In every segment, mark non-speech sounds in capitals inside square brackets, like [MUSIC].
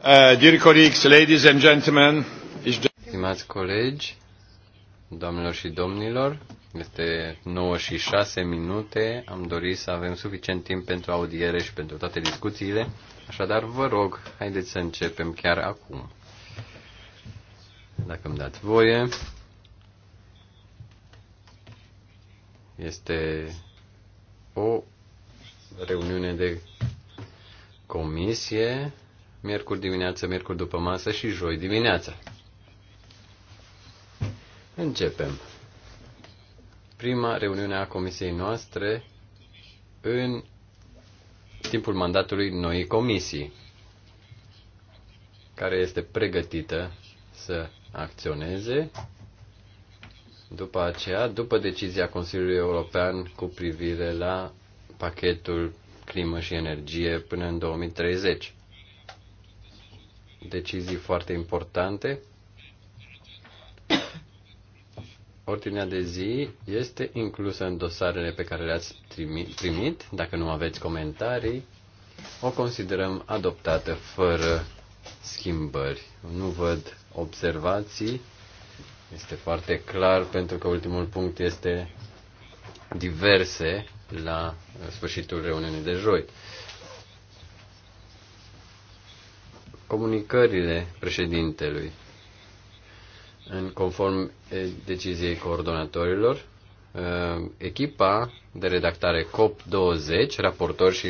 Uh, dear colleagues, ladies and gentlemen, Stimați colegi, doamnelor și domnilor, este 9 și 6 minute. Am dorit să avem suficient timp pentru audiere și pentru toate discuțiile. Așadar, vă rog, haideți să începem chiar acum. Dacă îmi dați voie. Este o reuniune de comisie miercuri dimineață, miercuri după masă și joi dimineața. Începem. Prima reuniune a comisiei noastre în timpul mandatului noii comisii, care este pregătită să acționeze după aceea, după decizia Consiliului European cu privire la pachetul climă și energie până în 2030 decizii foarte importante. Ordinea de zi este inclusă în dosarele pe care le-ați primit. Dacă nu aveți comentarii, o considerăm adoptată fără schimbări. Nu văd observații. Este foarte clar pentru că ultimul punct este diverse la sfârșitul reuniunii de joi. comunicările președintelui. În conform deciziei coordonatorilor, echipa de redactare COP20, raportori și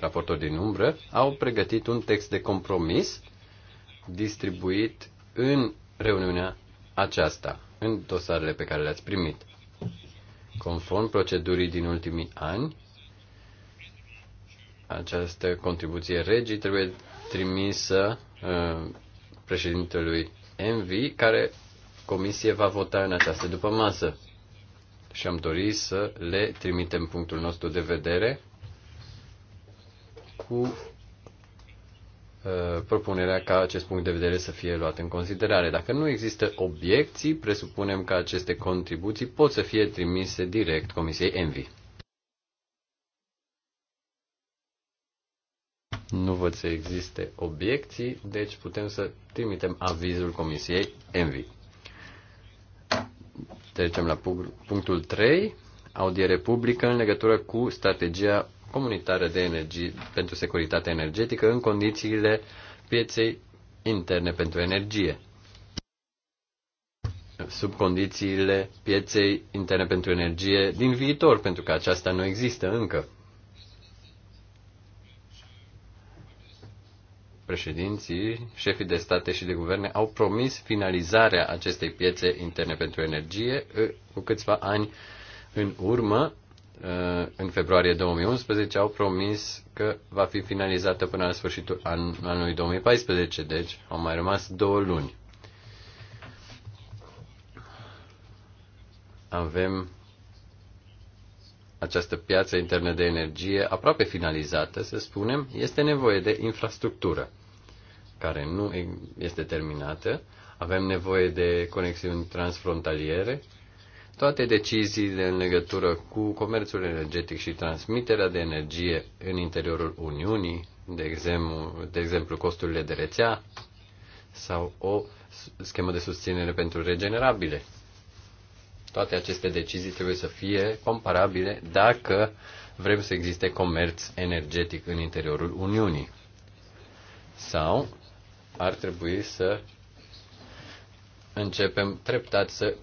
raportori din umbră, au pregătit un text de compromis distribuit în reuniunea aceasta, în dosarele pe care le-ați primit. Conform procedurii din ultimii ani, această contribuție regii trebuie trimisă uh, președintelui Envi, care comisie va vota în această după masă. Și am dorit să le trimitem punctul nostru de vedere cu uh, propunerea ca acest punct de vedere să fie luat în considerare. Dacă nu există obiecții, presupunem că aceste contribuții pot să fie trimise direct Comisiei Envi. Nu văd să existe obiecții, deci putem să trimitem avizul Comisiei Envi. Trecem la punctul 3, audiere publică în legătură cu strategia comunitară de energie pentru securitate energetică în condițiile pieței interne pentru energie. Sub condițiile pieței interne pentru energie din viitor, pentru că aceasta nu există încă. președinții, șefii de state și de guverne au promis finalizarea acestei piețe interne pentru energie cu câțiva ani în urmă, în februarie 2011, au promis că va fi finalizată până la sfârșitul anului 2014, deci au mai rămas două luni. Avem această piață internă de energie aproape finalizată, să spunem, este nevoie de infrastructură care nu este terminată, avem nevoie de conexiuni transfrontaliere, toate deciziile în legătură cu comerțul energetic și transmiterea de energie în interiorul Uniunii, de exemplu, de exemplu costurile de rețea sau o schemă de susținere pentru regenerabile. Toate aceste decizii trebuie să fie comparabile dacă vrem să existe comerț energetic în interiorul Uniunii. Sau ar trebui să începem treptat să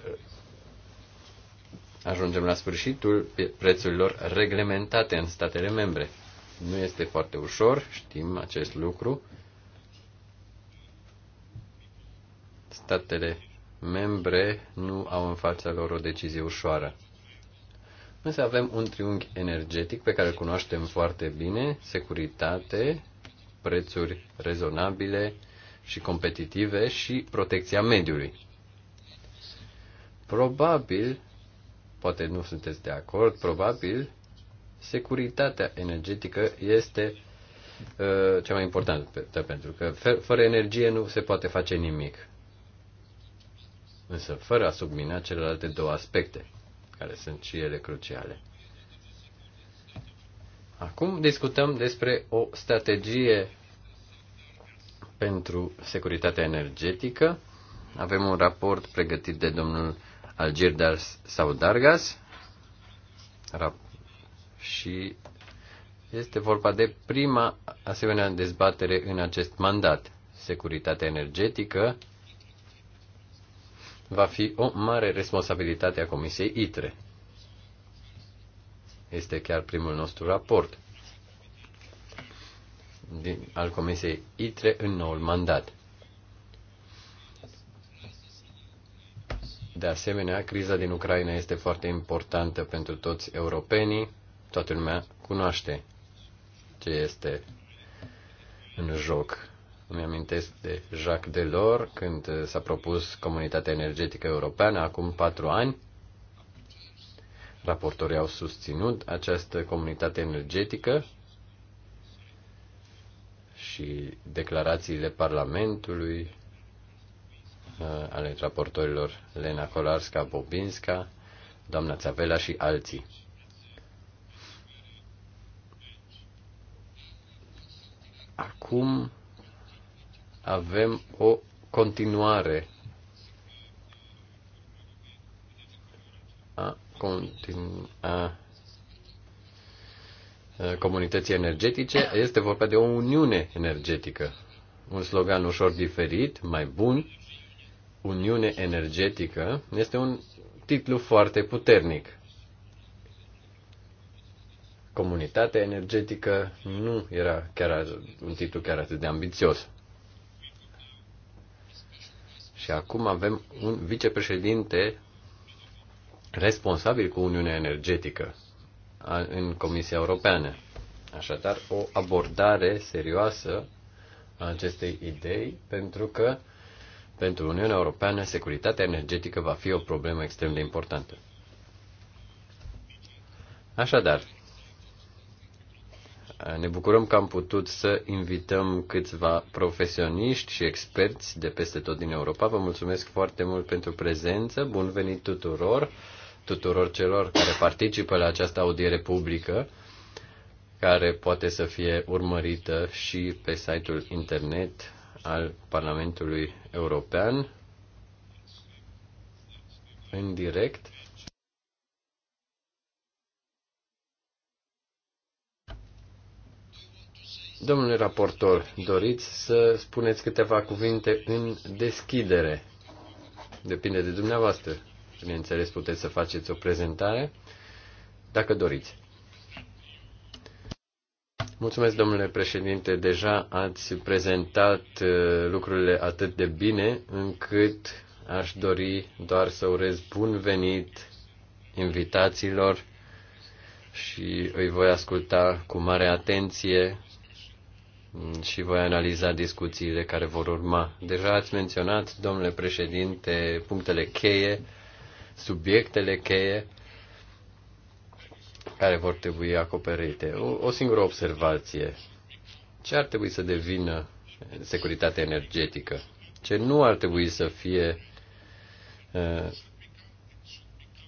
ajungem la sfârșitul prețurilor reglementate în statele membre. Nu este foarte ușor, știm acest lucru. Statele membre nu au în fața lor o decizie ușoară. Însă avem un triunghi energetic pe care îl cunoaștem foarte bine, securitate, prețuri rezonabile și competitive și protecția mediului. Probabil, poate nu sunteți de acord, probabil securitatea energetică este uh, cea mai importantă, pentru că fără energie nu se poate face nimic însă fără a submina celelalte două aspecte, care sunt și ele cruciale. Acum discutăm despre o strategie pentru securitatea energetică. Avem un raport pregătit de domnul sau Saudargas și este vorba de prima asemenea dezbatere în acest mandat. Securitatea energetică va fi o mare responsabilitate a Comisiei ITRE. Este chiar primul nostru raport din, al Comisiei ITRE în noul mandat. De asemenea, criza din Ucraina este foarte importantă pentru toți europenii. Toată lumea cunoaște ce este în joc îmi amintesc de Jacques Delors când uh, s-a propus Comunitatea Energetică Europeană acum patru ani. Raportorii au susținut această comunitate energetică și declarațiile Parlamentului uh, ale raportorilor Lena Kolarska, Bobinska, doamna Țavela și alții. Acum avem o continuare a, continu, a comunității energetice, este vorba de o uniune energetică. Un slogan ușor diferit, mai bun, uniune energetică, este un titlu foarte puternic. Comunitatea energetică nu era chiar un titlu chiar atât de ambițios. Și acum avem un vicepreședinte responsabil cu Uniunea Energetică în Comisia Europeană. Așadar, o abordare serioasă a acestei idei, pentru că pentru Uniunea Europeană securitatea energetică va fi o problemă extrem de importantă. Așadar, ne bucurăm că am putut să invităm câțiva profesioniști și experți de peste tot din Europa. Vă mulțumesc foarte mult pentru prezență. Bun venit tuturor, tuturor celor care participă la această audiere publică, care poate să fie urmărită și pe site-ul internet al Parlamentului European în direct. Domnule raportor, doriți să spuneți câteva cuvinte în deschidere. Depinde de dumneavoastră. Bineînțeles, puteți să faceți o prezentare, dacă doriți. Mulțumesc, domnule președinte. Deja ați prezentat uh, lucrurile atât de bine încât aș dori doar să urez bun venit invitațiilor și îi voi asculta cu mare atenție Mm, și voi analiza discuțiile care vor urma. Deja ați menționat, domnule președinte, punctele cheie, subiectele cheie care vor trebui acoperite. O, o singură observație. Ce ar trebui să devină securitatea energetică? Ce nu ar trebui să fie uh,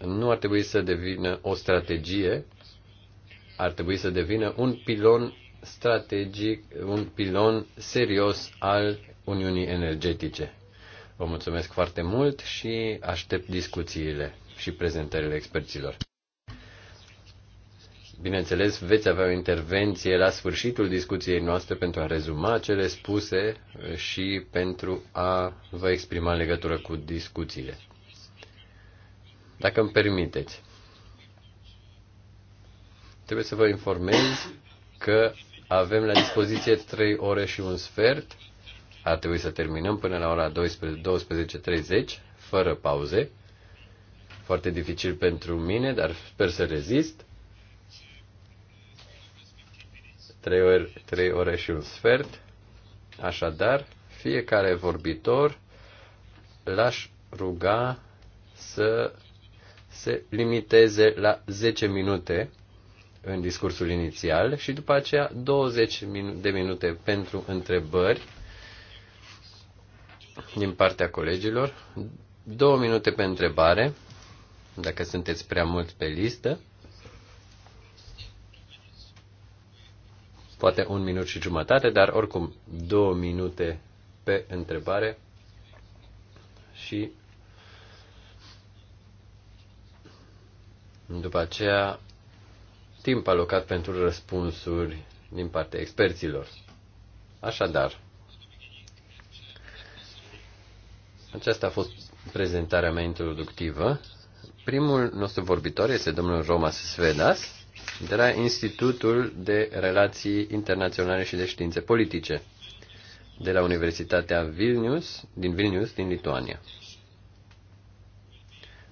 nu ar trebui să devină o strategie, ar trebui să devină un pilon strategic, un pilon serios al Uniunii Energetice. Vă mulțumesc foarte mult și aștept discuțiile și prezentările experților. Bineînțeles, veți avea o intervenție la sfârșitul discuției noastre pentru a rezuma cele spuse și pentru a vă exprima în legătură cu discuțiile. Dacă îmi permiteți, trebuie să vă informez că avem la dispoziție 3 ore și un sfert. Ar trebui să terminăm până la ora 12.30, fără pauze. Foarte dificil pentru mine, dar sper să rezist. 3 ore, 3 ore și un sfert. Așadar, fiecare vorbitor l-aș ruga să se limiteze la 10 minute în discursul inițial și după aceea 20 de minute pentru întrebări din partea colegilor, două minute pe întrebare, dacă sunteți prea mult pe listă, poate un minut și jumătate, dar oricum două minute pe întrebare și după aceea timp alocat pentru răspunsuri din partea experților. Așadar, aceasta a fost prezentarea mea introductivă. Primul nostru vorbitor este domnul Romas Svedas, de la Institutul de Relații Internaționale și de Științe Politice, de la Universitatea Vilnius, din Vilnius, din Lituania.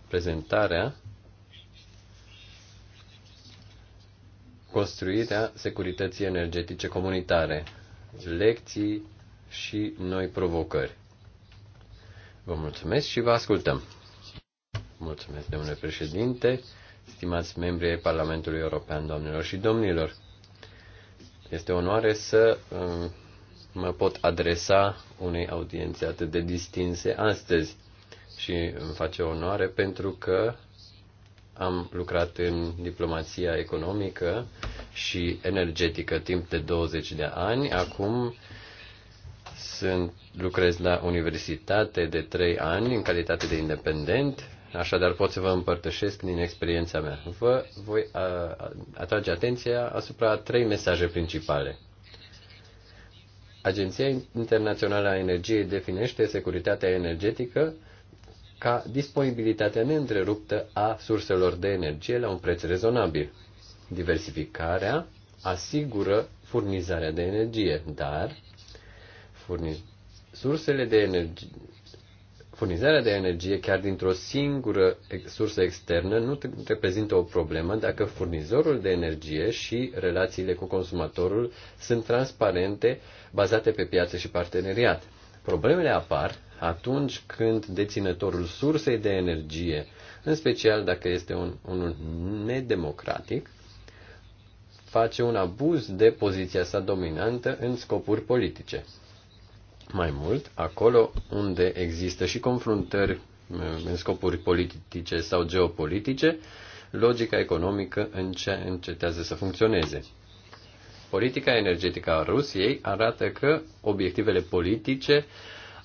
Prezentarea construirea securității energetice comunitare, lecții și noi provocări. Vă mulțumesc și vă ascultăm. Mulțumesc, domnule președinte, stimați membri ai Parlamentului European, doamnelor și domnilor. Este onoare să um, mă pot adresa unei audiențe atât de distinse astăzi și îmi face onoare pentru că am lucrat în diplomația economică și energetică timp de 20 de ani. Acum sunt, lucrez la universitate de 3 ani în calitate de independent, așadar pot să vă împărtășesc din experiența mea. Vă voi atrage atenția asupra trei mesaje principale. Agenția Internațională a Energiei definește securitatea energetică ca disponibilitatea neîntreruptă a surselor de energie la un preț rezonabil. Diversificarea asigură furnizarea de energie, dar furniz- sursele de energie, furnizarea de energie chiar dintr-o singură sursă externă nu reprezintă o problemă dacă furnizorul de energie și relațiile cu consumatorul sunt transparente, bazate pe piață și parteneriat. Problemele apar atunci când deținătorul sursei de energie, în special dacă este un, unul nedemocratic, face un abuz de poziția sa dominantă în scopuri politice. Mai mult, acolo unde există și confruntări eh, în scopuri politice sau geopolitice, logica economică încetează să funcționeze. Politica energetică a Rusiei arată că obiectivele politice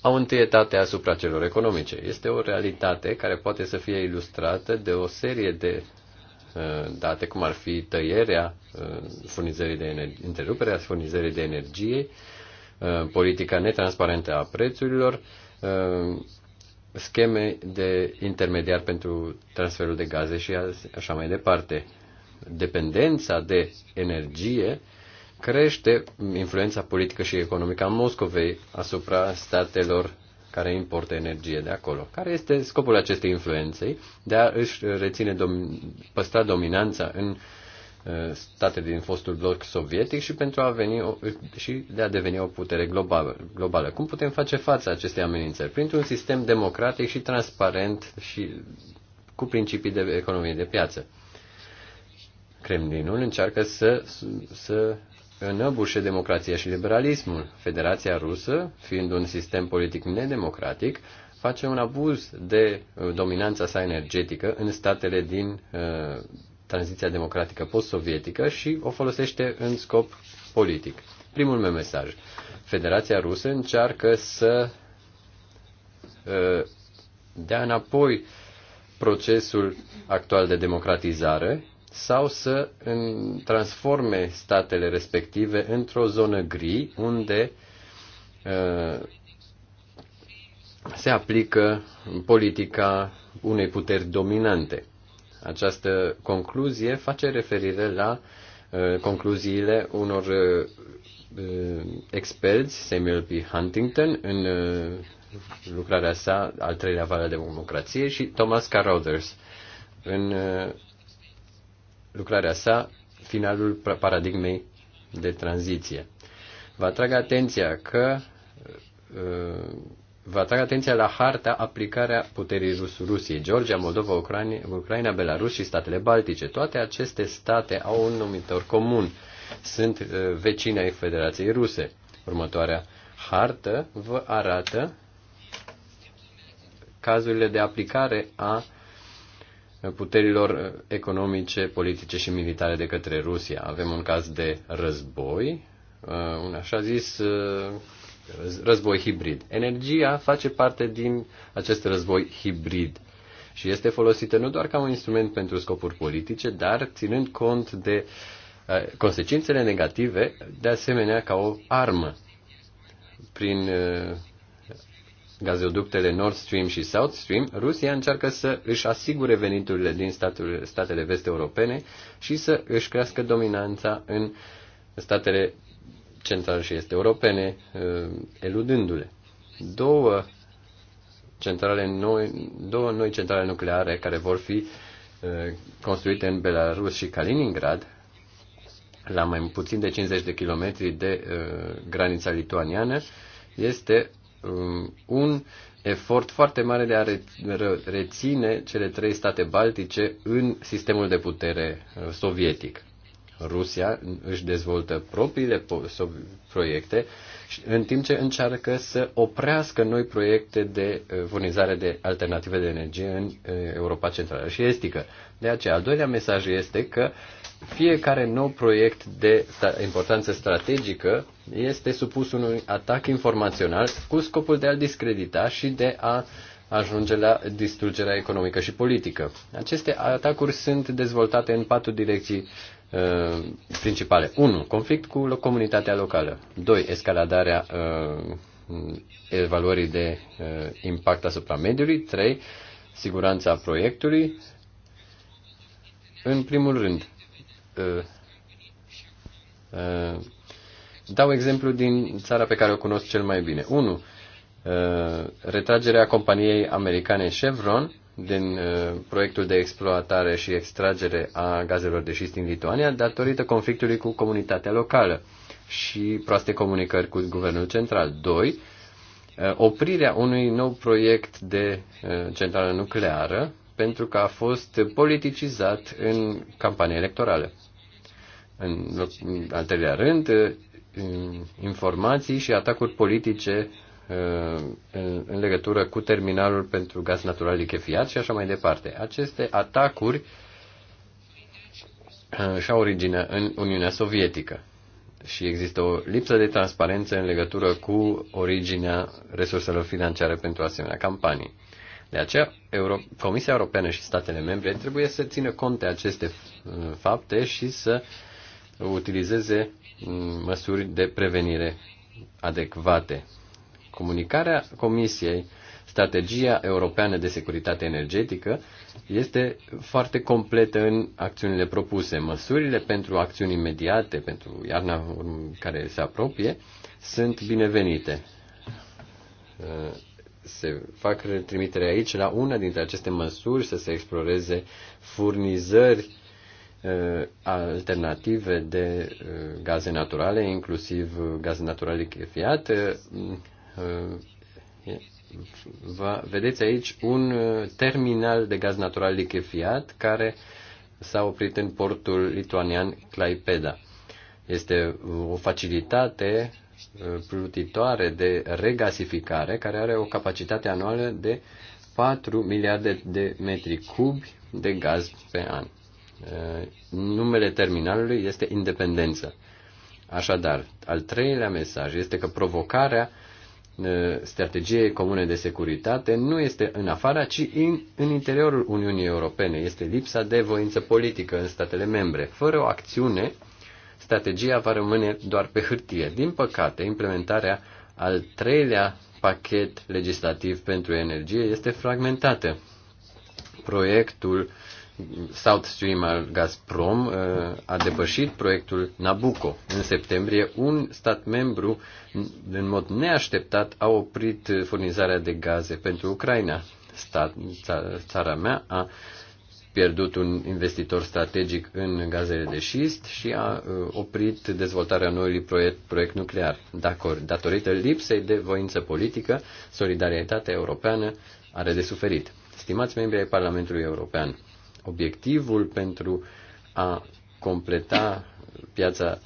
au întâietate asupra celor economice. Este o realitate care poate să fie ilustrată de o serie de uh, date, cum ar fi tăierea uh, furnizării de energie, întreruperea uh, furnizării de energie, politica netransparentă a prețurilor, scheme de intermediar pentru transferul de gaze și așa mai departe. Dependența de energie crește influența politică și economică a Moscovei asupra statelor care importă energie de acolo. Care este scopul acestei influenței? De a își reține, dom- păstra dominanța în uh, state din fostul bloc sovietic și pentru a veni o, și de a deveni o putere globală, globală. Cum putem face față acestei amenințări? Printr-un sistem democratic și transparent și cu principii de economie de piață. Kremlinul încearcă să, să înăbușe democrația și liberalismul. Federația Rusă, fiind un sistem politic nedemocratic, face un abuz de uh, dominanța sa energetică în statele din uh, tranziția democratică post-sovietică și o folosește în scop politic. Primul meu mesaj. Federația Rusă încearcă să uh, dea înapoi procesul actual de democratizare sau să transforme statele respective într-o zonă gri unde uh, se aplică politica unei puteri dominante. Această concluzie face referire la uh, concluziile unor uh, experți, Samuel P. Huntington, în lucrarea sa, Al treilea val de democrație, și Thomas Carothers, în lucrarea sa finalul paradigmei de tranziție. Vă atrag atenția că uh, vă atrag atenția la harta aplicarea puterii Rus Rusiei. Georgia, Moldova, Ucraina, Ucraina, Belarus și statele Baltice. Toate aceste state au un numitor comun. Sunt uh, vecine ai Federației Ruse. Următoarea hartă vă arată cazurile de aplicare a puterilor economice, politice și militare de către Rusia. Avem un caz de război, uh, un așa zis uh, război hibrid. Energia face parte din acest război hibrid și este folosită nu doar ca un instrument pentru scopuri politice, dar ținând cont de uh, consecințele negative, de asemenea ca o armă. Prin gazoductele Nord Stream și South Stream, Rusia încearcă să își asigure veniturile din statul, statele vest-europene și să își crească dominanța în statele central și este europene, uh, eludându-le. Două centrale noi, două noi centrale nucleare care vor fi uh, construite în Belarus și Kaliningrad, la mai puțin de 50 de kilometri de uh, granița lituaniană, este Um, un efort foarte mare de a reține cele trei state baltice în sistemul de putere uh, sovietic. Rusia își dezvoltă propriile proiecte, în timp ce încearcă să oprească noi proiecte de uh, furnizare de alternative de energie în uh, Europa Centrală și Estică. De aceea, al doilea mesaj este că uh, fiecare nou proiect de importanță strategică este supus unui atac informațional cu scopul de a-l discredita și de a ajunge la distrugerea economică și politică. Aceste atacuri sunt dezvoltate în patru direcții uh, principale. 1. Conflict cu comunitatea locală. 2. Escaladarea uh, evaluării de uh, impact asupra mediului. 3. Siguranța proiectului. În primul rând, Uh, uh, dau exemplu din țara pe care o cunosc cel mai bine. 1. Uh, retragerea companiei americane Chevron din proiectul de exploatare și extragere a gazelor de șist din Lituania datorită conflictului cu comunitatea locală și proaste comunicări cu guvernul central. 2. Oprirea unui nou proiect de centrală nucleară pentru că a fost politicizat în campanie electorală. În, loc, în al treilea rând, uh, informații și atacuri politice uh, în legătură cu terminalul pentru gaz natural lichefiat și așa mai departe. Aceste atacuri uh, și-au originea în Uniunea Sovietică și există o lipsă de transparență în legătură cu originea resurselor financiare pentru asemenea campanii. De aceea, Euro- Comisia Europeană și statele membre trebuie să țină cont de aceste fapte și să uh, utilizeze măsuri de prevenire adecvate. Comunicarea Comisiei Strategia Europeană de Securitate Energetică este foarte completă în acțiunile propuse. Măsurile pentru acțiuni imediate, pentru iarna care se apropie, sunt binevenite. Se fac trimitere aici la una dintre aceste măsuri să se exploreze furnizări Uh, alternative de uh, gaze naturale, inclusiv gaze naturale chefiate. Uh, vedeți aici un terminal de gaz natural lichefiat care s-a oprit în portul lituanian Claipeda. Este o facilitate plutitoare de regasificare care are o capacitate anuală de 4 miliarde de metri cubi de gaz pe an numele terminalului este independență. Așadar, al treilea mesaj este că provocarea strategiei comune de securitate nu este în afara, ci în, în interiorul Uniunii Europene. Este lipsa de voință politică în statele membre. Fără o acțiune, strategia va rămâne doar pe hârtie. Din păcate, implementarea al treilea pachet legislativ pentru energie este fragmentată. Proiectul uh, South Stream al Gazprom uh, a depășit proiectul Nabucco. În septembrie, un stat membru, în mod neașteptat, a oprit furnizarea de gaze pentru Ucraina. Stat, țara mea a pierdut un investitor strategic în gazele de șist și a uh, oprit dezvoltarea noului proiect, proiect nuclear. Datorită lipsei de voință politică, solidaritatea europeană are de suferit. Stimați membri ai Parlamentului European, Obiectivul pentru a completa piața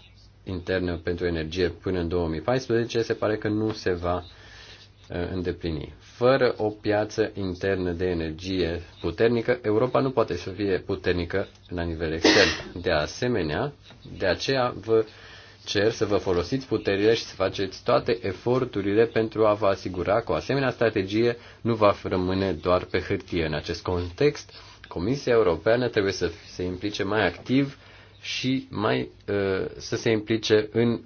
internă pentru energie până în 2014 se pare că nu se va uh, îndeplini. Fără o piață internă de energie puternică, Europa nu poate să fie puternică la nivel extern. De asemenea, de aceea vă cer să vă folosiți puterile și să faceți toate eforturile pentru a vă asigura că o asemenea strategie nu va rămâne doar pe hârtie. În acest context, Comisia Europeană trebuie să se implice mai activ și mai uh, să se implice în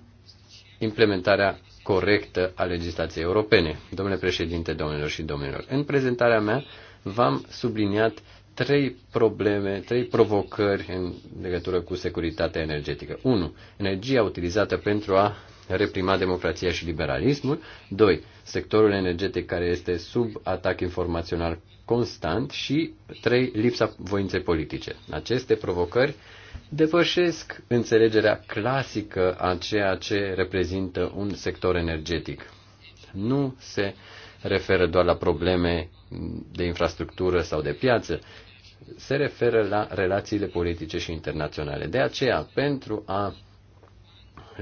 implementarea corectă a legislației europene. Domnule președinte, domnilor și domnilor, în prezentarea mea v-am subliniat trei probleme, trei provocări în legătură cu securitatea energetică. 1. Energia utilizată pentru a reprima democrația și liberalismul. 2. Sectorul energetic care este sub atac informațional constant și 3. Lipsa voinței politice. Aceste provocări depășesc înțelegerea clasică a ceea ce reprezintă un sector energetic. Nu se referă doar la probleme de infrastructură sau de piață, se referă la relațiile politice și internaționale. De aceea, pentru a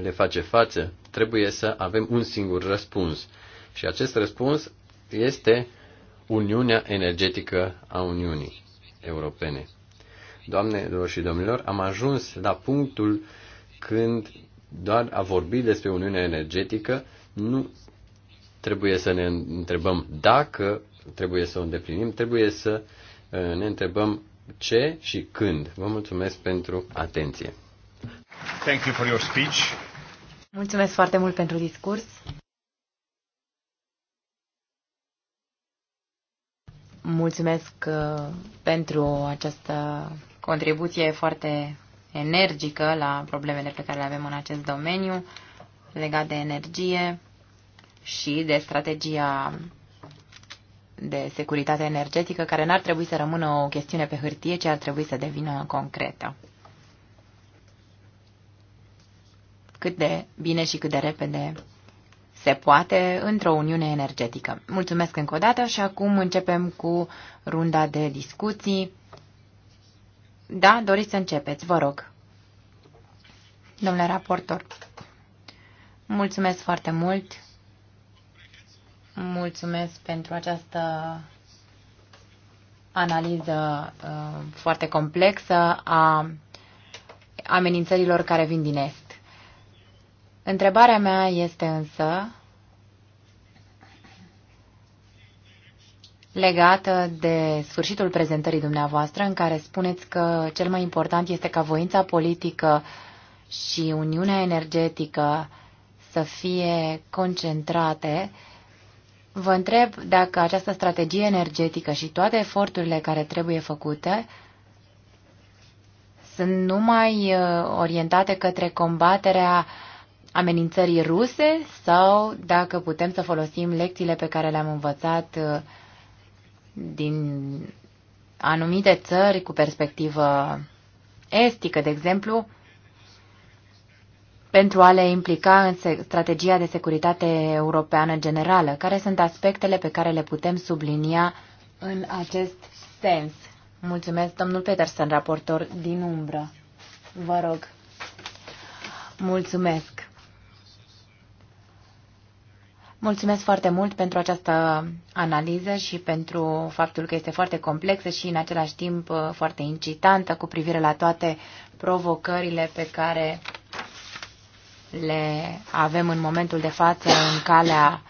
le face față, trebuie să avem un singur răspuns. Și acest răspuns este Uniunea Energetică a Uniunii Europene. Doamnelor și domnilor, am ajuns la punctul când doar a vorbi despre Uniunea Energetică nu trebuie să ne întrebăm dacă trebuie să o îndeplinim, trebuie să uh, ne întrebăm ce și când. Vă mulțumesc pentru atenție. Thank you for your speech. Mulțumesc foarte mult pentru discurs. Mulțumesc uh, pentru această contribuție foarte energică la problemele pe care le avem în acest domeniu legat de energie și de strategia de securitate energetică, care n-ar trebui să rămână o chestiune pe hârtie, ci ar trebui să devină concretă. cât de bine și cât de repede se poate într-o uniune energetică. Mulțumesc încă o dată și acum începem cu runda de discuții. Da, doriți să începeți, vă rog. Domnule raportor, mulțumesc foarte mult. Mulțumesc pentru această analiză uh, foarte complexă a amenințărilor care vin din Est. Întrebarea mea este însă legată de sfârșitul prezentării dumneavoastră, în care spuneți că cel mai important este ca voința politică și Uniunea Energetică să fie concentrate. Vă întreb dacă această strategie energetică și toate eforturile care trebuie făcute sunt numai uh, orientate către combaterea uh, amenințării ruse sau dacă putem să folosim lecțiile pe care le-am învățat uh, din anumite țări cu perspectivă estică, de exemplu, pentru a le implica în strategia de securitate europeană generală? Care sunt aspectele pe care le putem sublinia în acest sens? Mulțumesc, domnul Peterson, raportor din umbră. Vă rog. Mulțumesc. Mulțumesc foarte mult pentru această analiză și pentru faptul că este foarte complexă și în același timp foarte incitantă cu privire la toate provocările pe care le avem în momentul de față în calea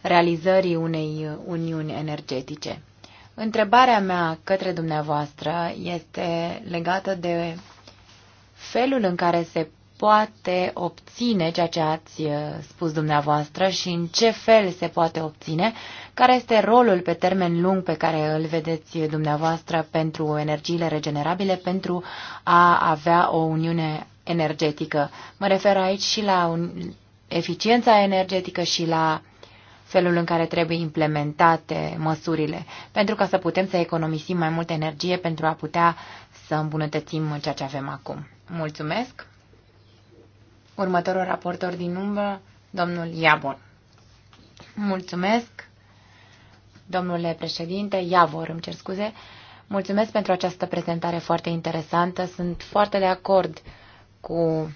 realizării unei uniuni energetice. Întrebarea mea către dumneavoastră este legată de felul în care se poate obține ceea ce ați uh, spus dumneavoastră și în ce fel se poate obține, care este rolul pe termen lung pe care îl vedeți dumneavoastră pentru energiile regenerabile, pentru a avea o uniune energetică. Mă refer aici și la un, eficiența energetică și la felul în care trebuie implementate măsurile, pentru ca să putem să economisim mai multă energie pentru a putea să îmbunătățim ceea ce avem acum. Mulțumesc! Următorul raportor din umbră, domnul Iabor. Mulțumesc, domnule președinte, Iavor, îmi cer scuze. Mulțumesc pentru această prezentare foarte interesantă. Sunt foarte de acord cu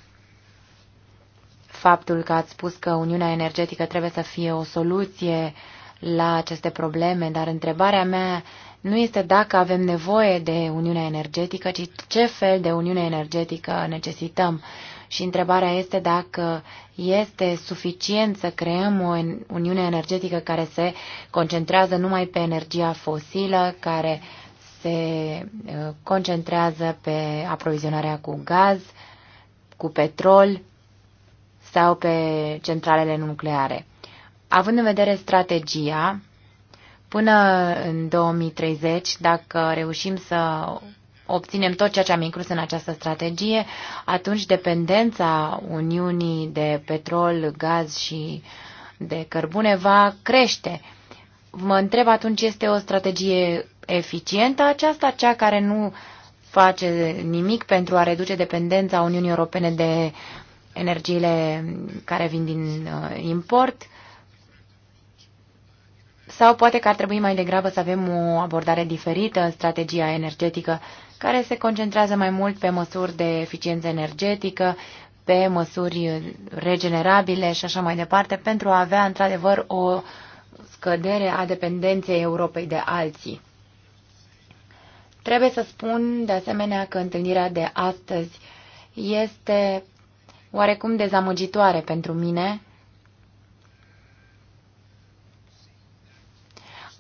faptul că ați spus că Uniunea Energetică trebuie să fie o soluție la aceste probleme, dar întrebarea mea nu este dacă avem nevoie de Uniunea Energetică, ci ce fel de Uniune Energetică necesităm. Și întrebarea este dacă este suficient să creăm o uniune energetică care se concentrează numai pe energia fosilă, care se uh, concentrează pe aprovizionarea cu gaz, cu petrol sau pe centralele nucleare. Având în vedere strategia, până în 2030, dacă reușim să obținem tot ceea ce am inclus în această strategie, atunci dependența Uniunii de petrol, gaz și de cărbune va crește. Mă întreb atunci, este o strategie eficientă aceasta, cea care nu face nimic pentru a reduce dependența Uniunii Europene de energiile care vin din uh, import? Sau poate că ar trebui mai degrabă să avem o abordare diferită în strategia energetică, care se concentrează mai mult pe măsuri de eficiență energetică, pe măsuri regenerabile și așa mai departe, pentru a avea într-adevăr o scădere a dependenței Europei de alții. Trebuie să spun de asemenea că întâlnirea de astăzi este oarecum dezamăgitoare pentru mine,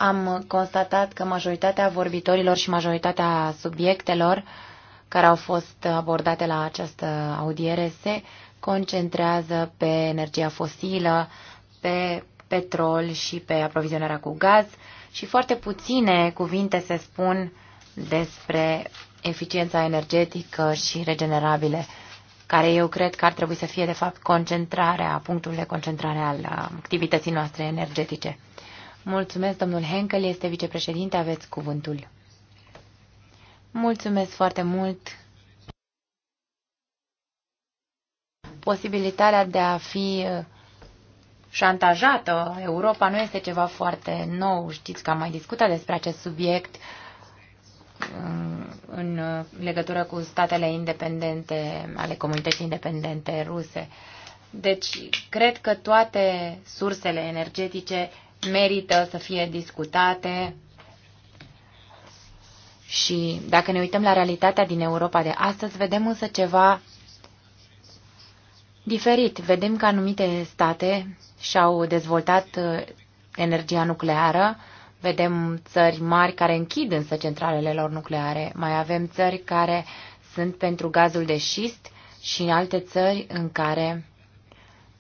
am constatat că majoritatea vorbitorilor și majoritatea subiectelor care au fost abordate la această audiere se concentrează pe energia fosilă, pe petrol și pe aprovizionarea cu gaz și foarte puține cuvinte se spun despre eficiența energetică și regenerabile, care eu cred că ar trebui să fie, de fapt, concentrarea, punctul de concentrare al activității noastre energetice. Mulțumesc, domnul Henkel, este vicepreședinte, aveți cuvântul. Mulțumesc foarte mult. Posibilitatea de a fi uh, șantajată Europa nu este ceva foarte nou. Știți că am mai discutat despre acest subiect uh, în uh, legătură cu statele independente, ale comunității independente ruse. Deci, cred că toate sursele energetice merită să fie discutate și dacă ne uităm la realitatea din Europa de astăzi, vedem însă ceva diferit. Vedem că anumite state și-au dezvoltat uh, energia nucleară, vedem țări mari care închid însă centralele lor nucleare, mai avem țări care sunt pentru gazul de șist și în alte țări în care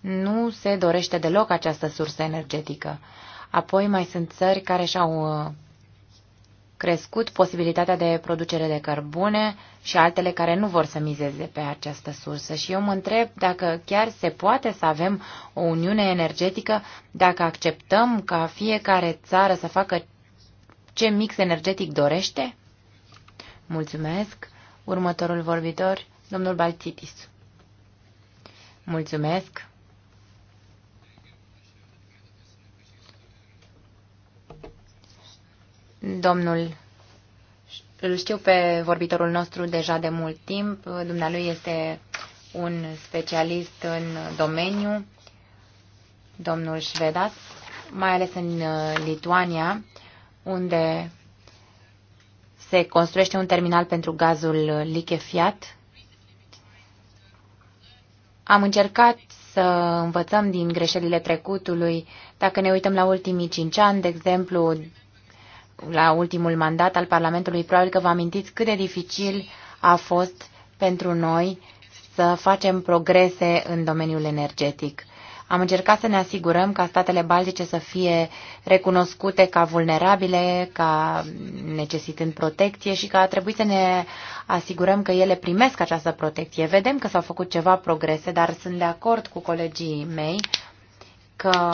nu se dorește deloc această sursă energetică. Apoi mai sunt țări care și-au uh, crescut posibilitatea de producere de cărbune și altele care nu vor să mizeze pe această sursă. Și eu mă întreb dacă chiar se poate să avem o uniune energetică dacă acceptăm ca fiecare țară să facă ce mix energetic dorește? Mulțumesc. Următorul vorbitor, domnul Baltitis. Mulțumesc. Domnul, îl știu pe vorbitorul nostru deja de mult timp, dumnealui este un specialist în domeniu, domnul Șvedas, mai ales în uh, Lituania, unde se construiește un terminal pentru gazul lichefiat. Am încercat să învățăm din greșelile trecutului. Dacă ne uităm la ultimii cinci ani, de exemplu, la ultimul mandat al Parlamentului, probabil că vă amintiți cât de dificil a fost pentru noi să facem progrese în domeniul energetic. Am încercat să ne asigurăm ca statele baltice să fie recunoscute ca vulnerabile, ca necesitând protecție și că a trebuit să ne asigurăm că ele primesc această protecție. Vedem că s-au făcut ceva progrese, dar sunt de acord cu colegii mei că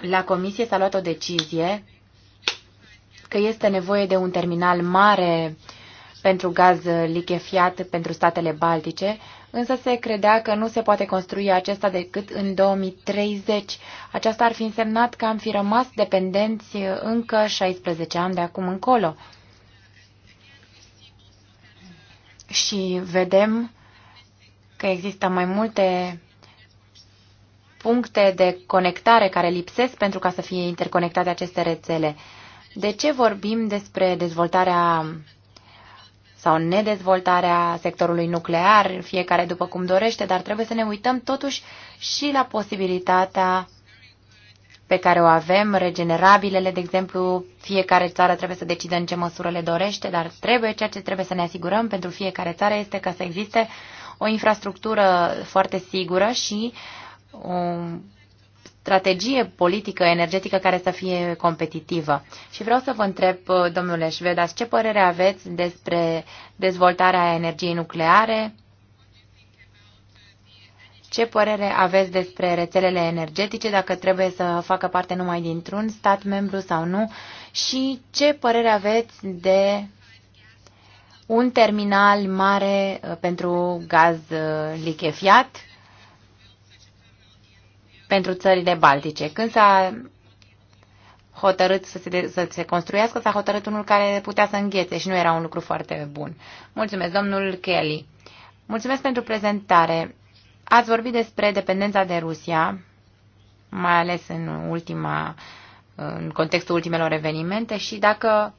la comisie s-a luat o decizie că este nevoie de un terminal mare pentru gaz lichefiat pentru statele baltice, însă se credea că nu se poate construi acesta decât în 2030. Aceasta ar fi însemnat că am fi rămas dependenți încă 16 ani de acum încolo. Și vedem că există mai multe puncte de conectare care lipsesc pentru ca să fie interconectate aceste rețele. De ce vorbim despre dezvoltarea sau nedezvoltarea sectorului nuclear, fiecare după cum dorește, dar trebuie să ne uităm totuși și la posibilitatea pe care o avem, regenerabilele, de exemplu, fiecare țară trebuie să decidă în ce măsură le dorește, dar trebuie, ceea ce trebuie să ne asigurăm pentru fiecare țară este ca să existe o infrastructură foarte sigură și um, strategie politică energetică care să fie competitivă. Și vreau să vă întreb, uh, domnule Șvedas, ce părere aveți despre dezvoltarea energiei nucleare? Ce părere aveți despre rețelele energetice, dacă trebuie să facă parte numai dintr-un stat membru sau nu? Și ce părere aveți de un terminal mare uh, pentru gaz uh, lichefiat? pentru țările baltice. Când s-a hotărât să se, să se construiască, s-a hotărât unul care putea să înghețe și nu era un lucru foarte bun. Mulțumesc, domnul Kelly. Mulțumesc pentru prezentare. Ați vorbit despre dependența de Rusia, mai ales în ultima, în contextul ultimelor evenimente și dacă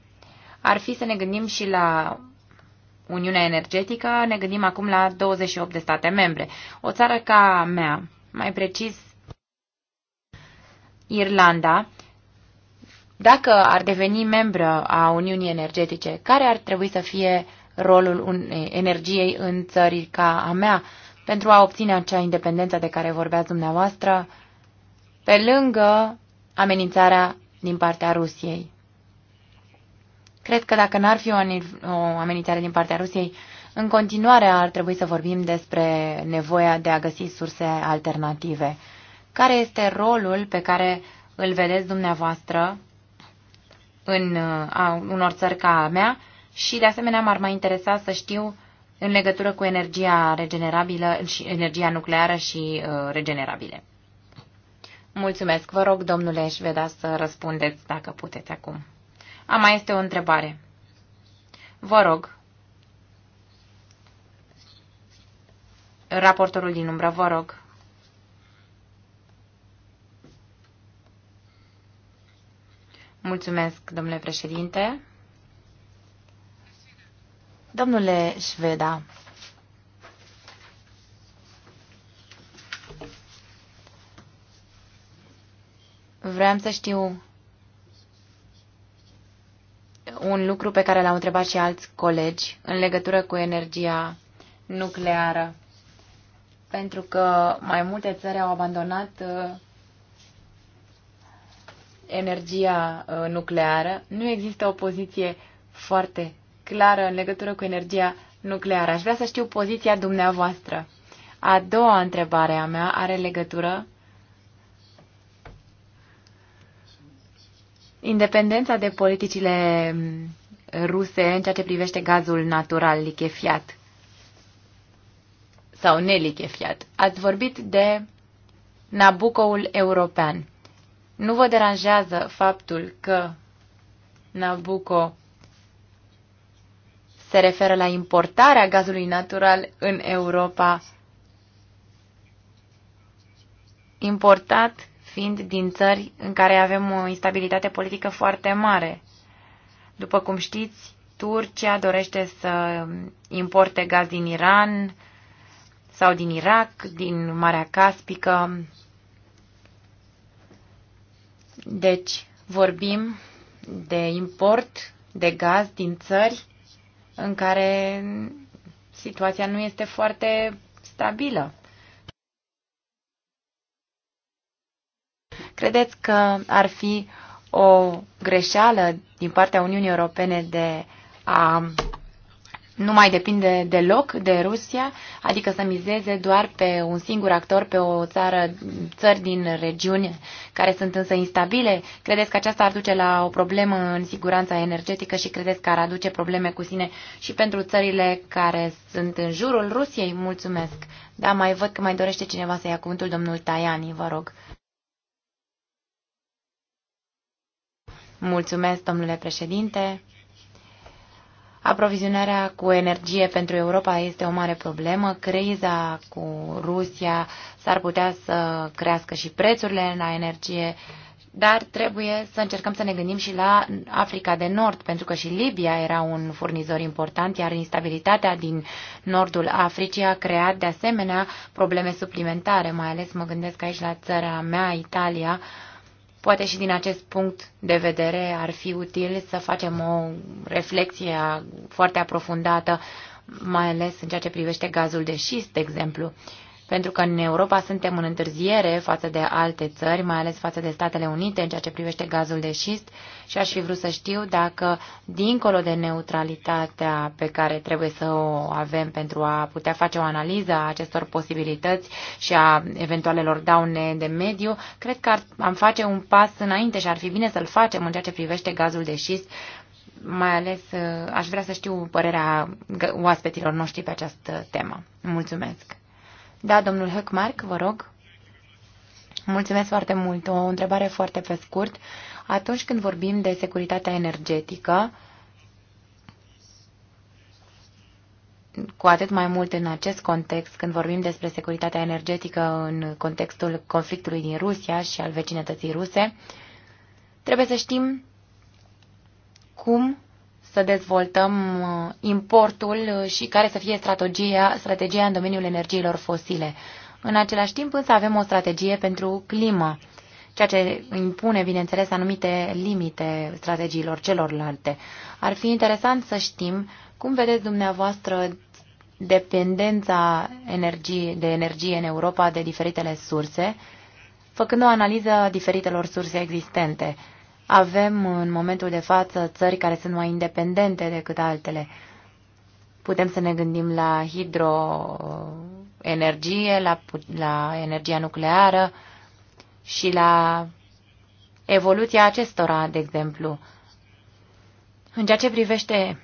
ar fi să ne gândim și la Uniunea Energetică, ne gândim acum la 28 de state membre. O țară ca mea, mai precis Irlanda, dacă ar deveni membră a Uniunii Energetice, care ar trebui să fie rolul energiei în țări ca a mea pentru a obține acea independență de care vorbeați dumneavoastră, pe lângă amenințarea din partea Rusiei? Cred că dacă n-ar fi o amenințare din partea Rusiei, în continuare ar trebui să vorbim despre nevoia de a găsi surse alternative. Care este rolul pe care îl vedeți dumneavoastră în a unor țări ca a mea și, de asemenea, m-ar mai interesa să știu în legătură cu energia regenerabilă și energia nucleară și uh, regenerabile. Mulțumesc. Vă rog, domnule vedea să răspundeți dacă puteți acum. A, mai este o întrebare. Vă rog. Raportorul din umbră, vă rog. Mulțumesc, domnule președinte. Domnule Șveda, vreau să știu un lucru pe care l-au întrebat și alți colegi în legătură cu energia nucleară. Pentru că mai multe țări au abandonat uh, energia uh, nucleară. Nu există o poziție foarte clară în legătură cu energia nucleară. Aș vrea să știu poziția dumneavoastră. A doua întrebare a mea are legătură independența de politicile mm, ruse în ceea ce privește gazul natural lichefiat sau nelichefiat. Ați vorbit de Nabucoul european. Nu vă deranjează faptul că Nabucco se referă la importarea gazului natural în Europa, importat fiind din țări în care avem o instabilitate politică foarte mare. După cum știți, Turcia dorește să importe gaz din Iran sau din Irak, din Marea Caspică, deci, vorbim de import de gaz din țări în care situația nu este foarte stabilă. Credeți că ar fi o greșeală din partea Uniunii Europene de a nu mai depinde deloc de Rusia, adică să mizeze doar pe un singur actor, pe o țară, țări din regiune care sunt însă instabile? Credeți că aceasta ar duce la o problemă în siguranța energetică și credeți că ar aduce probleme cu sine și pentru țările care sunt în jurul Rusiei? Mulțumesc! Da, mai văd că mai dorește cineva să ia cuvântul domnul Tajani, vă rog. Mulțumesc, domnule președinte. Aprovizionarea cu energie pentru Europa este o mare problemă. Criza cu Rusia s-ar putea să crească și prețurile la energie, dar trebuie să încercăm să ne gândim și la Africa de Nord, pentru că și Libia era un furnizor important, iar instabilitatea din nordul Africii a creat de asemenea probleme suplimentare, mai ales mă gândesc aici la țara mea, Italia, Poate și din acest punct de vedere ar fi util să facem o reflexie foarte aprofundată, mai ales în ceea ce privește gazul de șist, de exemplu. Uh, pentru că în Europa suntem în întârziere față de alte țări, mai ales față de Statele Unite în ceea ce privește gazul de șist și aș fi vrut să știu dacă, dincolo de neutralitatea pe care trebuie să o avem pentru a putea face o analiză a acestor posibilități și a eventualelor daune de mediu, cred că ar, am face un pas înainte și ar fi bine să-l facem în ceea ce privește gazul de șist, mai ales aș vrea să știu părerea oaspetilor noștri pe această temă. Mulțumesc! Da, domnul Höckmark, vă rog. Mulțumesc foarte mult. O întrebare foarte pe scurt. Atunci când vorbim de securitatea energetică, cu atât mai mult în acest context, când vorbim despre securitatea energetică în contextul conflictului din Rusia și al vecinătății ruse, trebuie să știm cum să dezvoltăm uh, importul uh, și care să fie strategia, strategia în domeniul energiilor fosile. În același timp însă avem o strategie pentru climă, ceea ce impune, bineînțeles, anumite limite strategiilor celorlalte. Ar fi interesant să știm cum vedeți dumneavoastră dependența energie, de energie în Europa de diferitele surse, făcând o analiză a diferitelor surse existente. Avem în momentul de față țări care sunt mai independente decât altele. Putem să ne gândim la hidroenergie, la, la energia nucleară și la evoluția acestora, de exemplu. În ceea ce privește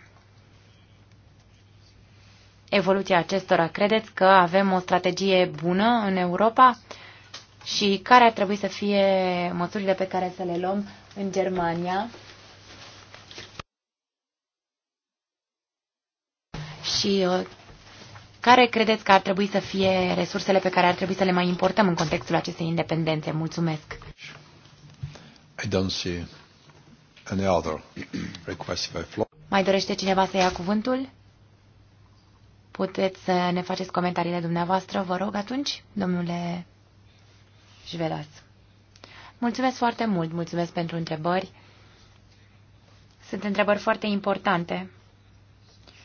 evoluția acestora, credeți că avem o strategie bună în Europa? Și care ar trebui să fie măsurile pe care să le luăm în Germania și uh, care credeți că ar trebui să fie resursele pe care ar trebui să le mai importăm în contextul acestei independențe? Mulțumesc. I don't see any other request by floor. Mai dorește cineva să ia cuvântul? Puteți să ne faceți comentariile dumneavoastră, vă rog, atunci, domnule Jvelas. Mulțumesc foarte mult, mulțumesc pentru întrebări. Sunt întrebări foarte importante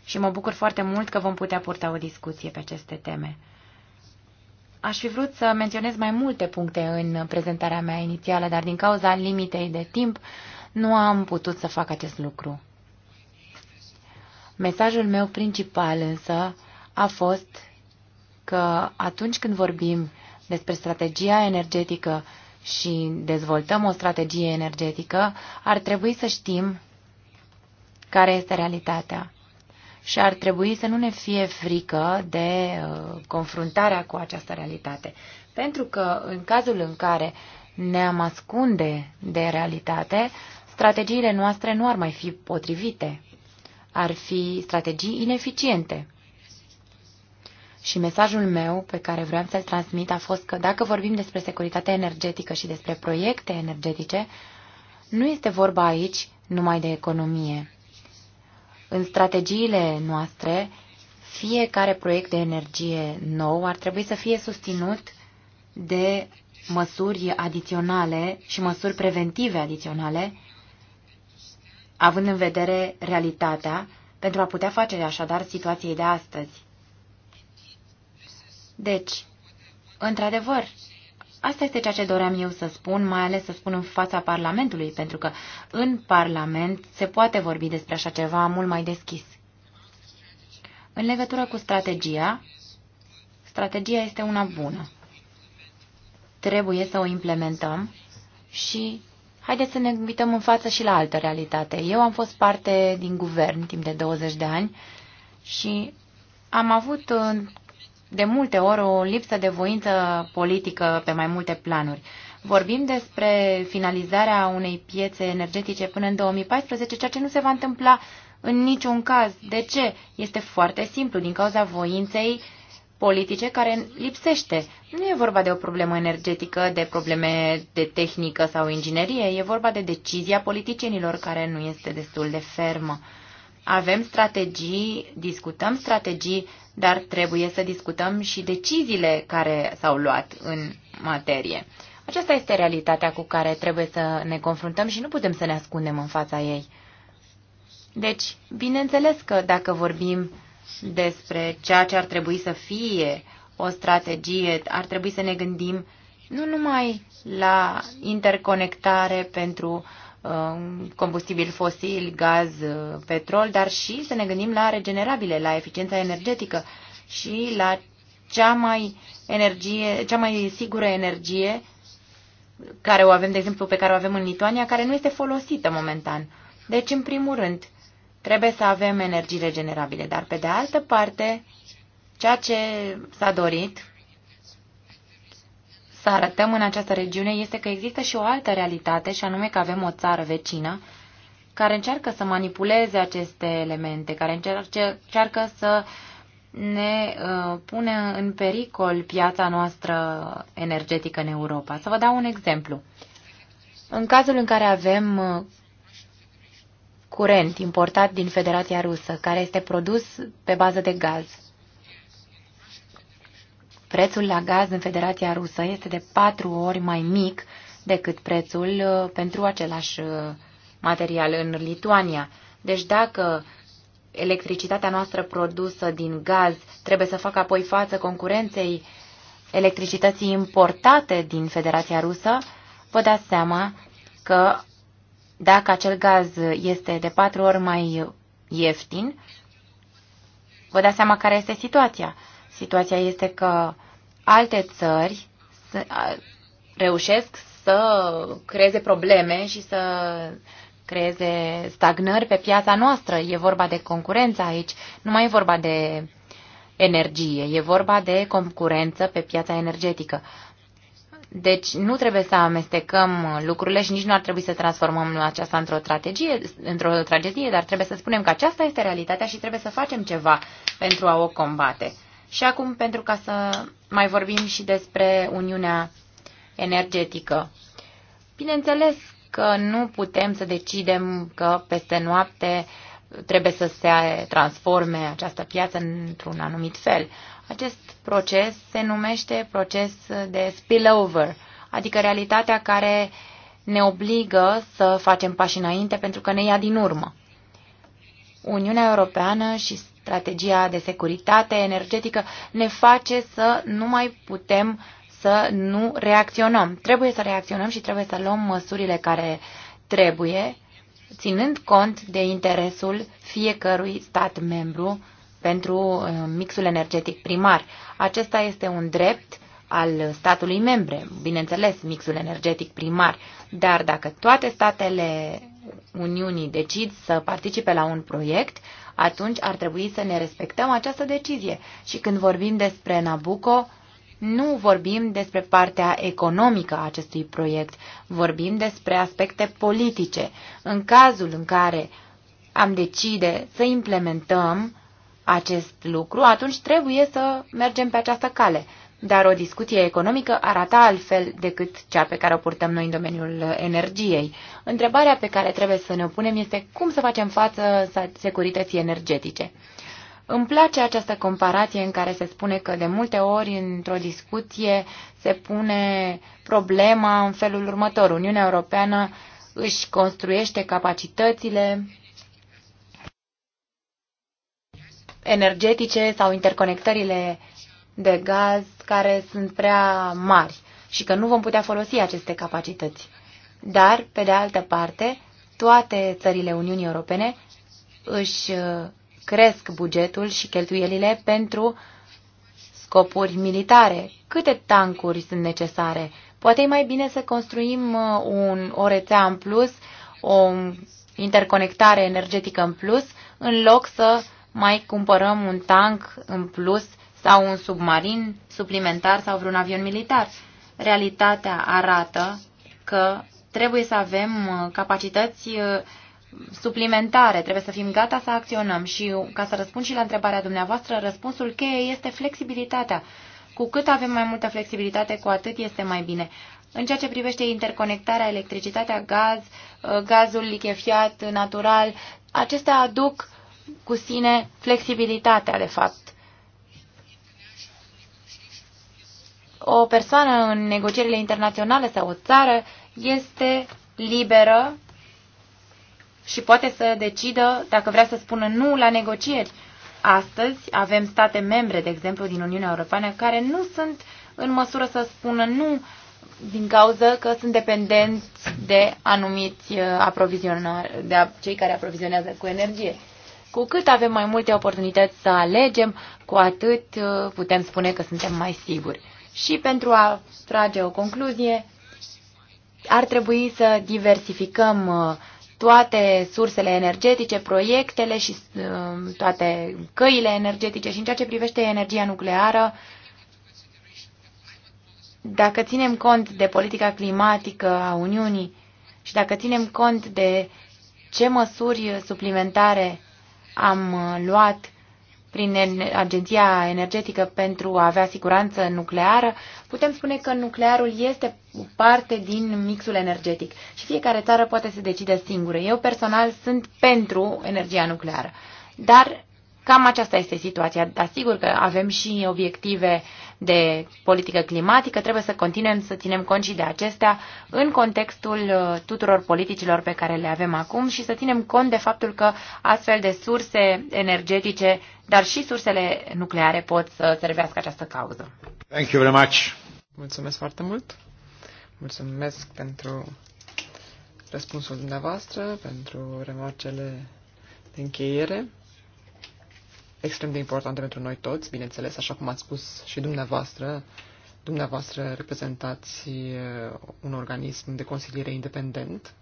și mă bucur foarte mult că vom putea purta o discuție pe aceste teme. Aș fi vrut să menționez mai multe puncte în prezentarea mea inițială, dar din cauza limitei de timp nu am putut să fac acest lucru. Mesajul meu principal însă a fost că atunci când vorbim despre strategia energetică și dezvoltăm o strategie energetică, ar trebui să știm care este realitatea. Și ar trebui să nu ne fie frică de uh, confruntarea cu această realitate. Pentru că în cazul în care ne-am ascunde de realitate, strategiile noastre nu ar mai fi potrivite. Ar fi strategii ineficiente. Și mesajul meu pe care vreau să-l transmit a fost că dacă vorbim despre securitate energetică și despre proiecte energetice, nu este vorba aici numai de economie. În strategiile noastre, fiecare proiect de energie nou ar trebui să fie susținut de măsuri adiționale și măsuri preventive adiționale, având în vedere realitatea, pentru a putea face așadar situației de astăzi. Deci, într-adevăr, asta este ceea ce doream eu să spun, mai ales să spun în fața Parlamentului, pentru că în Parlament se poate vorbi despre așa ceva mult mai deschis. În legătură cu strategia, strategia este una bună. Trebuie să o implementăm și haideți să ne uităm în față și la altă realitate. Eu am fost parte din guvern timp de 20 de ani și am avut de multe ori o lipsă de voință politică pe mai multe planuri. Vorbim despre finalizarea unei piețe energetice până în 2014, ceea ce nu se va întâmpla în niciun caz. De ce? Este foarte simplu, din cauza voinței politice care lipsește. Nu e vorba de o problemă energetică, de probleme de tehnică sau inginerie, e vorba de decizia politicienilor care nu este destul de fermă. Avem strategii, discutăm strategii, dar trebuie să discutăm și deciziile care s-au luat în materie. Aceasta este realitatea cu care trebuie să ne confruntăm și nu putem să ne ascundem în fața ei. Deci, bineînțeles că dacă vorbim despre ceea ce ar trebui să fie o strategie, ar trebui să ne gândim nu numai la interconectare pentru Um, combustibil fosil, gaz, uh, petrol, dar și să ne gândim la regenerabile, la eficiența energetică și la cea mai, energie, cea mai sigură energie care o avem, de exemplu, pe care o avem în Lituania, care nu este folosită momentan. Deci, în primul rând, trebuie să avem energii regenerabile, dar pe de altă parte, ceea ce s-a dorit să arătăm în această regiune este că există și o altă realitate, și anume că avem o țară vecină care încearcă să manipuleze aceste elemente, care încearcă, încearcă să ne uh, pune în pericol piața noastră energetică în Europa. Să vă dau un exemplu. În cazul în care avem uh, curent importat din Federația Rusă, care este produs pe bază de gaz, Prețul la gaz în Federația Rusă este de patru ori mai mic decât prețul uh, pentru același uh, material în Lituania. Deci dacă electricitatea noastră produsă din gaz trebuie să facă apoi față concurenței electricității importate din Federația Rusă, vă dați seama că dacă acel gaz este de patru ori mai ieftin, vă dați seama care este situația. Situația este că alte țări reușesc să creeze probleme și să creeze stagnări pe piața noastră. E vorba de concurență aici, nu mai e vorba de energie, e vorba de concurență pe piața energetică. Deci nu trebuie să amestecăm lucrurile și nici nu ar trebui să transformăm aceasta într-o strategie, într-o tragedie, dar trebuie să spunem că aceasta este realitatea și trebuie să facem ceva pentru a o combate. Și acum, pentru ca să mai vorbim și despre Uniunea Energetică. Bineînțeles că nu putem să decidem că peste noapte trebuie să se transforme această piață într-un anumit fel. Acest proces se numește proces de spillover, adică realitatea care ne obligă să facem pași înainte pentru că ne ia din urmă. Uniunea Europeană și strategia de securitate energetică, ne face să nu mai putem să nu reacționăm. Trebuie să reacționăm și trebuie să luăm măsurile care trebuie, ținând cont de interesul fiecărui stat membru pentru uh, mixul energetic primar. Acesta este un drept al statului membre, bineînțeles mixul energetic primar, dar dacă toate statele Uniunii decid să participe la un proiect, atunci ar trebui să ne respectăm această decizie. Și când vorbim despre Nabucco, nu vorbim despre partea economică a acestui proiect, vorbim despre aspecte politice. În cazul în care am decide să implementăm acest lucru, atunci trebuie să mergem pe această cale dar o discuție economică arata altfel decât cea pe care o purtăm noi în domeniul energiei. Întrebarea pe care trebuie să ne o punem este cum să facem față securității energetice. Îmi place această comparație în care se spune că de multe ori într-o discuție se pune problema în felul următor. Uniunea Europeană își construiește capacitățile energetice sau interconectările de gaz care sunt prea mari și că nu vom putea folosi aceste capacități. Dar, pe de altă parte, toate țările Uniunii Europene își uh, cresc bugetul și cheltuielile pentru scopuri militare. Câte tancuri sunt necesare? Poate e mai bine să construim uh, un, o rețea în plus, o interconectare energetică în plus, în loc să mai cumpărăm un tank în plus sau un submarin suplimentar sau vreun avion militar. Realitatea arată că trebuie să avem uh, capacități uh, suplimentare, trebuie să fim gata să acționăm și ca să răspund și la întrebarea dumneavoastră, răspunsul cheie este flexibilitatea. Cu cât avem mai multă flexibilitate, cu atât este mai bine. În ceea ce privește interconectarea, electricitatea, gaz, uh, gazul lichefiat natural, acestea aduc cu sine flexibilitatea, de fapt. o persoană în negocierile internaționale sau o țară este liberă și poate să decidă dacă vrea să spună nu la negocieri. Astăzi avem state membre, de exemplu, din Uniunea Europeană, care nu sunt în măsură să spună nu din cauza că sunt dependenți de anumiți uh, aprovizionari, de cei care aprovizionează cu energie. Cu cât avem mai multe oportunități să alegem, cu atât uh, putem spune că suntem mai siguri. Și pentru a trage o concluzie, ar trebui să diversificăm uh, toate sursele energetice, proiectele și uh, toate căile energetice și în ceea ce privește energia nucleară, dacă ținem cont de politica climatică a Uniunii și dacă ținem cont de ce măsuri suplimentare am uh, luat prin Agenția Energetică pentru a avea siguranță nucleară, putem spune că nuclearul este parte din mixul energetic și fiecare țară poate să decide singură. Eu personal sunt pentru energia nucleară, dar Cam aceasta este situația. Dar sigur că avem și obiective de politică climatică, trebuie să continuăm să ținem cont și de acestea în contextul uh, tuturor politicilor pe care le avem acum și să ținem cont de faptul că astfel de surse energetice, dar și sursele nucleare pot să servească această cauză. Thank you very much. Mulțumesc foarte mult. Mulțumesc pentru răspunsul dumneavoastră, pentru remarcele de încheiere extrem de importante pentru noi toți, bineînțeles, așa cum ați spus și dumneavoastră. Dumneavoastră reprezentați uh, un organism de consiliere independent,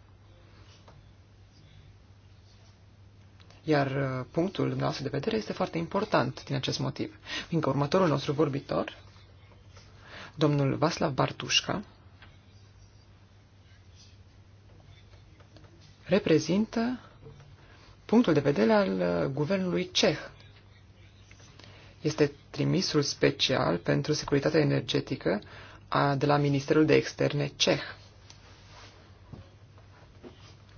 iar uh, punctul dumneavoastră de vedere este foarte important din acest motiv, fiindcă următorul nostru vorbitor, domnul Vaslav Bartușca, reprezintă punctul de vedere al uh, guvernului ceh este trimisul special pentru securitatea energetică a, de la Ministerul de Externe ceh.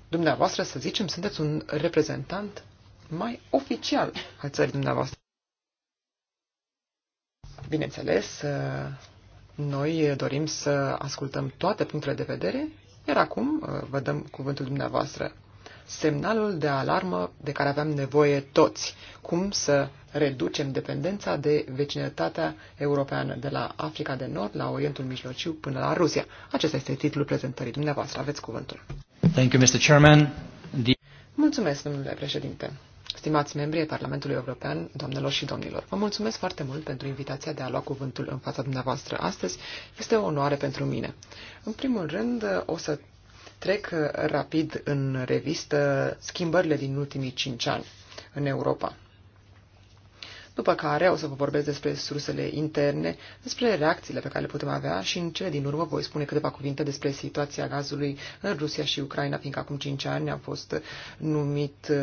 Dumneavoastră, să zicem, sunteți un reprezentant mai oficial al țării dumneavoastră. Bineînțeles, ă, noi dorim să ascultăm toate punctele de vedere, iar acum ă, vă dăm cuvântul dumneavoastră semnalul de alarmă de care aveam nevoie toți, cum să reducem dependența de vecinătatea europeană, de la Africa de Nord la Orientul Mijlociu până la Rusia. Acesta este titlul prezentării dumneavoastră. Aveți cuvântul. Thank you, Mr. Chairman. The... Mulțumesc, domnule președinte. Stimați membrii Parlamentului European, doamnelor și domnilor, vă mulțumesc foarte mult pentru invitația de a lua cuvântul în fața dumneavoastră astăzi. Este o onoare pentru mine. În primul rând, o să Trec uh, rapid în revistă schimbările din ultimii cinci ani în Europa. După care o să vă vorbesc despre sursele interne, despre reacțiile pe care le putem avea și în cele din urmă voi spune câteva cuvinte despre situația gazului în Rusia și Ucraina, fiindcă acum cinci ani am fost numit uh,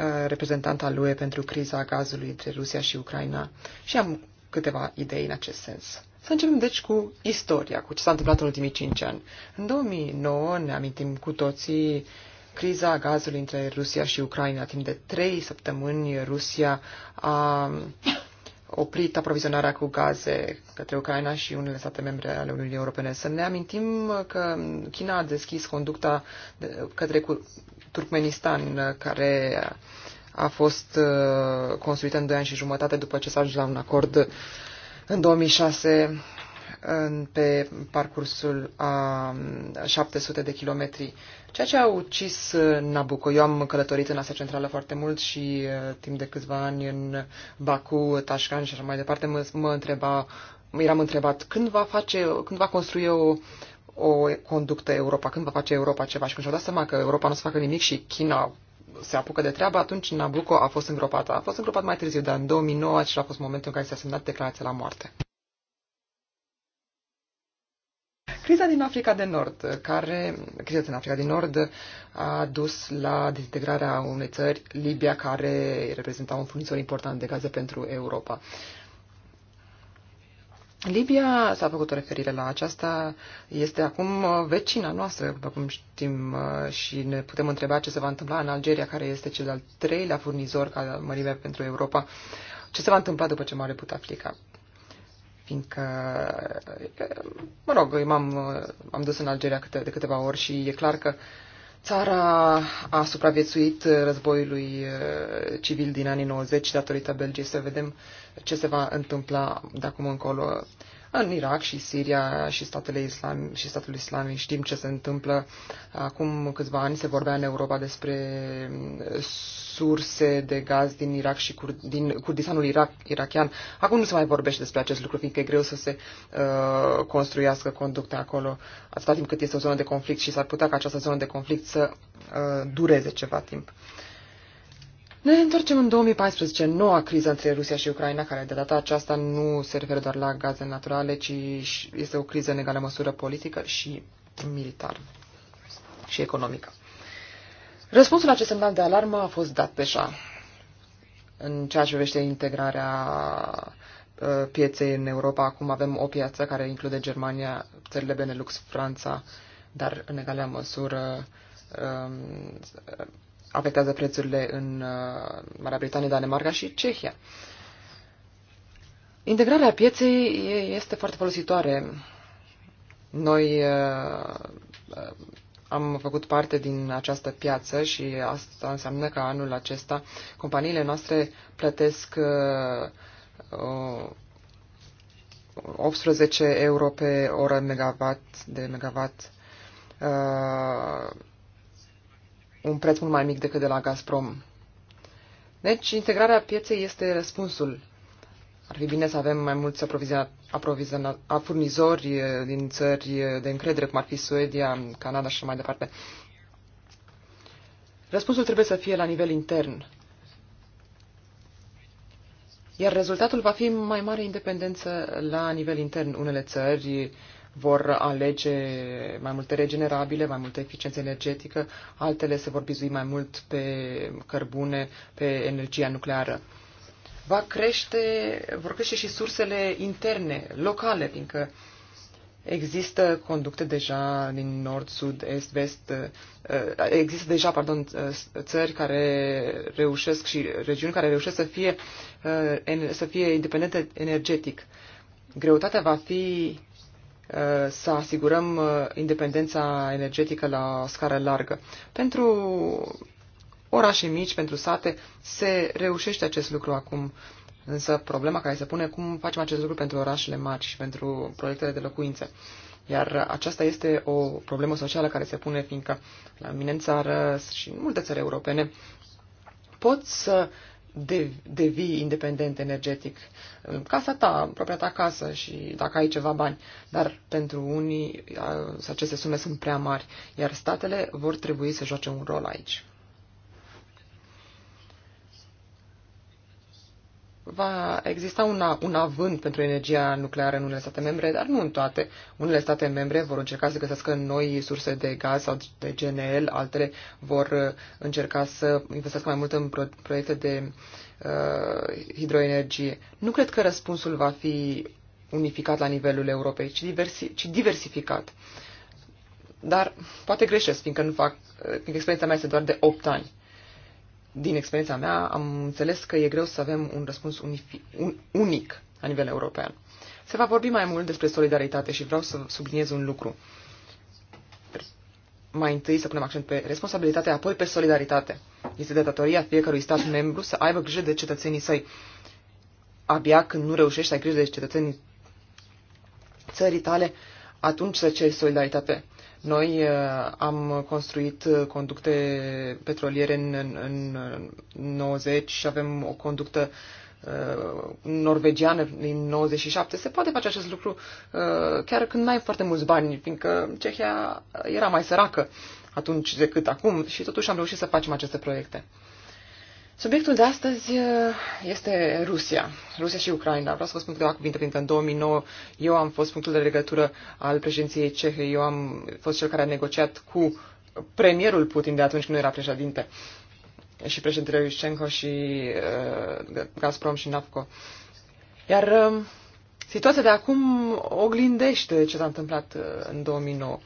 uh, reprezentant al UE pentru criza gazului între Rusia și Ucraina și am câteva idei în acest sens. Să începem deci cu istoria, cu ce s-a întâmplat în ultimii cinci ani. În 2009 ne amintim cu toții criza gazului între Rusia și Ucraina. Timp de trei săptămâni Rusia a oprit aprovizionarea cu gaze către Ucraina și unele state membre ale Uniunii Europene. Să ne amintim că China a deschis conducta către Turkmenistan, care a fost uh, construită în doi ani și jumătate după ce s-a ajuns la un acord în 2006, în, pe parcursul a 700 de kilometri, ceea ce a ucis uh, Nabucco. Eu am călătorit în Asia Centrală foarte mult și uh, timp de câțiva ani în Baku, Tashkent și așa mai departe, mă, mă întreba, eram întrebat când va, face, când va construi o, o conductă Europa, când va face Europa ceva și când și-au dat seama că Europa nu o să facă nimic și China se apucă de treabă, atunci Nabucco a fost îngropat. A fost îngropat mai târziu, dar în 2009 acela a fost momentul în care s-a semnat declarația la moarte. Criza din Africa de Nord, care, criza din Africa de Nord a dus la dezintegrarea unei țări, Libia, care reprezenta un furnizor important de gaze pentru Europa. Libia, s-a făcut o referire la aceasta, este acum uh, vecina noastră, după cum știm, uh, și ne putem întreba ce se va întâmpla în Algeria, care este cel al treilea furnizor ca mărime pentru Europa. Ce se va întâmpla după ce mare put Africa? Fiindcă, uh, mă rog, m-am am dus în Algeria câte, de câteva ori și e clar că uh, Țara a supraviețuit războiului eh, civil din anii 90 datorită Belgiei. Să vedem ce se va întâmpla de acum încolo în Irak și Siria și, statele islam, și statul islamic. Știm ce se întâmplă. Acum câțiva ani se vorbea în Europa despre mm, surse de gaz din Irak și Cur- din Kurdistanul Irak, irachian. Acum nu se mai vorbește despre acest lucru, fiindcă e greu să se uh, construiască conducte acolo, atâta timp cât este o zonă de conflict și s-ar putea ca această zonă de conflict să uh, dureze ceva timp. Uh, ne întoarcem în 2014, noua criză între Rusia și Ucraina, care de data aceasta nu se referă doar la gaze naturale, ci este o criză în egală măsură politică și militară și economică. Răspunsul la acest semnal de alarmă a fost dat deja în ceea ce privește integrarea uh, pieței în Europa. Acum avem o piață care include Germania, țările Benelux, Franța, dar în egală măsură um, afectează prețurile în uh, Marea Britanie, Danemarca și Cehia. Integrarea pieței este foarte folositoare. Noi uh, uh, am făcut parte din această piață și asta înseamnă că anul acesta companiile noastre plătesc 18 euro pe oră megawatt de megawatt un preț mult mai mic decât de la Gazprom. Deci, integrarea pieței este răspunsul. Ar fi bine să avem mai mulți furnizori eh, din țări eh, de încredere, cum ar fi Suedia, Canada și mai departe. Răspunsul trebuie să fie la nivel intern. Iar rezultatul va fi mai mare independență la nivel intern. Unele țări vor alege mai multe regenerabile, mai multă eficiență energetică, altele se vor bizui mai mult pe cărbune, pe energia nucleară. Va crește, vor crește și sursele interne, locale, fiindcă Există conducte deja din nord, sud, est, vest. Eh, există deja, pardon, eh, țări care reușesc și regiuni care reușesc să fie, eh, să fie independente energetic. Greutatea va fi Uh, să asigurăm uh, independența energetică la scară largă. Pentru orașe mici, pentru sate, se reușește acest lucru acum. Însă problema care se pune, cum facem acest lucru pentru orașele mari și pentru proiectele de locuințe. Iar aceasta este o problemă socială care se pune, fiindcă la mine în țară și în multe țări europene, pot să devii independent energetic. Casa ta, propria ta casă și dacă ai ceva bani. Dar pentru unii aceste sume sunt prea mari, iar statele vor trebui să joace un rol aici. va exista una, un avânt pentru energia nucleară în unele state membre, dar nu în toate. Unele state membre vor încerca să găsească noi surse de gaz sau de GNL, altele vor uh, încerca să investească mai mult în pro- proiecte de uh, hidroenergie. Nu cred că răspunsul va fi unificat la nivelul Europei, ci, diversi- ci diversificat. Dar poate greșesc, fiindcă nu fac, uh, fiindcă experiența mea este doar de 8 ani din experiența mea, am înțeles că e greu să avem un răspuns unifi- un, unic la nivel european. Se va vorbi mai mult despre solidaritate și vreau să subliniez un lucru. Mai întâi să punem accent pe responsabilitate, apoi pe solidaritate. Este de datoria fiecărui stat membru să aibă grijă de cetățenii săi. Abia când nu reușești să ai grijă de cetățenii țării tale, atunci să ceri solidaritate. Noi uh, am construit conducte petroliere în, în, în 90 și avem o conductă uh, norvegiană din 97, se poate face acest lucru uh, chiar când n-ai foarte mulți bani, fiindcă Cehia era mai săracă atunci decât acum și totuși am reușit să facem aceste proiecte. Subiectul de astăzi uh, este Rusia. Rusia și Ucraina. Vreau să vă spun câteva cuvinte, pentru că în 2009 eu am fost punctul de legătură al președinției cehe. Eu am fost cel care a negociat cu premierul Putin de atunci când nu era președinte și președintele Iușenko și uh, Gazprom și Nafco. Iar uh, situația de acum oglindește ce s-a întâmplat uh, în 2009.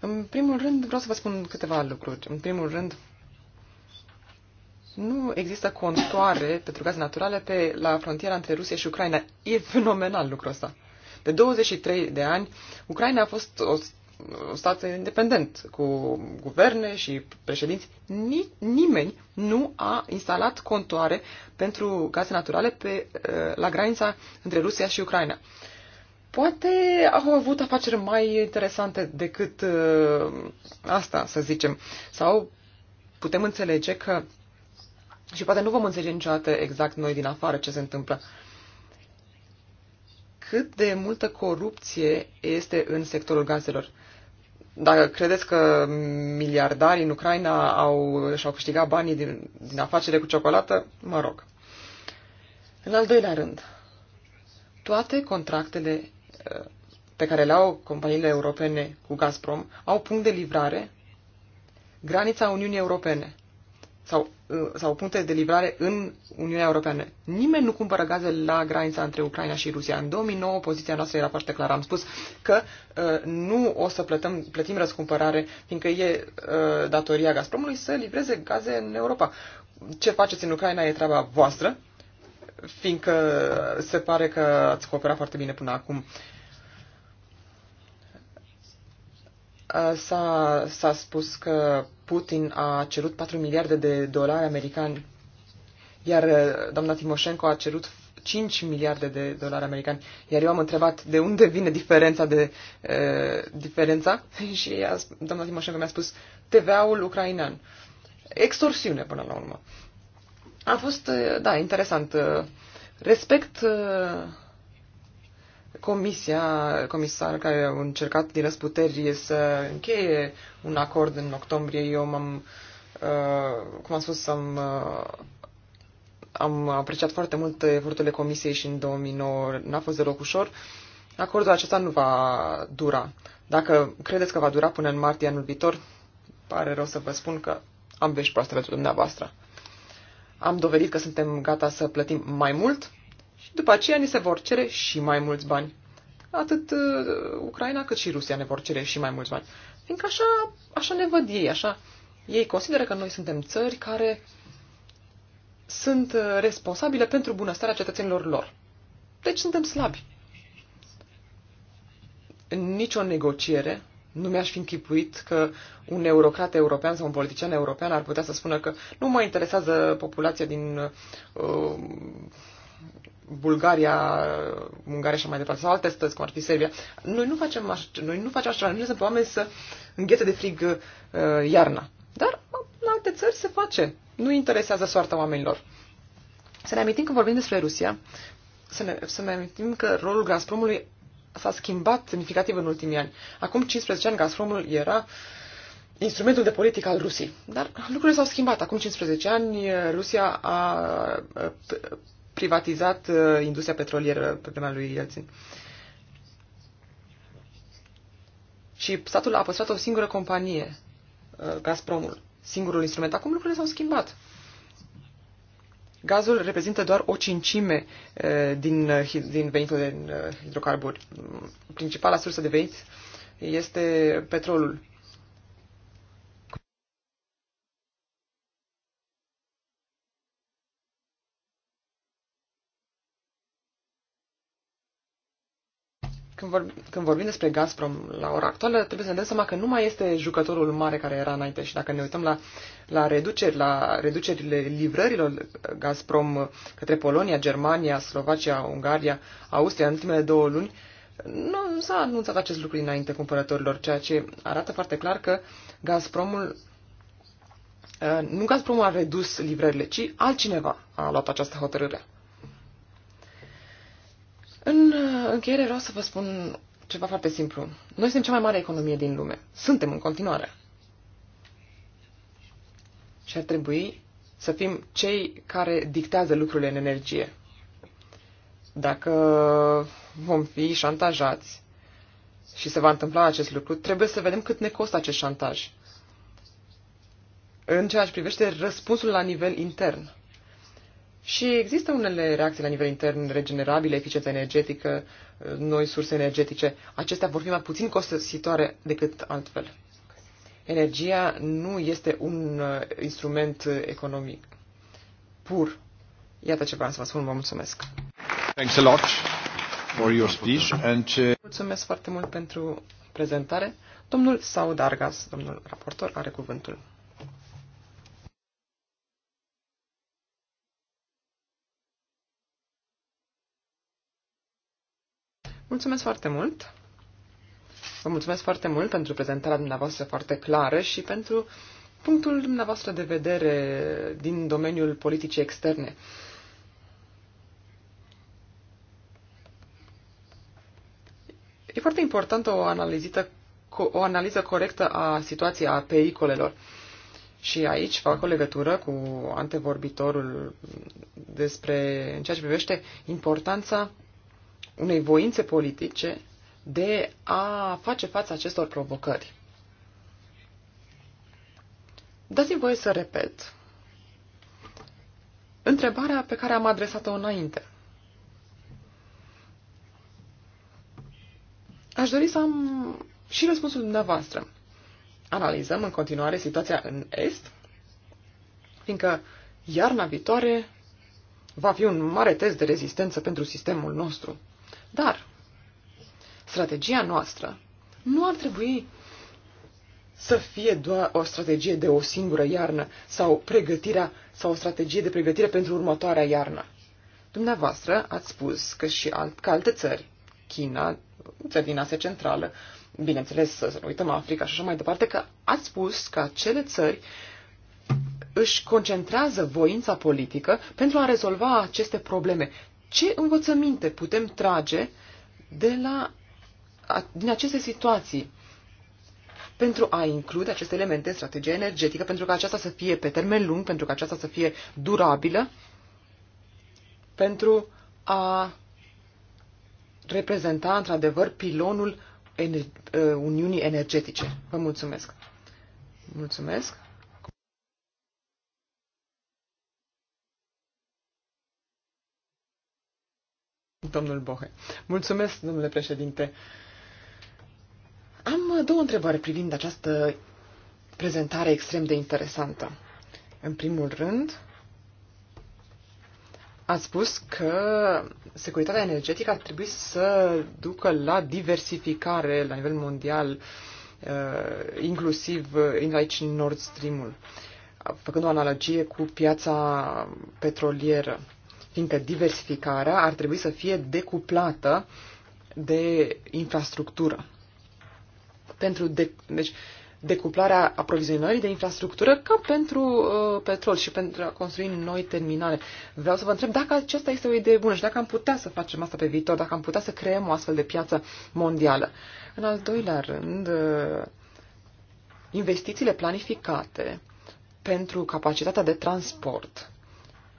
În primul rând, vreau să vă spun câteva lucruri. În primul rând, uh, nu există contoare pentru gaze naturale pe, la frontiera între Rusia și Ucraina. E fenomenal lucrul ăsta. De 23 de ani, Ucraina a fost o, o stat independent, cu guverne și președinți. Ni, nimeni nu a instalat contoare pentru gaze naturale pe, eh, la granița între Rusia și Ucraina. Poate au avut afaceri mai interesante decât uh, asta, să zicem. Sau putem înțelege că și poate nu vom înțelege niciodată exact noi din afară ce se întâmplă. Cât de multă corupție este în sectorul gazelor? Dacă credeți că miliardarii în Ucraina au, și-au câștigat banii din, din afacere cu ciocolată, mă rog. În al doilea rând, toate contractele eh, pe care le au companiile europene cu Gazprom au punct de livrare granița Uniunii Europene sau, uh, sau puncte de livrare în Uniunea Europeană. Nimeni nu cumpără gaze la granița între Ucraina și Rusia. În 2009 poziția noastră era foarte clară. Am spus că uh, nu o să plătăm, plătim răscumpărare, fiindcă e uh, datoria Gazpromului să livreze gaze în Europa. Ce faceți în Ucraina e treaba voastră, fiindcă se pare că ați cooperat foarte bine până acum. Uh, Eh, s-a, s-a spus că Putin a cerut 4 miliarde de dolari americani, iar eh, doamna Timoshenko a cerut 5 miliarde de dolari americani. Iar eu am întrebat de unde vine diferența de uh, diferența [LAUGHS] și ea, doamna Timoșenko mi-a spus TVA-ul ucrainean. Extorsiune până la urmă. A fost, uh, da, interesant. Uh, respect uh, comisia, comisar care a încercat din răsputeri să încheie un acord în octombrie. Eu m-am, uh, cum am spus, am, uh, am apreciat foarte mult eforturile comisiei și în 2009 n-a fost deloc ușor. Acordul acesta nu va dura. Dacă credeți că va dura până în martie anul viitor, pare rău să vă spun că am vești proaste pentru dumneavoastră. Am dovedit că suntem gata să plătim mai mult și după aceea ni se vor cere și mai mulți bani. Atât uh, Ucraina cât și Rusia ne vor cere și mai mulți bani. Fiindcă așa, așa ne văd ei, așa. Ei consideră că noi suntem țări care sunt uh, responsabile pentru bunăstarea cetățenilor lor. Deci suntem slabi. În nicio negociere nu mi-aș fi închipuit că un eurocrat european sau un politician european ar putea să spună că nu mă interesează populația din uh, Bulgaria, Ungaria și mai departe, sau alte stăți, cum ar fi Serbia. Noi nu facem așa, noi nu facem așa, nu lăsăm pe oameni să înghețe de frig uh, iarna. Dar în alte țări se face. Nu interesează soarta oamenilor. Să ne amintim că vorbim despre Rusia, să ne, să ne amintim că rolul Gazpromului s-a schimbat semnificativ în ultimii ani. Acum 15 ani Gazpromul era instrumentul de politică al Rusiei. Dar lucrurile s-au schimbat. Acum 15 ani Rusia a privatizat uh, industria petrolieră pe vremea lui Yeltsin. Și statul a păstrat o singură companie, uh, Gazpromul, singurul instrument. Acum lucrurile s-au schimbat. Gazul reprezintă doar o cincime uh, din, din venitul de hidrocarburi. Principala sursă de venit este petrolul. când, vorb, când vorbim despre Gazprom la ora actuală, trebuie să ne dăm seama că nu mai este jucătorul mare care era înainte și dacă ne uităm la, la reduceri, la reducerile livrărilor Gazprom către Polonia, Germania, Slovacia, Ungaria, Austria în ultimele două luni, nu s-a anunțat acest lucru înainte cumpărătorilor, ceea ce arată foarte clar că Gazpromul uh, nu Gazpromul a redus livrările, ci altcineva a luat această hotărâre. În uh, încheiere vreau să vă spun ceva foarte simplu. Noi suntem cea mai mare economie din lume. Suntem în continuare. Și ar trebui să fim cei care dictează lucrurile în energie. Dacă vom fi șantajați și se va întâmpla acest lucru, trebuie să vedem cât ne costă acest șantaj. În ceea ce privește răspunsul la nivel intern. Și există unele reacții la nivel intern regenerabile, eficiență energetică, noi surse energetice. Acestea vor fi mai puțin costisitoare decât altfel. Energia nu este un uh, instrument economic pur. Iată ce vreau să vă spun. Vă mulțumesc. Thanks a lot for your speech and... Uh, mulțumesc foarte mult pentru prezentare. Domnul Saud Argas, domnul raportor, are cuvântul. Mulțumesc foarte mult! Vă mulțumesc foarte mult pentru prezentarea dumneavoastră foarte clară și pentru punctul dumneavoastră de vedere din domeniul politicii externe. E foarte importantă o, o analiză corectă a situației a pericolelor. Și aici fac o legătură cu antevorbitorul despre în ceea ce privește importanța unei voințe politice de a face față acestor provocări. Dați-mi voie să repet întrebarea pe care am adresat-o înainte. Aș dori să am și răspunsul dumneavoastră. Analizăm în continuare situația în Est, fiindcă iarna viitoare va fi un mare test de rezistență pentru sistemul nostru. Dar strategia noastră nu ar trebui să fie doar o strategie de o singură iarnă sau pregătirea sau o strategie de pregătire pentru următoarea iarnă. Dumneavoastră ați spus că și alt, că alte țări, China, țări din Asia Centrală, bineînțeles să nu uităm Africa și așa mai departe, că ați spus că acele țări își concentrează voința politică pentru a rezolva aceste probleme, ce învățăminte putem trage de la, din aceste situații pentru a include aceste elemente în strategia energetică, pentru ca aceasta să fie pe termen lung, pentru ca aceasta să fie durabilă, pentru a reprezenta într-adevăr pilonul ener- uh, Uniunii Energetice. Vă mulțumesc! Mulțumesc! domnul Bohe. Mulțumesc, domnule președinte. Am două întrebări privind această prezentare extrem de interesantă. În primul rând, ați spus că securitatea energetică ar trebui să ducă la diversificare la nivel mondial, uh, inclusiv uh, aici în Nord Stream-ul, făcând o analogie cu piața petrolieră fiindcă diversificarea ar trebui să fie decuplată de infrastructură. Pentru de, deci, decuplarea aprovizionării de infrastructură ca pentru uh, petrol și pentru a construi noi terminale. Vreau să vă întreb dacă aceasta este o idee bună și dacă am putea să facem asta pe viitor, dacă am putea să creăm o astfel de piață mondială. În al doilea rând, uh, investițiile planificate pentru capacitatea de transport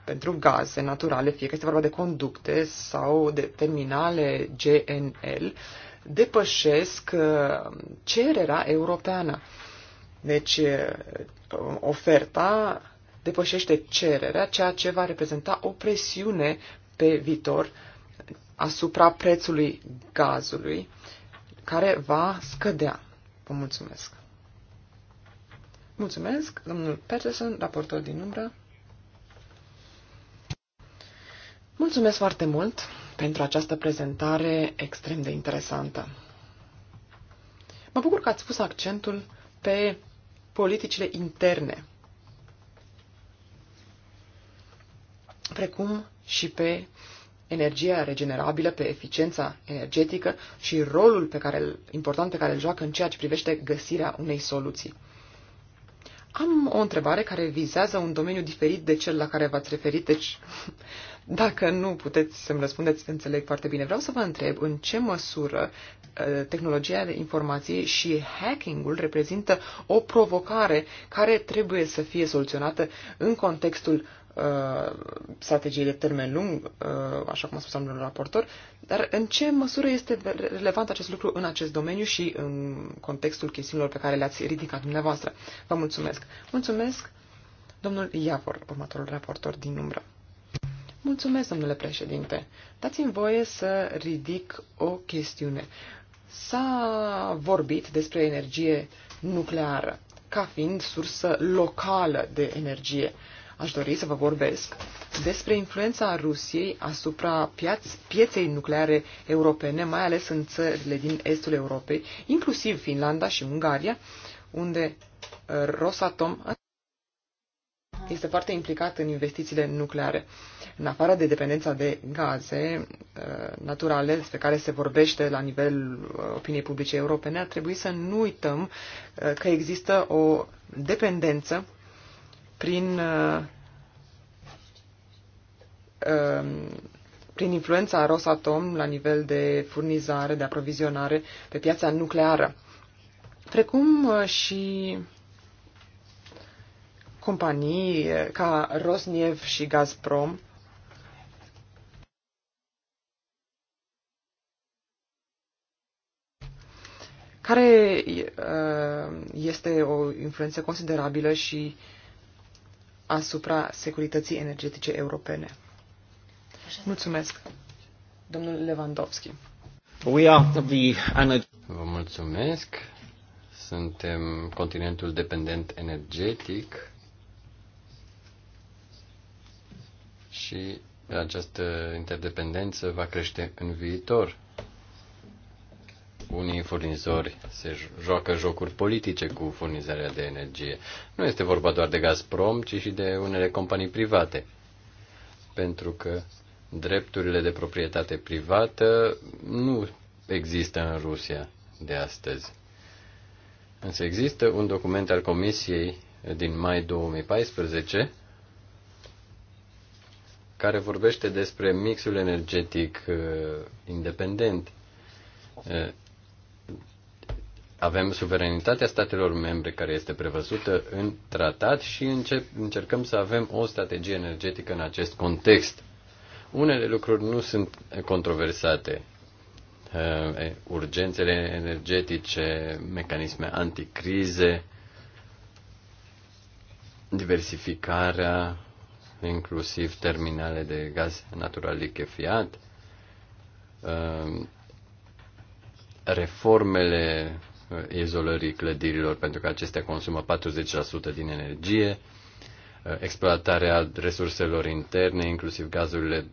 pentru gaze naturale, fie că este vorba de conducte sau de terminale GNL, depășesc uh, cererea europeană. Deci, uh, oferta depășește cererea, ceea ce va reprezenta o presiune pe viitor asupra prețului gazului, care va scădea. Vă mulțumesc! Mulțumesc, domnul Peterson, raportor din umbră. Mulțumesc foarte mult pentru această prezentare extrem de interesantă. Mă bucur că ați pus accentul pe politicile interne, precum și pe energia regenerabilă, pe eficiența energetică și rolul pe care, important pe care îl joacă în ceea ce privește găsirea unei soluții. Am o întrebare care vizează un domeniu diferit de cel la care v-ați referit, deci dacă nu puteți să-mi răspundeți, înțeleg foarte bine. Vreau să vă întreb în ce măsură uh, tehnologia de informație și hacking-ul reprezintă o provocare care trebuie să fie soluționată în contextul uh, strategiei de termen lung, uh, așa cum a spus domnul raportor, dar în ce măsură este relevant acest lucru în acest domeniu și în contextul chestiunilor pe care le-ați ridicat dumneavoastră? Vă mulțumesc! Mulțumesc, domnul Iavor, următorul raportor din umbră. Mulțumesc, domnule președinte. Dați-mi voie să ridic o chestiune. S-a vorbit despre energie nucleară ca fiind sursă locală de energie. Aș dori să vă vorbesc despre influența Rusiei asupra pieței nucleare europene, mai ales în țările din estul Europei, inclusiv Finlanda și Ungaria, unde uh, Rosatom este foarte implicat în investițiile nucleare. În afară de dependența de gaze uh, naturale despre care se vorbește la nivel uh, opiniei publice europene, ar trebui să nu uităm uh, că există o dependență prin um, prin influența Rosatom la nivel de furnizare, de aprovizionare pe piața nucleară, precum și companii ca Rosniev și Gazprom care uh, este o influență considerabilă și asupra securității energetice europene. Mulțumesc, domnul Lewandowski. We are the Vă mulțumesc. Suntem continentul dependent energetic și această interdependență va crește în viitor. Unii furnizori se joacă jocuri politice cu furnizarea de energie. Nu este vorba doar de Gazprom, ci și de unele companii private. Pentru că drepturile de proprietate privată nu există în Rusia de astăzi. Însă există un document al Comisiei din mai 2014 care vorbește despre mixul energetic uh, independent. Uh, avem suverenitatea statelor membre care este prevăzută în tratat și încep încercăm să avem o strategie energetică în acest context. Unele lucruri nu sunt controversate. Uh, urgențele energetice, mecanisme anticrize, diversificarea inclusiv terminale de gaz natural lichefiat, ehm, reformele eh, izolării clădirilor, pentru că acestea consumă 40% din energie, Uh, exploatarea resurselor interne, inclusiv gazurile,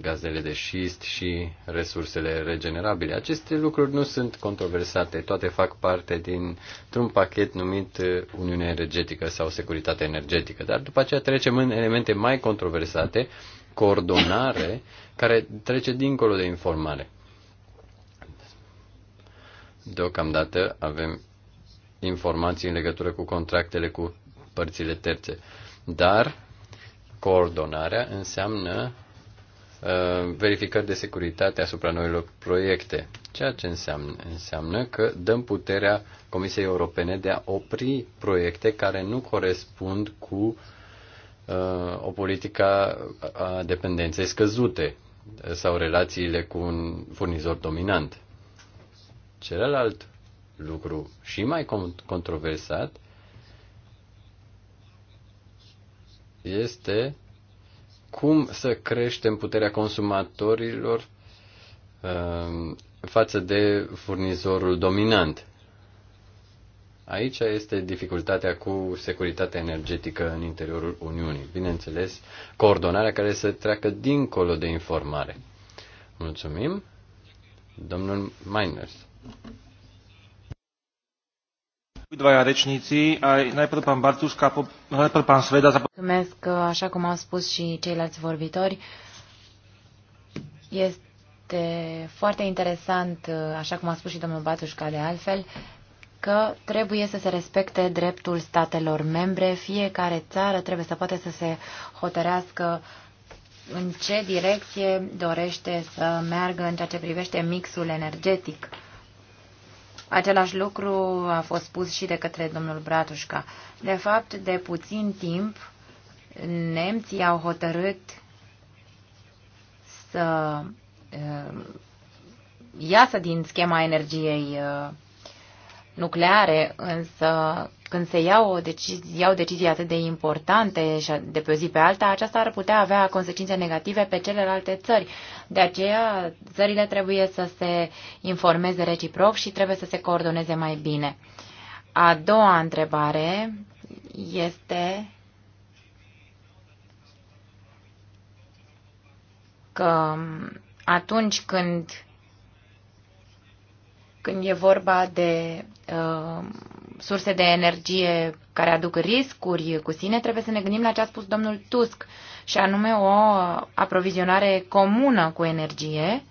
gazele de șist și resursele regenerabile. Aceste lucruri nu sunt controversate, toate fac parte dintr-un pachet numit uh, Uniune Energetică sau Securitate Energetică, dar după aceea trecem în elemente mai controversate, coordonare, care trece dincolo de informare. Deocamdată avem informații în legătură cu contractele cu părțile terțe. Uh, dar coordonarea înseamnă uh, verificări de securitate asupra noilor proiecte, ceea ce înseamnă, înseamnă că dăm puterea Comisiei Europene de a opri proiecte care nu corespund cu uh, o politică a dependenței scăzute uh, sau relațiile cu un furnizor dominant. Celălalt lucru și mai controversat este cum să creștem puterea consumatorilor um, față de furnizorul dominant. Aici este dificultatea cu securitatea energetică în interiorul Uniunii. Bineînțeles, coordonarea care să treacă dincolo de informare. Mulțumim, domnul Miners. Dvaja rečniții, najprv pan Bartușca, najprv pan Sveda. Mulțumesc, așa cum au spus și ceilalți vorbitori. Este foarte interesant, așa cum a spus și domnul Batușca de altfel, că trebuie să se respecte dreptul statelor membre. Fiecare țară trebuie să poate să se hotărească în ce direcție dorește să meargă în ceea ce privește mixul energetic Același lucru a fost spus și de către domnul Bratușca. De fapt, de puțin timp, nemții au hotărât să uh, iasă din schema energiei uh, nucleare, însă când se iau, o decizie, iau decizii atât de importante și de pe o zi pe alta, aceasta ar putea avea consecințe negative pe celelalte țări. De aceea, țările trebuie să se informeze reciproc și trebuie să se coordoneze mai bine. A doua întrebare este că atunci când, când e vorba de Uh, surse de energie care aduc riscuri cu sine, trebuie să ne gândim la ce a spus domnul Tusk, și anume o aprovizionare comună cu energie.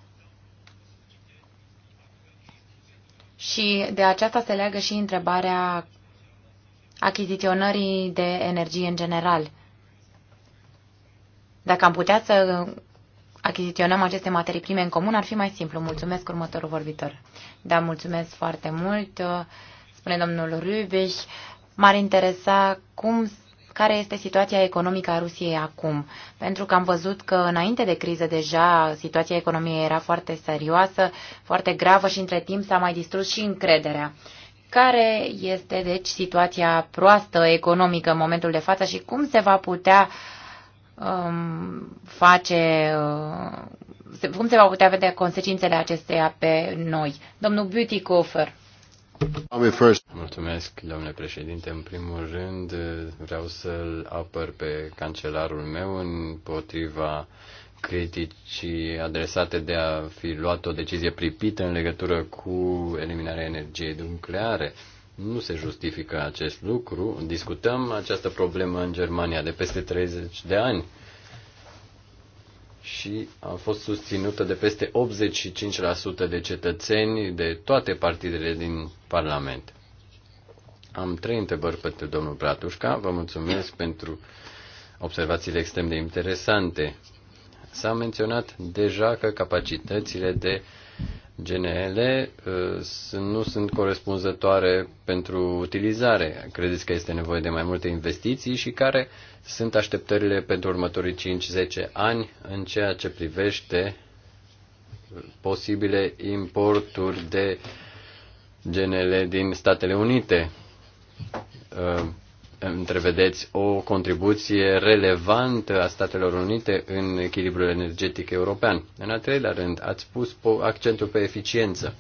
Și de aceasta se leagă și întrebarea achiziționării de energie în general. Dacă am putea să achiziționăm aceste materii prime în comun, ar fi mai simplu. Mulțumesc următorul vorbitor. Da, mulțumesc foarte mult, spune domnul Rübich. M-ar interesa cum care este situația economică a Rusiei acum. Pentru că am văzut că înainte de criză deja situația economiei era foarte serioasă, foarte gravă și între timp s-a mai distrus și încrederea. Care este deci situația proastă economică în momentul de față și cum se va putea uh, um, face, uh, cum se va putea vedea consecințele acesteia pe noi. Domnul Cofer. Mulțumesc, domnule președinte. În primul rând, uh, vreau să-l apăr pe cancelarul meu împotriva criticii adresate de a fi luat o decizie pripită în legătură cu eliminarea energiei nucleare. Nu se justifică acest lucru. Discutăm această problemă în Germania de peste 30 de ani și a fost susținută de peste 85% de cetățeni de toate partidele din Parlament. Am trei întrebări pentru domnul Bratușca. Vă mulțumesc pentru observațiile extrem de interesante. S-a menționat deja că capacitățile de uh, GNL ă, nu sunt corespunzătoare pentru utilizare. Credeți că este nevoie de mai multe investiții și care sunt așteptările pentru următorii 5-10 ani în ceea ce privește posibile importuri de GNL din Statele Unite? Ă, întrevedeți o contribuție relevantă a Statelor Unite în echilibrul energetic european. În al treilea rând, ați pus accentul pe eficiență.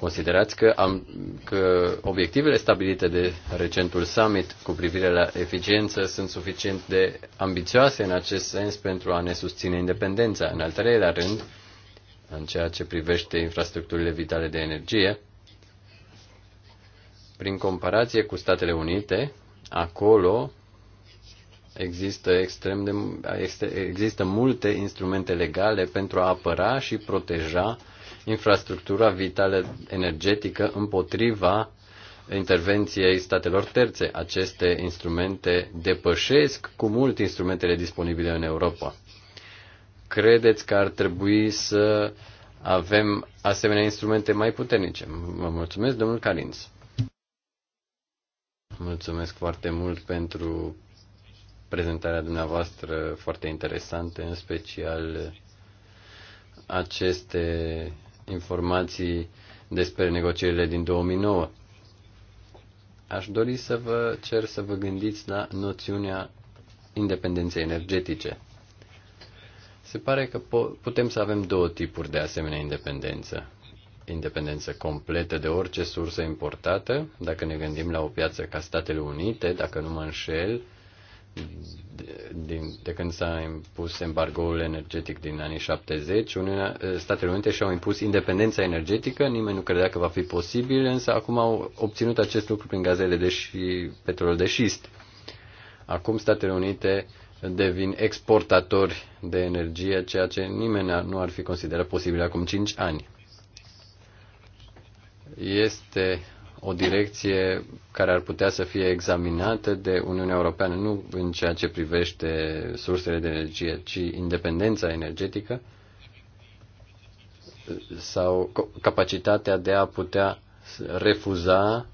Considerați că, am, că obiectivele stabilite de recentul summit cu privire la eficiență sunt suficient de ambițioase în acest sens pentru a ne susține independența. În al treilea rând, în ceea ce privește infrastructurile vitale de energie, prin comparație cu Statele Unite, Acolo există extrem de, există multe instrumente legale pentru a apăra și proteja infrastructura vitală energetică împotriva intervenției statelor terțe. Aceste instrumente depășesc cu mult instrumentele disponibile în Europa. Credeți că ar trebui să avem asemenea instrumente mai puternice? Vă mulțumesc, domnul Carins. Mulțumesc foarte mult pentru prezentarea dumneavoastră foarte interesantă, în special aceste informații despre negocierile din 2009. Aș dori să vă cer să vă gândiți la noțiunea independenței energetice. Se pare că putem să avem două tipuri de asemenea independență independență completă de orice sursă importată. Dacă ne gândim la o piață ca Statele Unite, dacă nu mă înșel, de, de când s-a impus embargoul energetic din anii 70, Uniunea, Statele Unite și-au impus independența energetică, nimeni nu credea că va fi posibil, însă acum au obținut acest lucru prin gazele de și petrol de șist. Acum Statele Unite devin exportatori de energie, ceea ce nimeni nu ar fi considerat posibil acum 5 ani este o direcție care ar putea să fie examinată de Uniunea Europeană, nu în ceea ce privește sursele de energie, ci independența energetică sau capacitatea de a putea refuza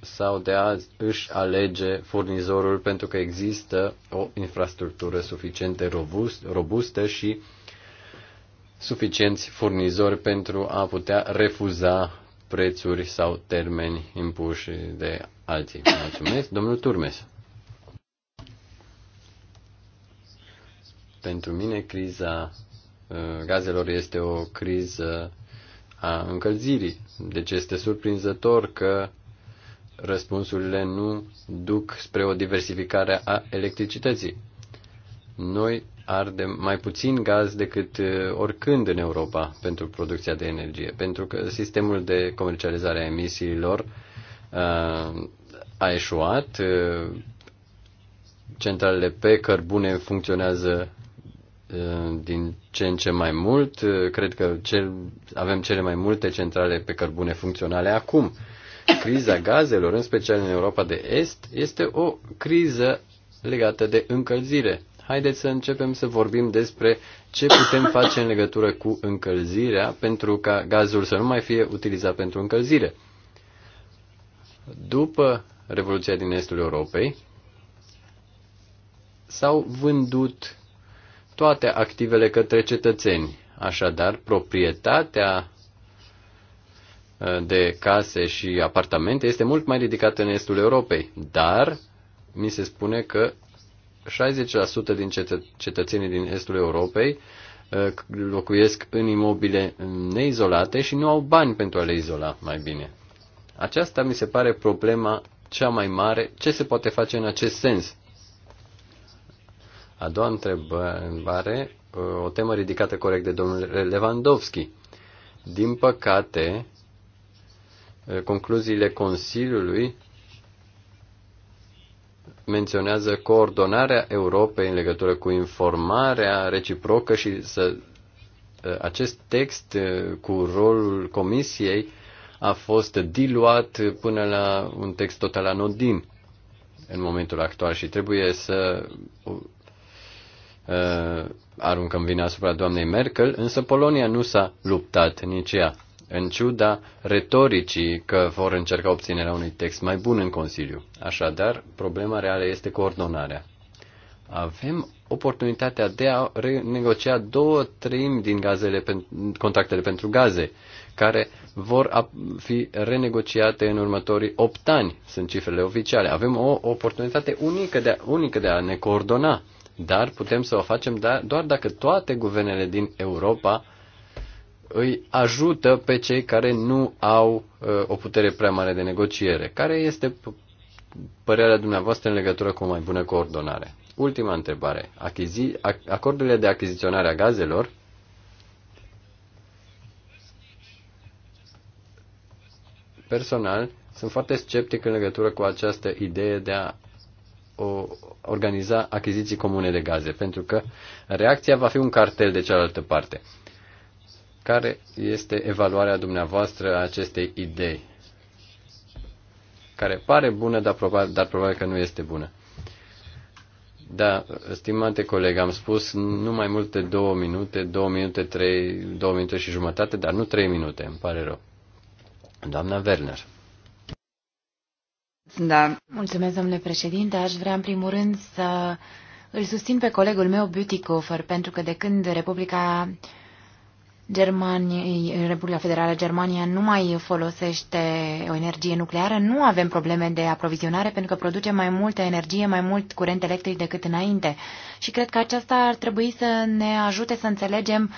sau de a își alege furnizorul pentru că există o infrastructură suficient de robust, robustă și suficienți furnizori pentru a putea refuza prețuri sau termeni impuși de alții. Mulțumesc, domnul Turmes. Pentru mine, criza uh, gazelor este o criză a încălzirii. Deci este surprinzător că răspunsurile nu duc spre o diversificare a electricității. Noi arde mai puțin gaz decât uh, oricând în Europa pentru producția de energie, pentru că sistemul de comercializare a emisiilor uh, a eșuat, uh, centralele pe cărbune funcționează din ce în ce mai mult. Cred că cel, avem cele mai multe centrale pe cărbune funcționale acum. Criza gazelor, în special în Europa de Est, este o criză legată de încălzire. Haideți să începem să vorbim despre ce putem face în legătură cu încălzirea pentru ca gazul să nu mai fie utilizat pentru încălzire. După Revoluția din Estul Europei, s-au vândut toate activele către cetățeni. Așadar, proprietatea uh, de case și apartamente este mult mai ridicată în estul Europei, dar mi se spune că 60% din cetă, cetățenii din estul Europei uh, locuiesc în imobile neizolate și nu au bani pentru a le izola mai bine. Aceasta mi se pare problema cea mai mare. Ce se poate face în acest sens? A doua întrebare, uh, o temă ridicată corect de domnul Lewandowski. Din păcate, uh, concluziile Consiliului menționează coordonarea Europei în legătură cu informarea reciprocă și să, ă, acest text ă, cu rolul Comisiei a fost diluat până la un text total anodin în momentul actual și trebuie să uh, aruncăm vina asupra doamnei Merkel, însă Polonia nu s-a luptat nici ea în ciuda retoricii că vor încerca obținerea unui text mai bun în Consiliu. Așadar, problema reală este coordonarea. Avem oportunitatea de a renegocia două treimi din gazele, contractele pentru gaze, care vor fi renegociate în următorii opt ani, sunt cifrele oficiale. Avem o oportunitate unică de a, unică de a ne coordona, dar putem să o facem da, doar dacă toate guvernele din Europa îi ajută pe cei care nu au uh, o putere prea mare de negociere. Care este părerea dumneavoastră în legătură cu o mai bună coordonare? Ultima întrebare. Achizi, acordurile de achiziționare a gazelor personal sunt foarte sceptic în legătură cu această idee de a o, organiza achiziții comune de gaze, pentru că reacția va fi un cartel de cealaltă parte. Care este evaluarea dumneavoastră a acestei idei? Care pare bună, dar probabil, dar probabil că nu este bună. Da, stimate coleg, am spus nu mai multe două minute, două minute, trei, două minute și jumătate, dar nu trei minute, îmi pare rău. Doamna Werner. Da. Mulțumesc, domnule președinte. Aș vrea, în primul rând, să îl susțin pe colegul meu, Butikofer, pentru că de când Republica Germania, Republica Federală Germania nu mai folosește o energie nucleară, nu avem probleme de aprovizionare pentru că produce mai multă energie, mai mult curent electric decât înainte. Și cred că aceasta ar trebui să ne ajute să înțelegem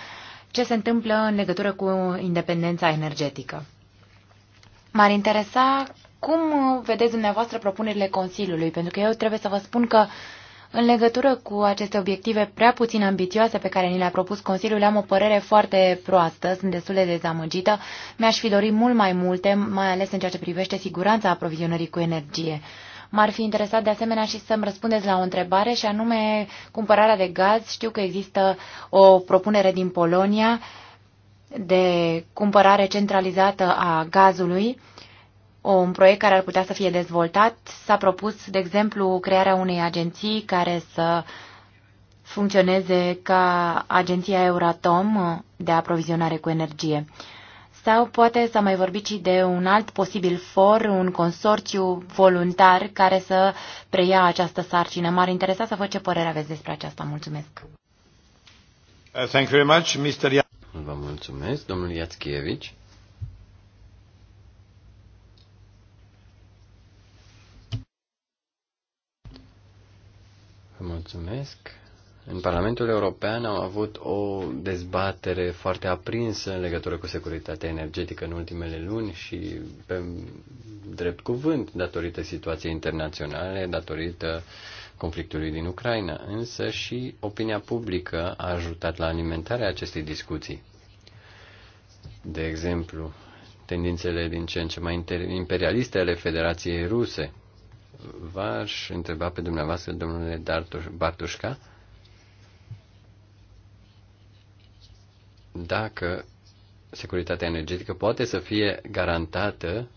ce se întâmplă în legătură cu independența energetică. M-ar interesa cum vedeți dumneavoastră propunerile Consiliului, pentru că eu trebuie să vă spun că uh, în legătură cu aceste obiective prea puțin ambițioase pe care ni le-a propus Consiliul, am o părere foarte proastă, sunt destul de dezamăgită. Mi-aș fi dorit mult mai multe, mai ales în ceea ce privește siguranța aprovizionării cu energie. M-ar fi interesat de asemenea și să-mi răspundeți la o întrebare și anume cumpărarea de gaz. Știu că există o propunere din Polonia de cumpărare centralizată a gazului un proiect care ar putea să fie dezvoltat. S-a propus, de exemplu, crearea unei agenții care să funcționeze ca agenția Euratom de aprovizionare cu energie. Sau poate s-a mai vorbit și de un alt posibil for, un consorțiu voluntar care să preia această sarcină. M-ar interesa să văd ce părere aveți despre aceasta. Mulțumesc. Uh, thank you very much, Mr. vă mulțumesc, domnul Iațchievici. Mulțumesc. În Parlamentul European am avut o dezbatere foarte aprinsă în legătură cu securitatea energetică în ultimele luni și pe drept cuvânt datorită situației internaționale, datorită conflictului din Ucraina, însă și opinia publică a ajutat la alimentarea acestei discuții. De exemplu, tendințele din ce în ce mai imperialiste ale Federației Ruse, v-aș întreba pe dumneavoastră, domnule Bartușca, dacă securitatea energetică poate să fie garantată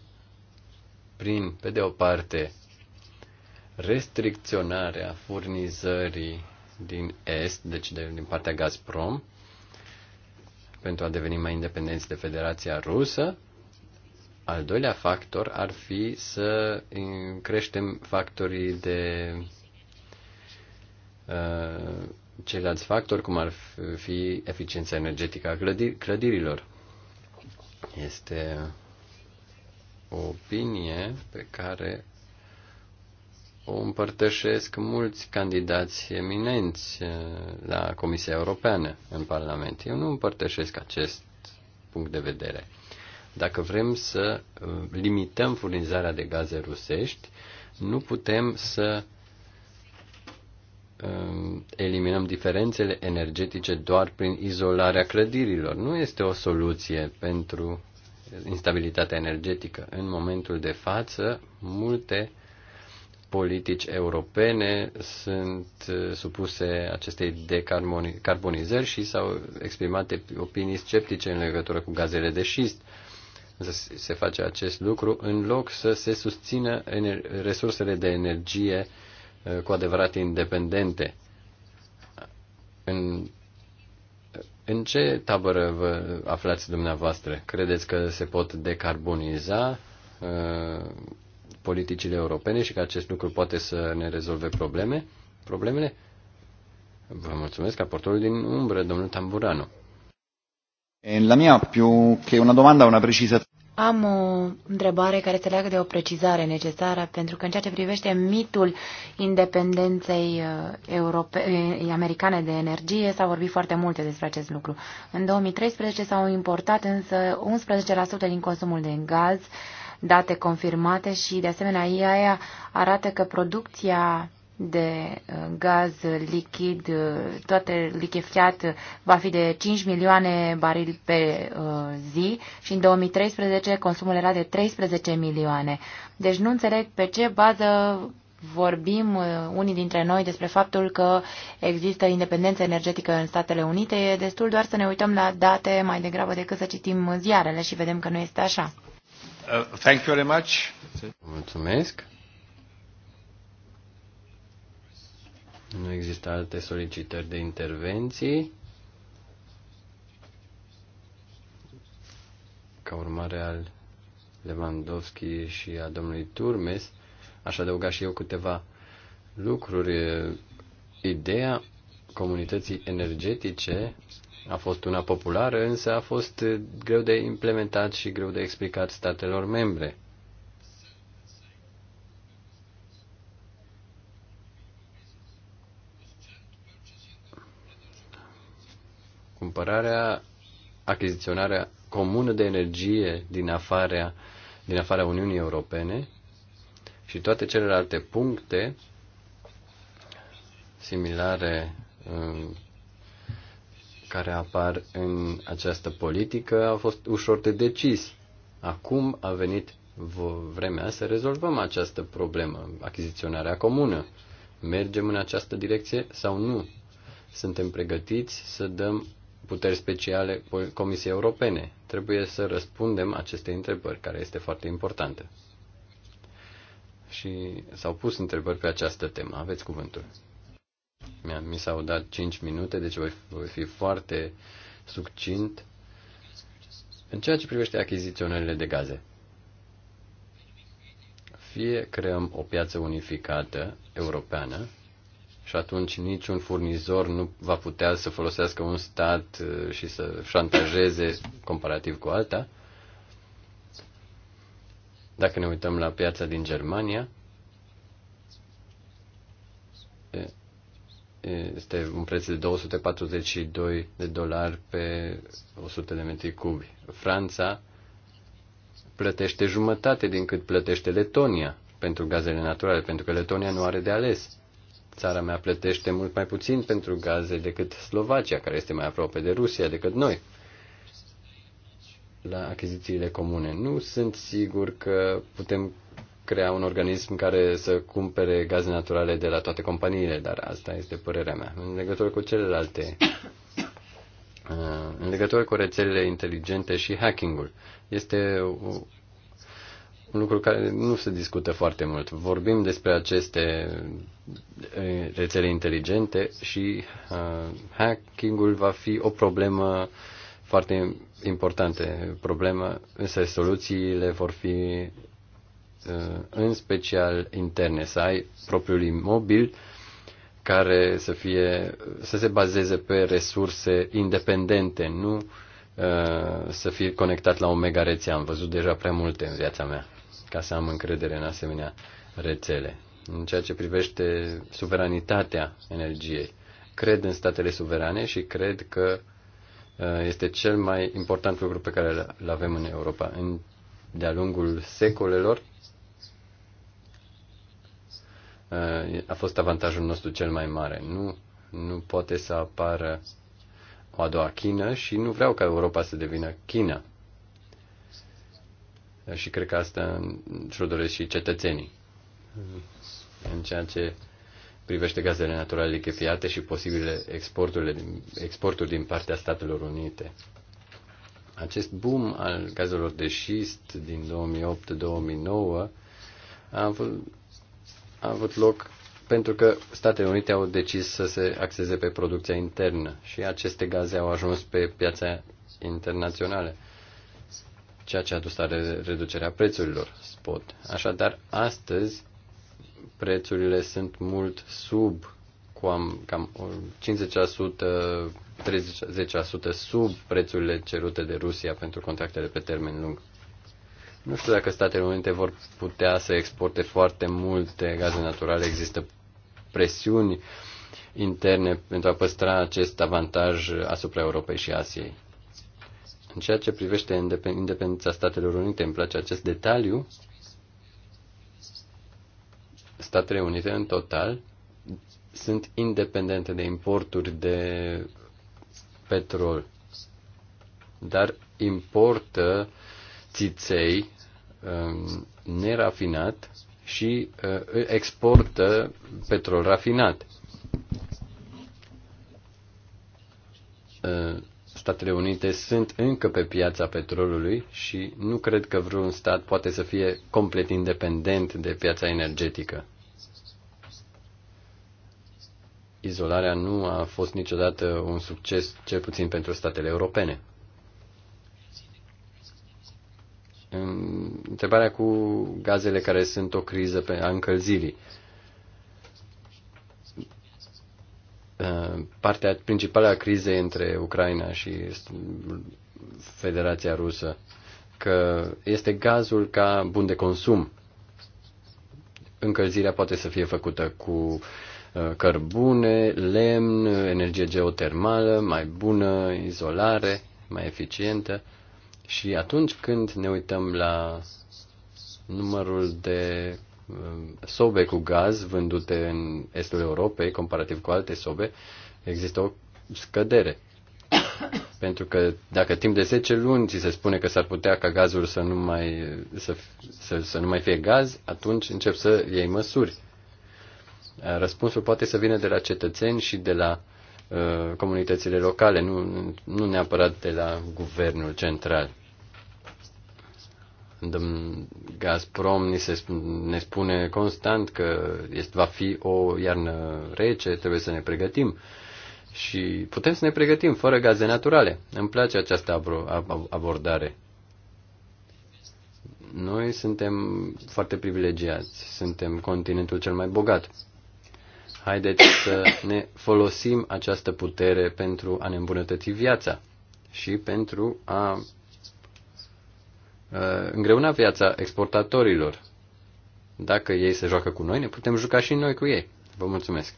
prin, pe de o parte, restricționarea furnizării din Est, deci de, din partea Gazprom, pentru a deveni mai independenți de Federația Rusă al doilea factor ar fi să creștem factorii de uh, ceilalți factori, cum ar fi eficiența energetică a clădir- clădirilor. Este o opinie pe care o împărtășesc mulți candidați eminenți uh, la Comisia Europeană în Parlament. Eu nu împărtășesc acest punct de vedere. Dacă vrem să uh, limităm furnizarea de gaze rusești, nu putem să uh, eliminăm diferențele energetice doar prin izolarea clădirilor. Nu este o soluție pentru instabilitatea energetică. În momentul de față, multe politici europene sunt uh, supuse acestei decarbonizări și s-au exprimat opinii sceptice în legătură cu gazele de șist. Uh, se face acest lucru în loc să se susțină resursele de energie uh, cu adevărat independente. În, în ce tabără vă aflați dumneavoastră? Credeți că se pot decarboniza uh, politicile europene și că acest lucru poate să ne rezolve probleme? problemele? Vă mulțumesc, aportorul din umbră, domnul Tamburano. La mia più che una domanda, una precisazione. Am o întrebare care se leagă de o precizare necesară, pentru că în ceea ce privește mitul independenței uh, europe, eh, americane de energie, s-a vorbit foarte multe despre acest lucru. În 2013 s-au importat însă 11% din consumul de gaz, date confirmate și de asemenea IAEA arată că producția de uh, gaz lichid, uh, toate lichefiat, uh, va fi de 5 milioane barili pe zi și în 2013 consumul era de 13 milioane. Deci nu înțeleg pe ce bază vorbim unii dintre noi despre faptul că există independență energetică în Statele Unite. E destul doar să ne uităm la date mai degrabă decât să citim ziarele și vedem că nu este așa. Uh, thank you very much. Mulțumesc. Nu există alte solicitări de intervenții. Ca urmare al Lewandowski și a domnului Turmes, aș adăuga și eu câteva lucruri. Ideea comunității energetice a fost una populară, însă a fost greu de implementat și greu de explicat statelor membre. cumpărarea, achiziționarea comună de energie din afara, din afara Uniunii Europene și toate celelalte puncte similare um, care apar în această politică au fost ușor de decis. Acum a venit vremea să rezolvăm această problemă, achiziționarea comună. Mergem în această direcție sau nu? Suntem pregătiți să dăm puteri speciale Comisiei Europene. Trebuie să răspundem aceste întrebări, care este foarte importantă. Și s-au pus întrebări pe această temă. Aveți cuvântul. Mi s-au dat 5 minute, deci voi, voi fi foarte succint în ceea ce privește achiziționările de gaze. Fie creăm o piață unificată europeană și atunci niciun furnizor nu va putea să folosească un stat uh, și să șantajeze comparativ cu alta. Dacă ne uităm la piața din Germania, este un preț de 242 de dolari pe 100 de metri cubi. Franța plătește jumătate din cât plătește Letonia pentru gazele naturale, pentru că Letonia nu are de ales. Țara mea plătește mult mai puțin pentru gaze decât Slovacia, care este mai aproape de Rusia decât noi. La achizițiile comune. Nu sunt sigur că putem crea un organism care să cumpere gaze naturale de la toate companiile, dar asta este părerea mea. În legătură cu celelalte, în legătură cu rețelele inteligente și hacking-ul, este un lucru care nu se discută foarte mult. Vorbim despre aceste rețele inteligente și uh, hacking-ul va fi o problemă foarte importantă. Problemă, însă soluțiile vor fi uh, în special interne. Să ai propriul imobil care să, fie, să se bazeze pe resurse independente, nu uh, să fie conectat la o mega rețea. Am văzut deja prea multe în viața mea ca să am încredere în asemenea rețele. În ceea ce privește suveranitatea energiei, cred în statele suverane și cred că uh, este cel mai important lucru pe care îl avem în Europa. În, de-a lungul secolelor uh, a fost avantajul nostru cel mai mare. Nu, nu poate să apară o a doua China și nu vreau ca Europa să devină China. Și cred că asta și-o doresc și cetățenii. În ceea ce privește gazele naturale lichefiate și posibile exporturile, exporturi din partea Statelor Unite. Acest boom al gazelor de șist din 2008-2009 a avut, a avut loc pentru că Statele Unite au decis să se axeze pe producția internă și aceste gaze au ajuns pe piața internațională ceea ce a dus la reducerea prețurilor spot. Așadar, astăzi prețurile sunt mult sub cu cam 50%, 30% sub prețurile cerute de Rusia pentru contractele pe termen lung. Nu știu dacă Statele Unite vor putea să exporte foarte multe gaze naturale. Există presiuni interne pentru a păstra acest avantaj asupra Europei și Asiei. În ceea ce privește independența Statelor Unite, îmi place acest detaliu. Statele Unite, în total, sunt independente de importuri de petrol, dar importă țiței um, nerafinat și uh, exportă petrol rafinat. Uh, Statele Unite sunt încă pe piața petrolului și nu cred că vreun stat poate să fie complet independent de piața energetică. Izolarea nu a fost niciodată un succes, cel puțin pentru statele europene. Întrebarea cu gazele care sunt o criză pe a încălzirii. Uh, partea principală a crizei între Ucraina și Federația Rusă, că este gazul ca bun de consum. Încălzirea poate să fie făcută cu uh, cărbune, lemn, energie geotermală, mai bună izolare, mai eficientă. Și atunci când ne uităm la numărul de Uh, sobe cu gaz vândute în estul Europei, comparativ cu alte sobe, există o scădere. [COUGHS] Pentru că dacă timp de 10 luni ți se spune că s-ar putea ca gazul să nu mai, să, să, să nu mai fie gaz, atunci încep să iei măsuri. Uh, răspunsul poate să vină de la cetățeni și de la uh, comunitățile locale, nu, nu neapărat de la guvernul central. Gazprom ni se, ne spune constant că este, va fi o iarnă rece, trebuie să ne pregătim. Și putem să ne pregătim fără gaze naturale. Îmi place această abordare. Noi suntem foarte privilegiați, suntem continentul cel mai bogat. Haideți să ne folosim această putere pentru a ne îmbunătăți viața și pentru a Uh, îngreuna viața exportatorilor. Dacă ei se joacă cu noi, ne putem juca și noi cu ei. Vă mulțumesc.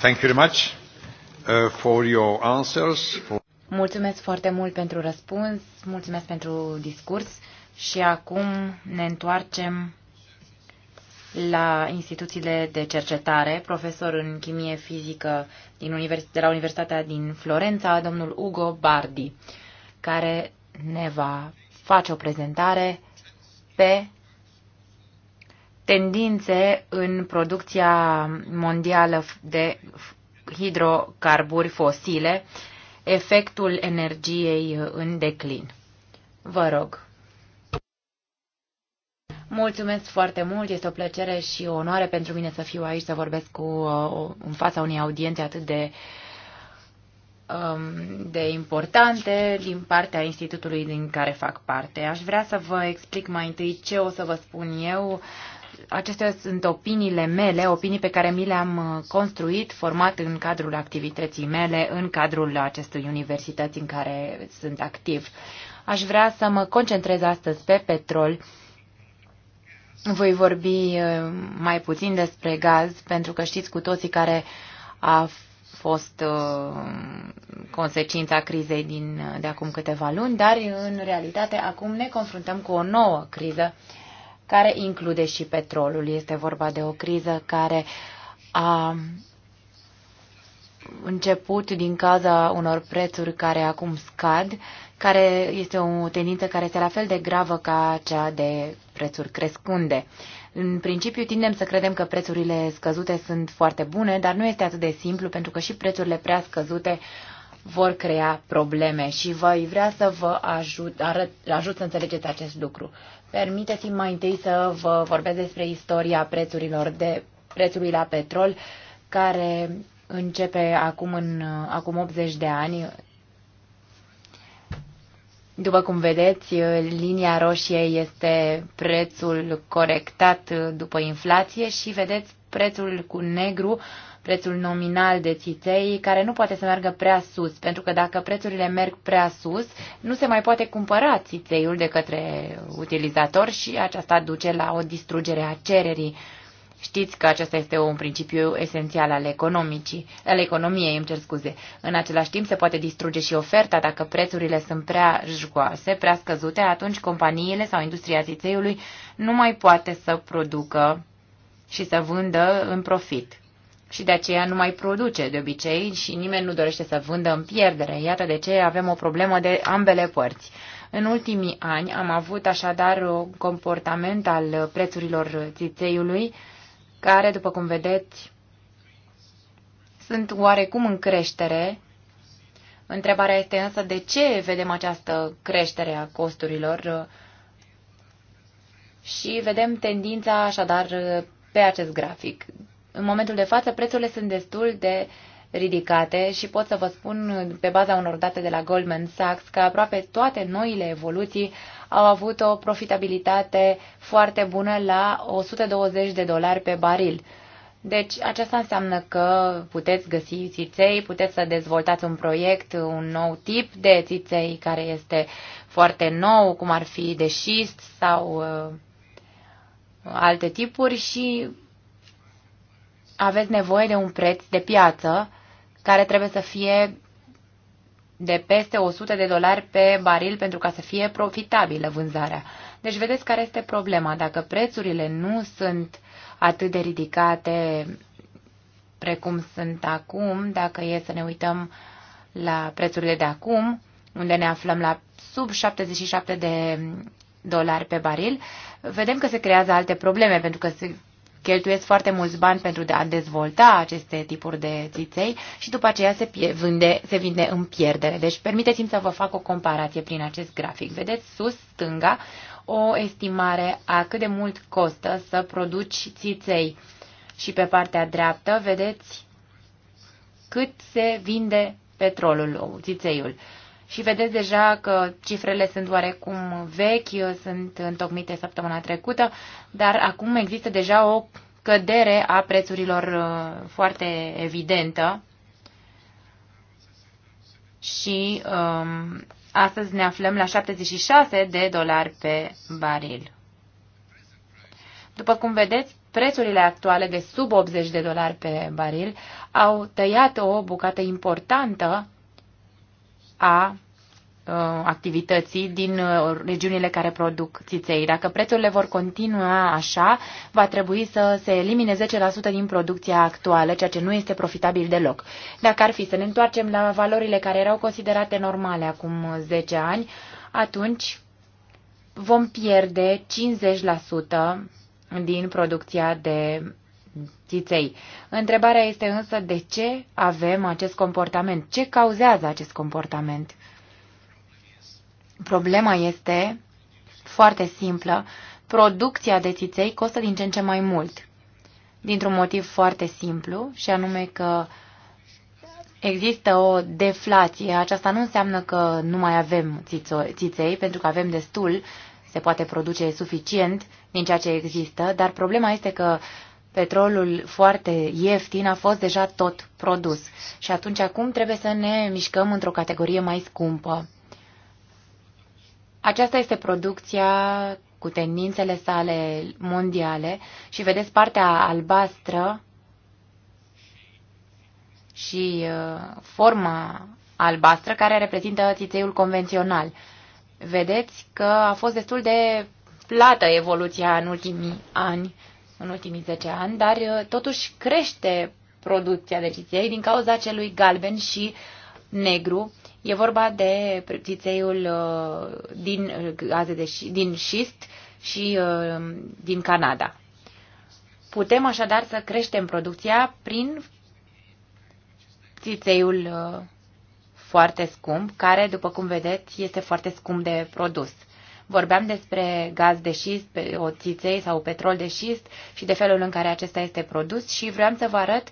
Thank you very much uh, for your answers. For... Mulțumesc foarte mult pentru răspuns, mulțumesc pentru discurs și acum ne întoarcem la instituțiile de cercetare, profesor în chimie fizică din univers- de la Universitatea din Florența, domnul Ugo Bardi care ne va face o prezentare pe tendințe în producția mondială de hidrocarburi fosile, efectul energiei în declin. Vă rog. Mulțumesc foarte mult, este o plăcere și o onoare pentru mine să fiu aici, să vorbesc cu, uh, în fața unei audiențe atât de uh, Um, de importante din partea institutului din care fac parte. Aș vrea să vă explic mai întâi ce o să vă spun eu. Acestea sunt opiniile mele, opinii pe care mi le-am uh, construit, format în cadrul activității mele, în cadrul acestui universități în care sunt activ. Aș vrea să mă concentrez astăzi pe petrol. Voi vorbi uh, mai puțin despre gaz, pentru că știți cu toții care a fost uh, consecința crizei din, uh, de acum câteva luni, dar uh, în realitate acum ne confruntăm cu o nouă criză care include și petrolul. Este vorba de o criză care a început din cauza unor prețuri care acum scad, care este o tendință care este la fel de gravă ca cea de prețuri crescunde. În principiu, tindem să credem că prețurile scăzute sunt foarte bune, dar nu este atât de simplu, pentru că și prețurile prea scăzute vor crea probleme și voi vrea să vă ajut, arăt, ajut să înțelegeți acest lucru. Permiteți-mi mai întâi să vă vorbesc despre istoria prețurilor de prețului la petrol, care începe acum, în, acum 80 de ani, după cum vedeți, linia roșie este prețul corectat după inflație și vedeți prețul cu negru, prețul nominal de țiței, care nu poate să meargă prea sus, pentru că dacă prețurile merg prea sus, nu se mai poate cumpăra țițeiul de către utilizator și aceasta duce la o distrugere a cererii. Știți că acesta este un principiu esențial al, economicii, al economiei, îmi cer scuze. În același timp se poate distruge și oferta dacă prețurile sunt prea jgoase, prea scăzute, atunci companiile sau industria zițeiului nu mai poate să producă și să vândă în profit. Și de aceea nu mai produce de obicei și nimeni nu dorește să vândă în pierdere. Iată de ce avem o problemă de ambele părți. În ultimii ani am avut așadar un comportament al prețurilor țițeiului care, după cum vedeți, sunt oarecum în creștere. Întrebarea este însă de ce vedem această creștere a costurilor și vedem tendința așadar pe acest grafic. În momentul de față, prețurile sunt destul de uh, ridicate și pot să vă spun pe baza unor date de la Goldman Sachs că aproape toate noile evoluții au avut o profitabilitate foarte bună la 120 de dolari pe baril. Deci aceasta înseamnă că puteți găsi țiței, puteți să dezvoltați un proiect, un nou tip de țiței care este foarte nou, cum ar fi de șist sau uh, alte tipuri și aveți nevoie de un preț de piață care trebuie să fie de peste 100 de dolari pe baril pentru ca să fie profitabilă vânzarea. Deci vedeți care este problema. Dacă prețurile nu sunt atât de ridicate precum sunt acum, dacă e să ne uităm la prețurile de acum, unde ne aflăm la sub 77 de dolari pe baril, vedem că se creează alte probleme, pentru că se cheltuiesc foarte mulți bani pentru a dezvolta aceste tipuri de țiței și după aceea se, pie, vinde, se vinde în pierdere. Deci permiteți-mi să vă fac o comparație prin acest grafic. Vedeți sus, stânga, o estimare a cât de mult costă să produci țiței și pe partea dreaptă vedeți cât se vinde petrolul, țițeiul. Și vedeți deja că cifrele sunt oarecum vechi, sunt întocmite săptămâna trecută, dar acum există deja o cădere a prețurilor uh, foarte evidentă. Și um, astăzi ne aflăm la 76 de dolari pe baril. După cum vedeți, prețurile actuale de sub 80 de dolari pe baril au tăiat o bucată importantă a activității din uh, regiunile care produc țiței. Dacă prețurile vor continua așa, va trebui să se elimine 10% din producția actuală, ceea ce nu este profitabil deloc. Dacă ar fi să ne întoarcem la valorile care erau considerate normale acum 10 ani, atunci vom pierde 50% din producția de țiței. Întrebarea este însă de ce avem acest comportament? Ce cauzează acest comportament? Problema este foarte simplă. Producția de țiței costă din ce în ce mai mult. Dintr-un motiv foarte simplu, și anume că există o deflație. Aceasta nu înseamnă că nu mai avem țiței, pentru că avem destul, se poate produce suficient din ceea ce există, dar problema este că petrolul foarte ieftin a fost deja tot produs. Și atunci acum trebuie să ne mișcăm într-o categorie mai scumpă. Aceasta este producția cu tendințele sale mondiale și vedeți partea albastră și uh, forma albastră care reprezintă țițeiul convențional. Vedeți că a fost destul de plată evoluția în ultimii ani în ultimii 10 ani, dar uh, totuși crește producția de țiței din cauza celui galben și negru. E vorba de țițeiul uh, din, uh, gaze de, din șist și din Canada. Putem așadar să creștem producția prin țițeiul foarte scump, care, după cum vedeți, este foarte scump de produs. Vorbeam despre gaz de șist, oțiței sau petrol de șist și de felul în care acesta este produs și vreau să vă arăt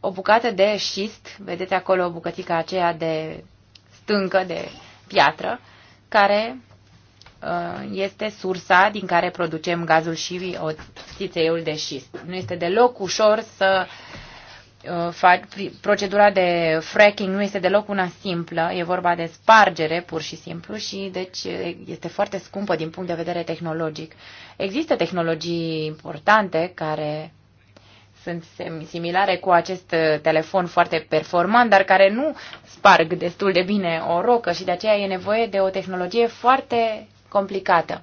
o bucată de șist, vedeți acolo o bucățică aceea de stâncă, de piatră, care uh, este sursa din care producem gazul și oțițeiul de șist. Nu este deloc ușor să uh, Uh, procedura de fracking nu este deloc una simplă, e vorba de spargere pur și simplu și deci este foarte scumpă din punct de vedere tehnologic. Există tehnologii importante care sunt similare cu acest uh, telefon foarte performant, dar care nu sparg destul de bine o rocă și de aceea e nevoie de o tehnologie foarte complicată.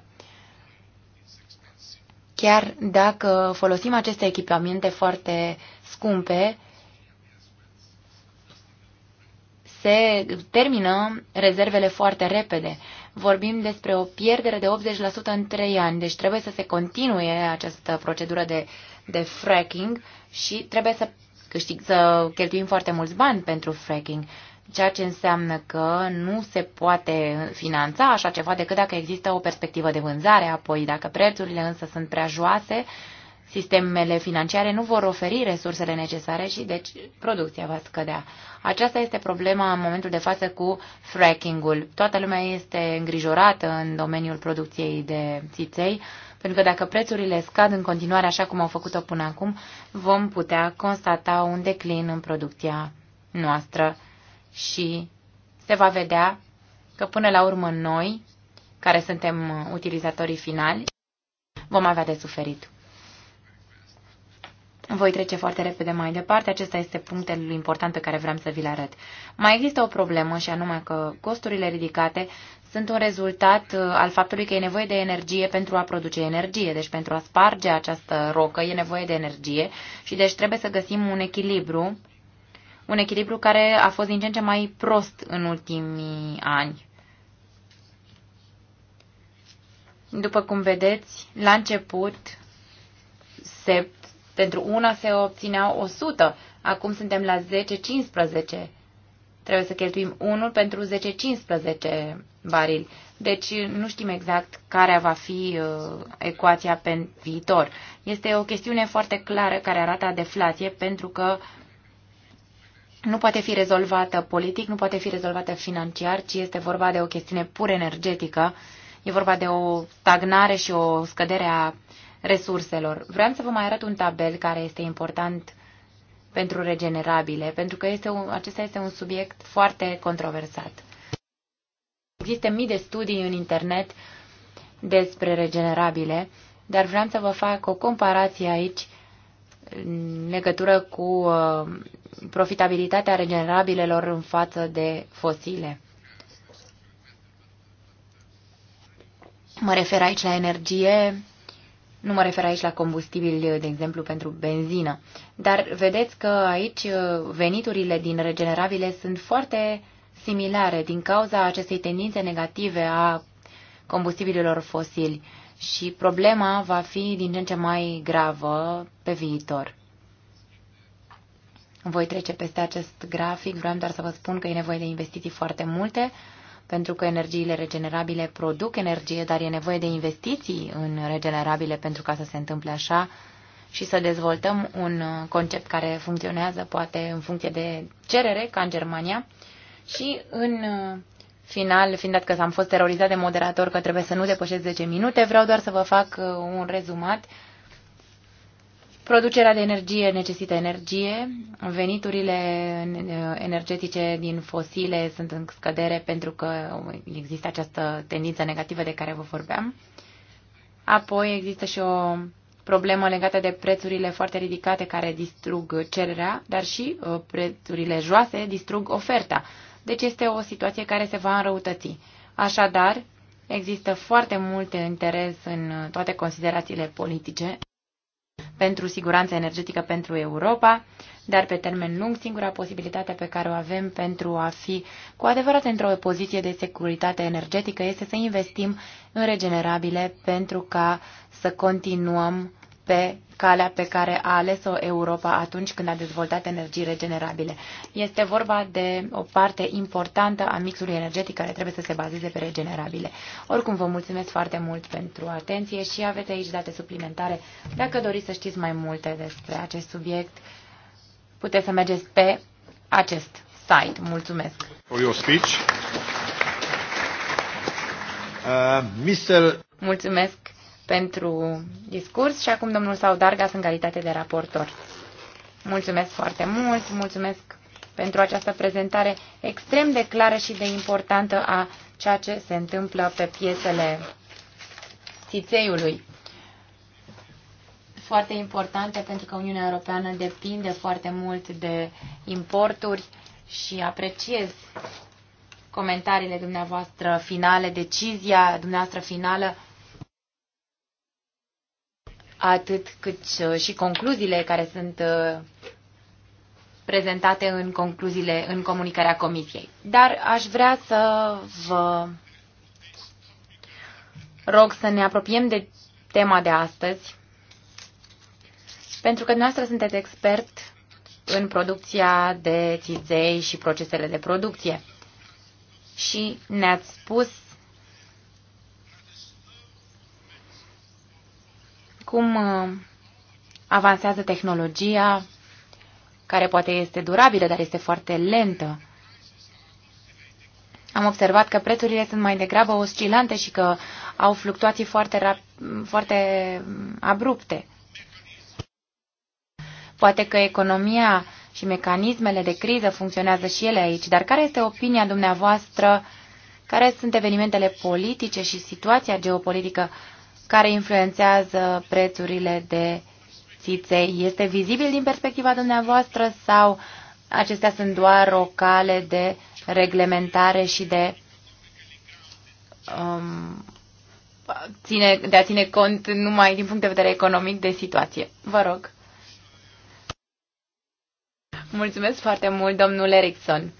Chiar dacă folosim aceste echipamente foarte scumpe, se termină rezervele foarte repede. Vorbim despre o pierdere de 80% în 3 ani, deci trebuie să se continue această procedură de, de fracking și trebuie să, câștig, să cheltuim foarte mulți bani pentru fracking, ceea ce înseamnă că nu se poate finanța așa ceva decât dacă există o perspectivă de vânzare, apoi dacă prețurile însă sunt prea joase, uh, Sistemele financiare nu vor oferi resursele necesare și deci producția va scădea. Aceasta este problema în momentul de față cu fracking-ul. Toată lumea este îngrijorată în domeniul producției de țiței, pentru că dacă prețurile scad în continuare așa cum au făcut-o până acum, vom putea constata un declin în producția noastră și se va vedea că până la urmă noi, care suntem utilizatorii finali, vom avea de suferit. Voi trece foarte repede mai departe, acesta este punctul important pe care vreau să vi-l arăt. Mai există o problemă și anume că costurile ridicate sunt un rezultat uh, al faptului că e nevoie de energie pentru a produce energie. Deci pentru a sparge această rocă e nevoie de energie și deci trebuie să găsim un echilibru, un echilibru care a fost din ce în ce mai prost în ultimii ani. După cum vedeți, la început se pentru una se obțineau 100, acum suntem la 10-15. Trebuie să cheltuim unul pentru 10-15 barili. Deci nu știm exact care va fi uh, ecuația pe viitor. Este o chestiune foarte clară care arată deflație pentru că nu poate fi rezolvată politic, nu poate fi rezolvată financiar, ci este vorba de o chestiune pur energetică. E vorba de o stagnare și o scădere a resurselor. Vreau să vă mai arăt un tabel care este important pentru regenerabile, pentru că este un, acesta este un subiect foarte controversat. Există mii de studii în internet despre regenerabile, dar vreau să vă fac o comparație aici în legătură cu uh, profitabilitatea regenerabilelor în față de fosile. Mă refer aici la energie, nu mă refer aici la combustibil, de exemplu, pentru benzină. Dar vedeți că aici uh, veniturile din regenerabile sunt foarte similare din cauza acestei tendințe negative a combustibililor fosili și problema va fi din ce în ce mai gravă pe viitor. Voi trece peste acest grafic, vreau doar să vă spun că e nevoie de investiții foarte multe pentru că energiile regenerabile produc energie, dar e nevoie de investiții în regenerabile pentru ca să se întâmple așa și să dezvoltăm un concept care funcționează poate în funcție de cerere, ca în Germania. Și în final, fiind dat că am fost terorizat de moderator că trebuie să nu depășesc 10 minute, vreau doar să vă fac un rezumat Producerea de energie necesită energie, veniturile energetice din fosile sunt în scădere pentru că există această tendință negativă de care vă vorbeam. Apoi există și o problemă legată de prețurile foarte ridicate care distrug cererea, dar și uh, prețurile joase distrug oferta. Deci este o situație care se va înrăutăți. Așadar, există foarte mult interes în toate considerațiile politice pentru siguranța energetică pentru Europa, dar pe termen lung singura posibilitate pe care o avem pentru a fi cu adevărat într-o poziție de securitate energetică este să investim în regenerabile pentru ca să continuăm pe calea pe care a ales-o Europa atunci când a dezvoltat energii regenerabile. Este vorba de o parte importantă a mixului energetic care trebuie să se bazeze pe regenerabile. Oricum, vă mulțumesc foarte mult pentru atenție și aveți aici date suplimentare. Dacă doriți să știți mai multe despre acest subiect, puteți să mergeți pe acest site. Mulțumesc! For your speech. Uh, Mr. Mulțumesc! pentru discurs și acum domnul Saudargas în calitate de raportor. Mulțumesc foarte mult, mulțumesc pentru această prezentare extrem de clară și de importantă a ceea ce se întâmplă pe piesele țițeiului. Foarte importante pentru că Uniunea Europeană depinde foarte mult de importuri și apreciez comentariile dumneavoastră finale, decizia dumneavoastră finală atât cât uh, și concluziile care sunt uh, prezentate în concluziile, în comunicarea comisiei. Dar aș vrea să vă rog să ne apropiem de tema de astăzi, pentru că dumneavoastră sunteți expert în producția de țiței și procesele de producție. Și ne-ați spus cum uh, avansează tehnologia, care poate este durabilă, dar este foarte lentă. Am observat că prețurile sunt mai degrabă oscilante și că au fluctuații foarte, foarte abrupte. Poate că economia și mecanismele de criză funcționează și ele aici, dar care este opinia dumneavoastră? Care sunt evenimentele politice și situația geopolitică care influențează prețurile de țiței. Este vizibil din perspectiva dumneavoastră sau acestea sunt doar o cale de reglementare și de, um, ține, de a ține cont numai din punct de vedere economic de situație? Vă rog. Mulțumesc foarte mult, domnul Erickson.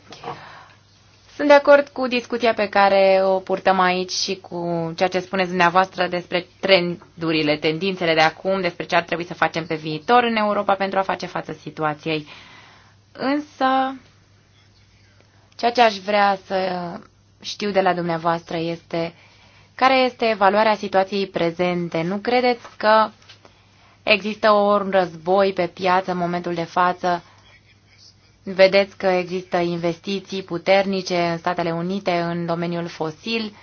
Sunt de acord cu discuția pe care o purtăm aici și cu ceea ce spuneți dumneavoastră despre trendurile, tendințele de acum, despre ce ar trebui să facem pe viitor în Europa pentru a face față situației. Însă, ceea ce aș vrea să știu de la dumneavoastră este care este evaluarea situației prezente. Nu credeți că există un război pe piață în momentul de față Vedeți că există investiții puternice în Statele Unite în domeniul fosil.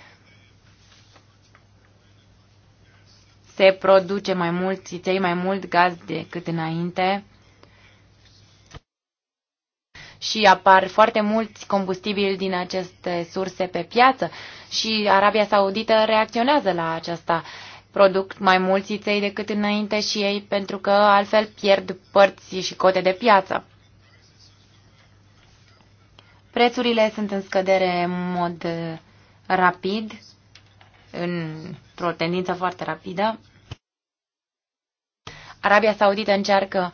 Se produce mai mult, țiței mai mult gaz decât înainte și apar foarte mulți combustibili din aceste surse pe piață și Arabia Saudită reacționează la aceasta. Produc mai mulți țiței decât înainte și ei pentru că altfel pierd părți și cote de piață. Prețurile sunt în scădere în mod uh, rapid, într-o tendință foarte rapidă. Arabia Saudită încearcă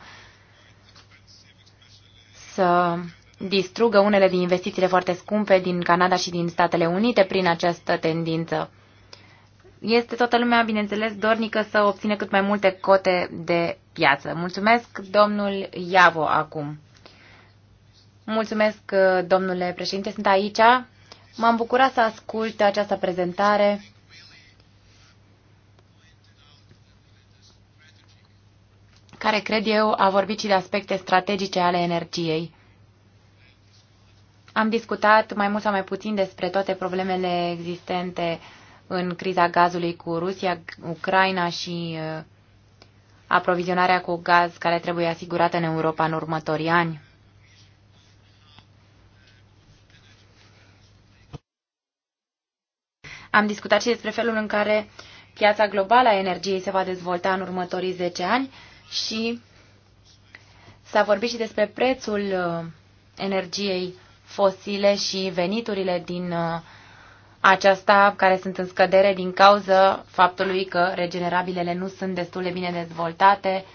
să distrugă unele din investițiile foarte scumpe din Canada și din Statele Unite prin această tendință. Este toată lumea, bineînțeles, dornică să obține cât mai multe cote de piață. Mulțumesc, domnul Iavo, acum. Mulțumesc, uh, domnule președinte. Sunt aici. M-am bucurat să ascult această prezentare. care, cred eu, a vorbit și de aspecte strategice ale energiei. Am discutat mai mult sau mai puțin despre toate problemele existente în criza gazului cu Rusia, Ucraina și uh, aprovizionarea cu gaz care trebuie asigurată în Europa în următorii ani. Am discutat și despre felul în care piața globală a energiei se va dezvolta în următorii 10 ani și s-a vorbit și despre prețul uh, energiei fosile și veniturile din uh, aceasta care sunt în scădere din cauza faptului că regenerabilele nu sunt destul de bine dezvoltate,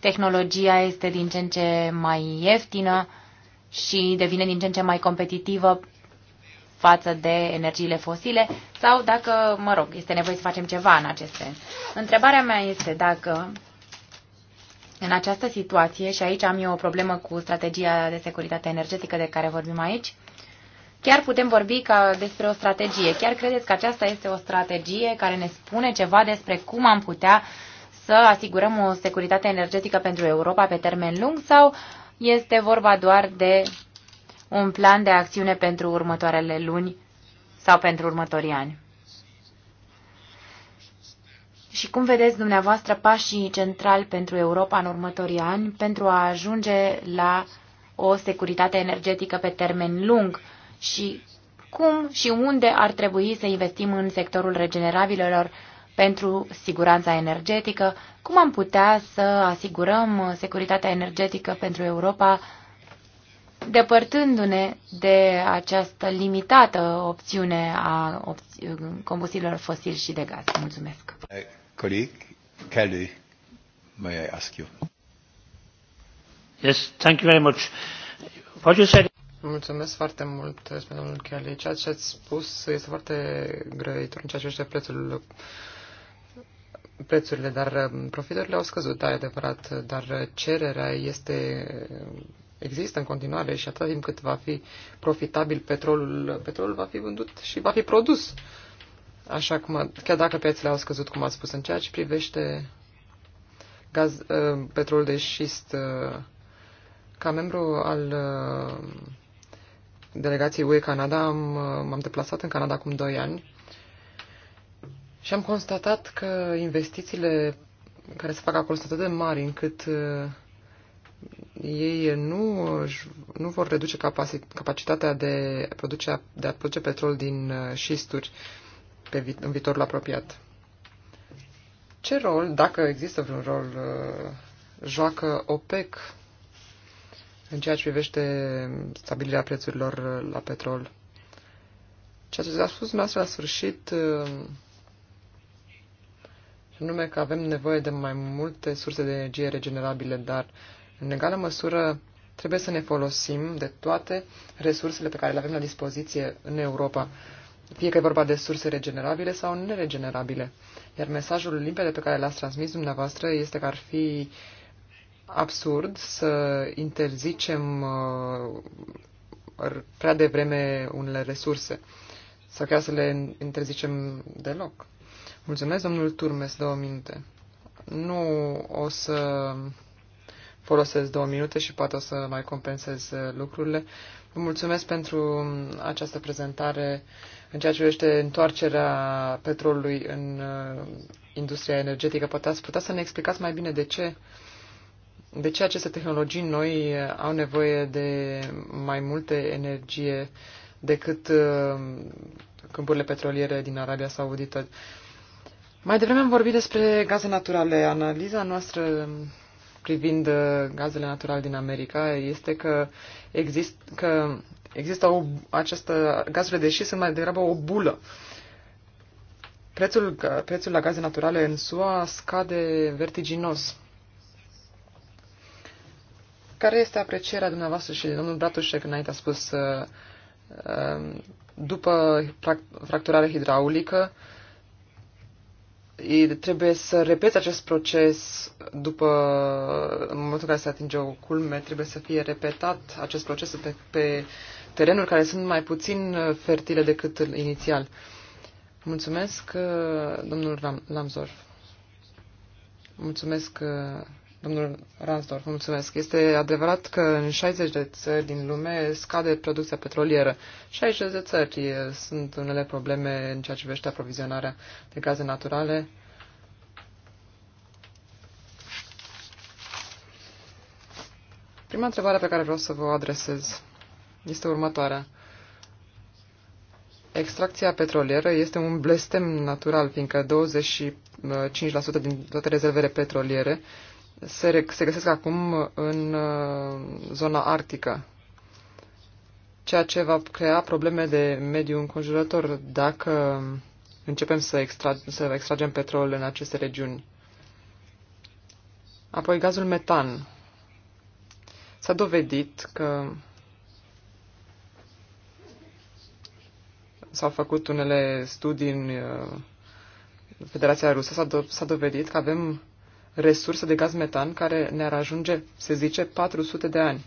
tehnologia este din ce în ce mai ieftină și devine din ce în ce mai competitivă față de energiile fosile sau dacă, mă rog, este nevoie să facem ceva în acest sens. Întrebarea mea este dacă în această situație, și aici am eu o problemă cu strategia de securitate energetică de care vorbim aici, chiar putem vorbi ca despre o strategie. Chiar credeți că aceasta este o strategie care ne spune ceva despre cum am putea să asigurăm o securitate energetică pentru Europa pe termen lung sau este vorba doar de un plan de acțiune pentru următoarele luni sau pentru următorii ani. Și cum vedeți dumneavoastră pașii centrali pentru Europa în următorii ani pentru a ajunge la o securitate energetică pe termen lung și cum și unde ar trebui să investim în sectorul regenerabilelor pentru siguranța energetică, cum am putea să asigurăm securitatea energetică pentru Europa depărtându-ne de această limitată opțiune a opți combustibilor fosili și de gaz. Mulțumesc. Eh, Coleg Kelly, may I ask you? Yes, thank you very much. What you said... Mulțumesc foarte mult, spune domnul Kelly. Ceea ce ați spus este foarte grăitor în ceea ce este prețul prețurile, dar um, profiturile au scăzut, da, e adevărat, dar cererea este există în continuare și atâta timp cât va fi profitabil petrolul, petrolul va fi vândut și va fi produs. Așa cum, chiar dacă prețele au scăzut, cum ați spus, în ceea ce privește gaz, ă, petrolul de șist, ă, ca membru al ă, delegației UE Canada, am, m-am deplasat în Canada acum 2 ani și am constatat că investițiile care se fac acolo sunt atât de mari încât uh, ei nu, nu vor reduce capacitatea de, produce, de a produce petrol din uh, șisturi pe vi, în viitorul apropiat. Ce rol, dacă există vreun rol, uh, joacă OPEC în ceea ce privește stabilirea prețurilor uh, la petrol? Ceea ce a spus dumneavoastră la sfârșit, nume că avem nevoie de mai multe surse de energie regenerabile, dar uh, în egală măsură, trebuie să ne folosim de toate resursele pe care le avem la dispoziție în Europa, fie că e vorba de surse regenerabile sau neregenerabile. Iar mesajul limpede pe care l-ați transmis dumneavoastră este că ar fi absurd să interzicem uh, prea devreme unele resurse sau chiar să le interzicem deloc. Mulțumesc, domnul Turmes, două minute. Nu o să folosesc două minute și poate o să mai compensez uh, lucrurile. Vă mulțumesc pentru mm, această prezentare în ceea ce privește întoarcerea petrolului în uh, industria energetică. Poate ați putea să ne explicați mai bine de ce, de ce aceste tehnologii noi uh, au nevoie de mai multe energie decât câmpurile petroliere din Arabia Saudită. Mai devreme am vorbit despre gaze naturale. Analiza noastră privind uh, gazele naturale din America este că, exist, că există o, această, gazele de sunt mai degrabă o bulă. Prețul, prețul la gaze naturale în SUA scade vertiginos. Care este aprecierea dumneavoastră și domnul Bratușec înainte a spus uh, uh, după fracturare hidraulică, trebuie să repeți acest proces după, în momentul în care se atinge o culme, trebuie să fie repetat acest proces pe, pe terenuri care sunt mai puțin fertile decât inițial. Mulțumesc, domnul Lamzor. Mulțumesc Domnul Ransdorf, mulțumesc. Este adevărat că în 60 de țări din lume scade producția petrolieră. 60 de țări sunt unele probleme în ceea ce privește aprovizionarea de gaze naturale. Prima întrebare pe care vreau să vă adresez este următoarea. Extracția petrolieră este un blestem natural, fiindcă 25% din toate rezervele petroliere uh, se, se găsesc acum în uh, zona arctică, ceea ce va crea probleme de mediu înconjurător dacă începem să, extra, să extragem petrol în aceste regiuni. Apoi gazul metan. S-a dovedit că s-au făcut unele studii în uh, Federația Rusă, s-a, do- dovedit că avem resursă de gaz metan care ne-ar ajunge, se zice, 400 de ani.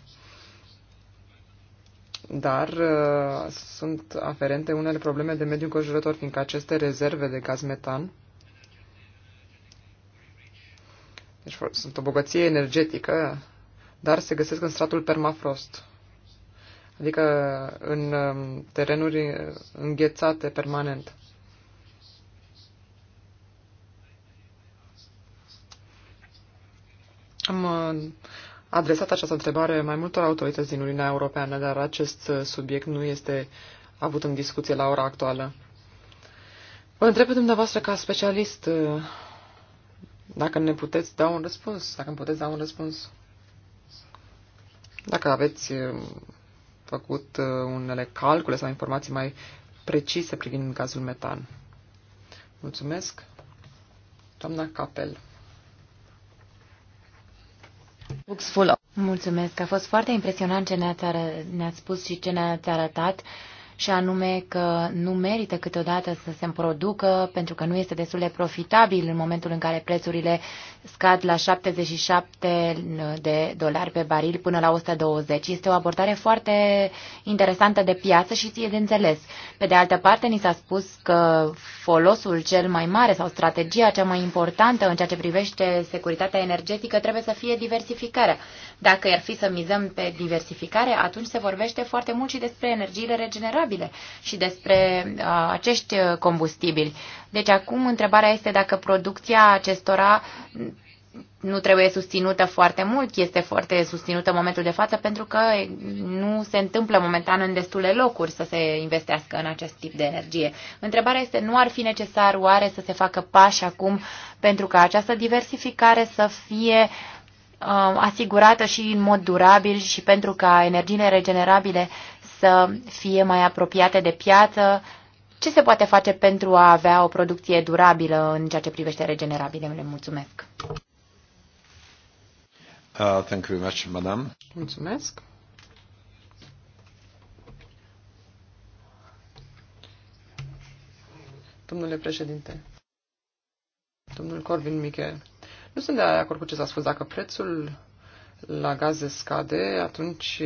Dar uh, sunt aferente unele probleme de mediu înconjurător, fiindcă aceste rezerve de gaz metan deci sunt o bogăție energetică, dar se găsesc în stratul permafrost, adică în um, terenuri uh, înghețate permanent. Am uh, adresat această întrebare mai multor autorități din Uniunea Europeană, dar acest uh, subiect nu este avut în discuție la ora actuală. Vă întreb pe dumneavoastră ca specialist uh, dacă ne puteți da un răspuns, dacă îmi puteți da un răspuns. Dacă aveți făcut unele calcule sau informații mai precise privind gazul metan. Mulțumesc, doamna Capel. Mulțumesc, a fost foarte impresionant ce ne-ați ne spus și ce ne-ați arătat și anume că nu merită câteodată să se producă pentru că nu este destul de profitabil în momentul în care prețurile scad la 77 de dolari pe baril până la 120. Este o abordare foarte interesantă de piață și ție de înțeles. Pe de altă parte, ni s-a spus că folosul cel mai mare sau strategia cea mai importantă în ceea ce privește securitatea energetică trebuie să fie diversificarea. Dacă ar fi să mizăm pe diversificare, atunci se vorbește foarte mult și despre energiile regenerabile durabile și despre uh, acești combustibili. Deci acum întrebarea este dacă producția acestora nu trebuie susținută foarte mult, este foarte susținută în momentul de față pentru că nu se întâmplă momentan în destule locuri să se investească în acest tip de energie. Întrebarea este, nu ar fi necesar oare să se facă pași acum pentru ca această diversificare să fie uh, asigurată și în mod durabil și pentru ca energiile regenerabile să fie mai apropiate de piață? Ce se poate face pentru a avea o producție durabilă în ceea ce privește regenerabilele? Mulțumesc! Uh, thank you very much, madam. Mulțumesc! Domnule președinte, domnul Corvin Michel, nu sunt de acord cu ce s-a spus. Dacă prețul la gaze scade, atunci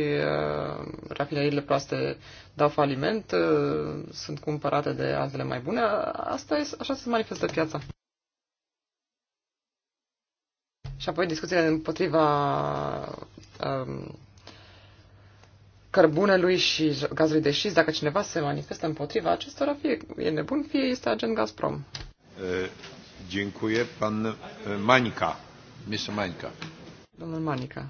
rafineriile proaste dau faliment, sunt cumpărate de altele mai bune. Asta e, așa se manifestă piața. Și apoi discuțiile împotriva um, cărbunelui și gazului de șist, dacă cineva se manifestă împotriva acestora, fie e nebun, fie este agent Gazprom. Uh, dziękuję. Pan Manica, Mr. Manica. Domnul Manica.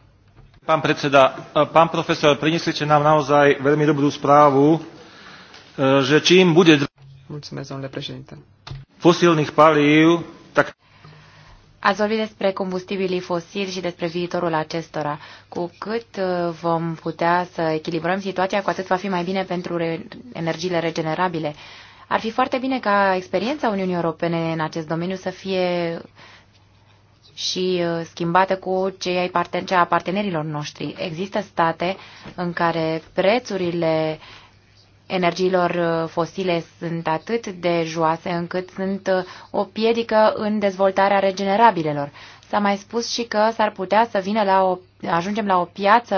Pán predseda, eh, pán profesor, priniesli ste nám naozaj veľmi dobrú správu, eh, že čím bude... Mulțumesc, Fosilných palív, tak... Ați vorbit despre combustibilii fosili și despre viitorul acestora. Cu cât eh, vom putea să echilibrăm situația, cu atât va fi mai bine pentru re energiile regenerabile. Ar fi foarte bine ca experiența Uniunii Europene în acest domeniu să fie și uh, schimbate cu cei ai parten cea a partenerilor noștri. Există state în care prețurile energiilor uh, fosile sunt atât de joase încât sunt uh, o piedică în dezvoltarea regenerabilelor. S-a mai spus și că s-ar putea să vină la o, ajungem la o piață,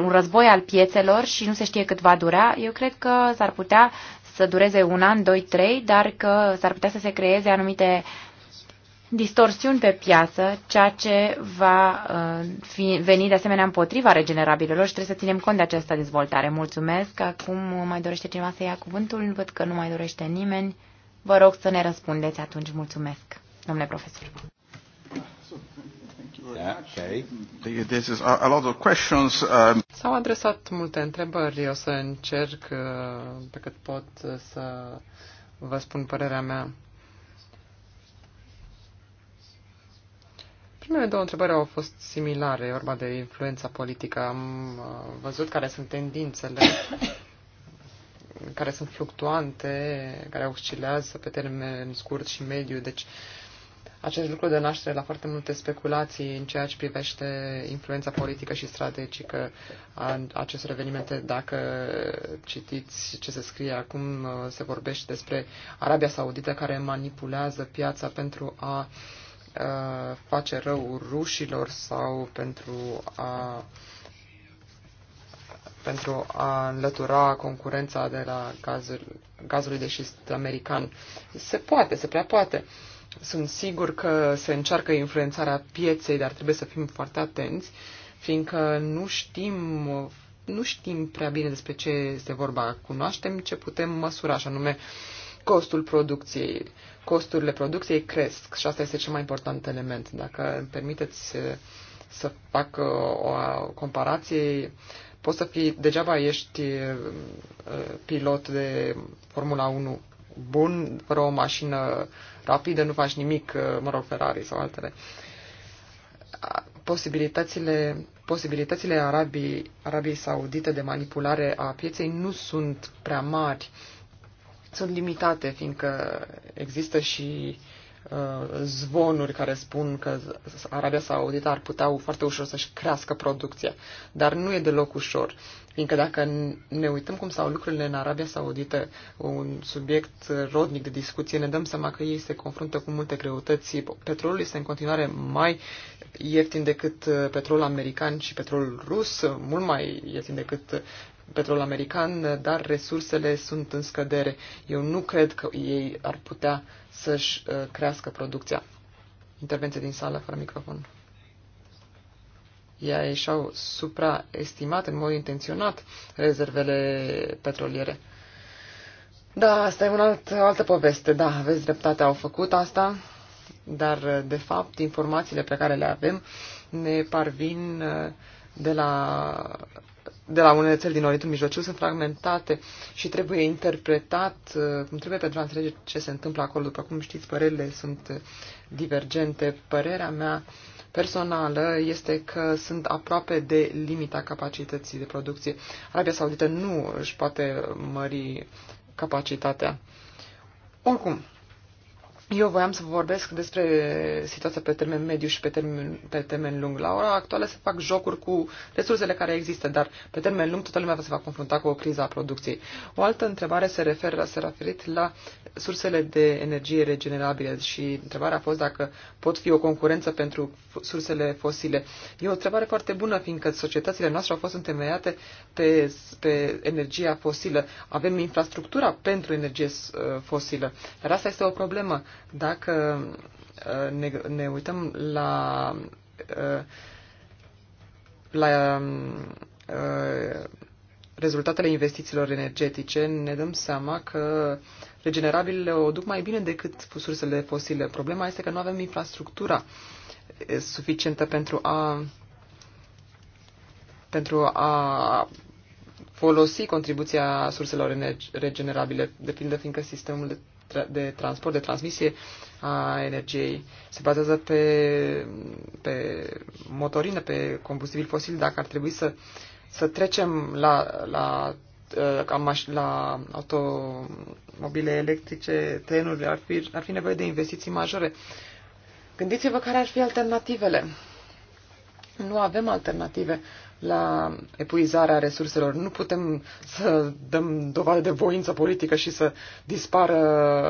un război al piețelor și nu se știe cât va dura. Eu cred că s-ar putea să dureze un an, doi, trei, dar că s-ar putea să se creeze anumite distorsiuni pe piață, ceea ce va uh, fi, veni de asemenea împotriva regenerabililor și trebuie să ținem cont de această dezvoltare. Mulțumesc. Acum mai dorește cineva să ia cuvântul? Văd că nu mai dorește nimeni. Vă rog să ne răspundeți atunci. Mulțumesc, domnule profesor. Um, S-au adresat multe întrebări. Eu să încerc uh, pe cât pot să vă spun părerea mea. Primele două întrebări au fost similare, e vorba de influența politică. Am uh, văzut care sunt tendințele care sunt fluctuante, care oscilează pe termen scurt și mediu. Deci acest lucru de naștere la foarte multe speculații în ceea ce privește influența politică și strategică a acestor evenimente. Dacă citiți ce se scrie acum, uh, se vorbește despre Arabia Saudită care manipulează piața pentru a uh, face rău rușilor sau pentru a pentru a înlătura concurența de la gazul, gazului de șist american. Se poate, se prea poate. Sunt sigur că se încearcă influențarea pieței, dar trebuie să fim foarte atenți, fiindcă nu știm nu știm prea bine despre ce este vorba. Cunoaștem ce putem măsura, așa nume. uh, costul producției. Costurile producției cresc și asta este cel mai important element. Dacă îmi permiteți eh, să fac eh, o comparație, poți să fii, degeaba ești eh, pilot de Formula 1 bun, fără o mașină rapidă, nu faci nimic, mă rog, Ferrari sau altele. Posibilitățile, posibilitățile Arabii, Arabii Saudite de manipulare a pieței nu sunt prea mari. Uh, sunt limitate, fiindcă există și uh, zvonuri care spun că Arabia Saudită ar putea foarte ușor să-și crească producția. Dar nu e deloc ușor, fiindcă dacă ne uităm cum stau lucrurile în Arabia Saudită, un subiect rodnic de discuție, ne dăm seama că ei se confruntă cu multe greutăți. Petrolul este în continuare mai ieftin decât uh, petrolul american și petrolul rus, mult mai ieftin decât petrol american, dar resursele sunt în scădere. Eu nu cred că ei ar putea să-și uh, crească producția. Intervenție din sală, fără microfon. Ei și-au supraestimat în mod intenționat rezervele petroliere. Da, asta e un alt, o altă poveste. Da, aveți dreptate, au făcut asta, dar, uh, de fapt, informațiile pe care le avem ne parvin uh, de la de la unele țări din Orientul Mijlociu sunt fragmentate și trebuie interpretat uh, cum trebuie pentru a înțelege ce se întâmplă acolo. După cum știți, părerile sunt uh, divergente. Părerea mea personală este că sunt aproape de limita capacității de producție. Arabia Saudită nu își poate mări capacitatea. Oricum, eu voiam să vorbesc despre situația pe termen mediu și pe termen, pe termen lung. La ora actuală se fac jocuri cu resursele care există, dar pe termen lung toată lumea se va confrunta cu o criză a producției. O altă întrebare se referă, se referit la sursele de energie regenerabile și întrebarea a fost dacă pot fi o concurență pentru sursele fosile. E o întrebare foarte bună, fiindcă societățile noastre au fost întemeiate pe, pe energia fosilă. Avem infrastructura pentru energie uh, fosilă, dar asta este o problemă dacă uh, ne, ne uităm la, uh, la um, uh, rezultatele investițiilor energetice, ne dăm seama că regenerabilele o duc mai bine decât sursele fosile. Problema este că nu avem infrastructura suficientă pentru a pentru a folosi contribuția surselor regenerabile, de pildă fiindcă sistemul de transport, de transmisie a energiei se bazează pe, pe motorină, pe combustibil fosil, dacă ar trebui să, să trecem la, la, la, uh, la automobile electrice, trenurile, ar fi, ar fi nevoie de investiții majore. Gândiți-vă care ar fi alternativele. Nu avem alternative la epuizarea resurselor. Nu putem să dăm dovadă de voință politică și să dispară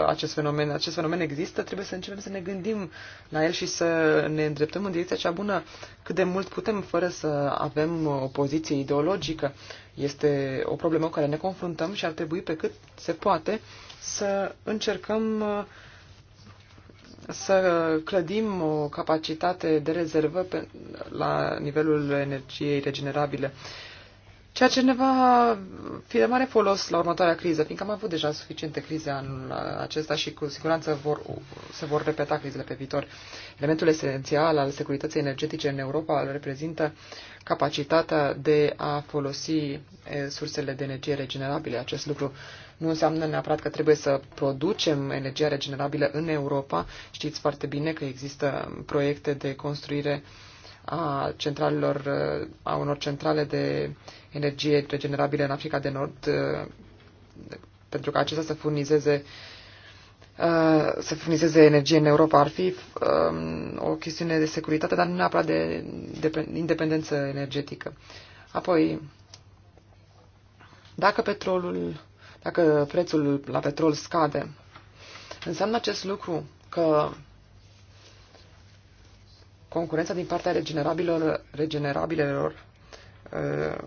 acest fenomen. Acest fenomen există, trebuie să începem să ne gândim la el și să ne îndreptăm în direcția cea bună cât de mult putem fără să avem o poziție ideologică. Este o problemă cu care ne confruntăm și ar trebui pe cât se poate să încercăm uh, să clădim o capacitate de rezervă pe, la nivelul energiei regenerabile, ceea ce ne va fi de mare folos la următoarea criză, fiindcă am avut deja suficiente crize anul acesta și cu siguranță vor, se vor repeta crizele pe viitor. Elementul esențial al securității energetice în Europa îl reprezintă capacitatea de a folosi sursele de energie regenerabile. Acest lucru nu înseamnă neapărat că trebuie să producem energia regenerabilă în Europa. Știți foarte bine că există proiecte de construire a centralelor, a unor centrale de energie regenerabilă în Africa de Nord, uh, pentru că acestea să furnizeze uh, să furnizeze energie în Europa ar fi um, o chestiune de securitate, dar nu neapărat de, de independență energetică. Apoi, dacă petrolul dacă prețul la petrol scade, înseamnă acest lucru că concurența din partea regenerabilor, regenerabilelor uh,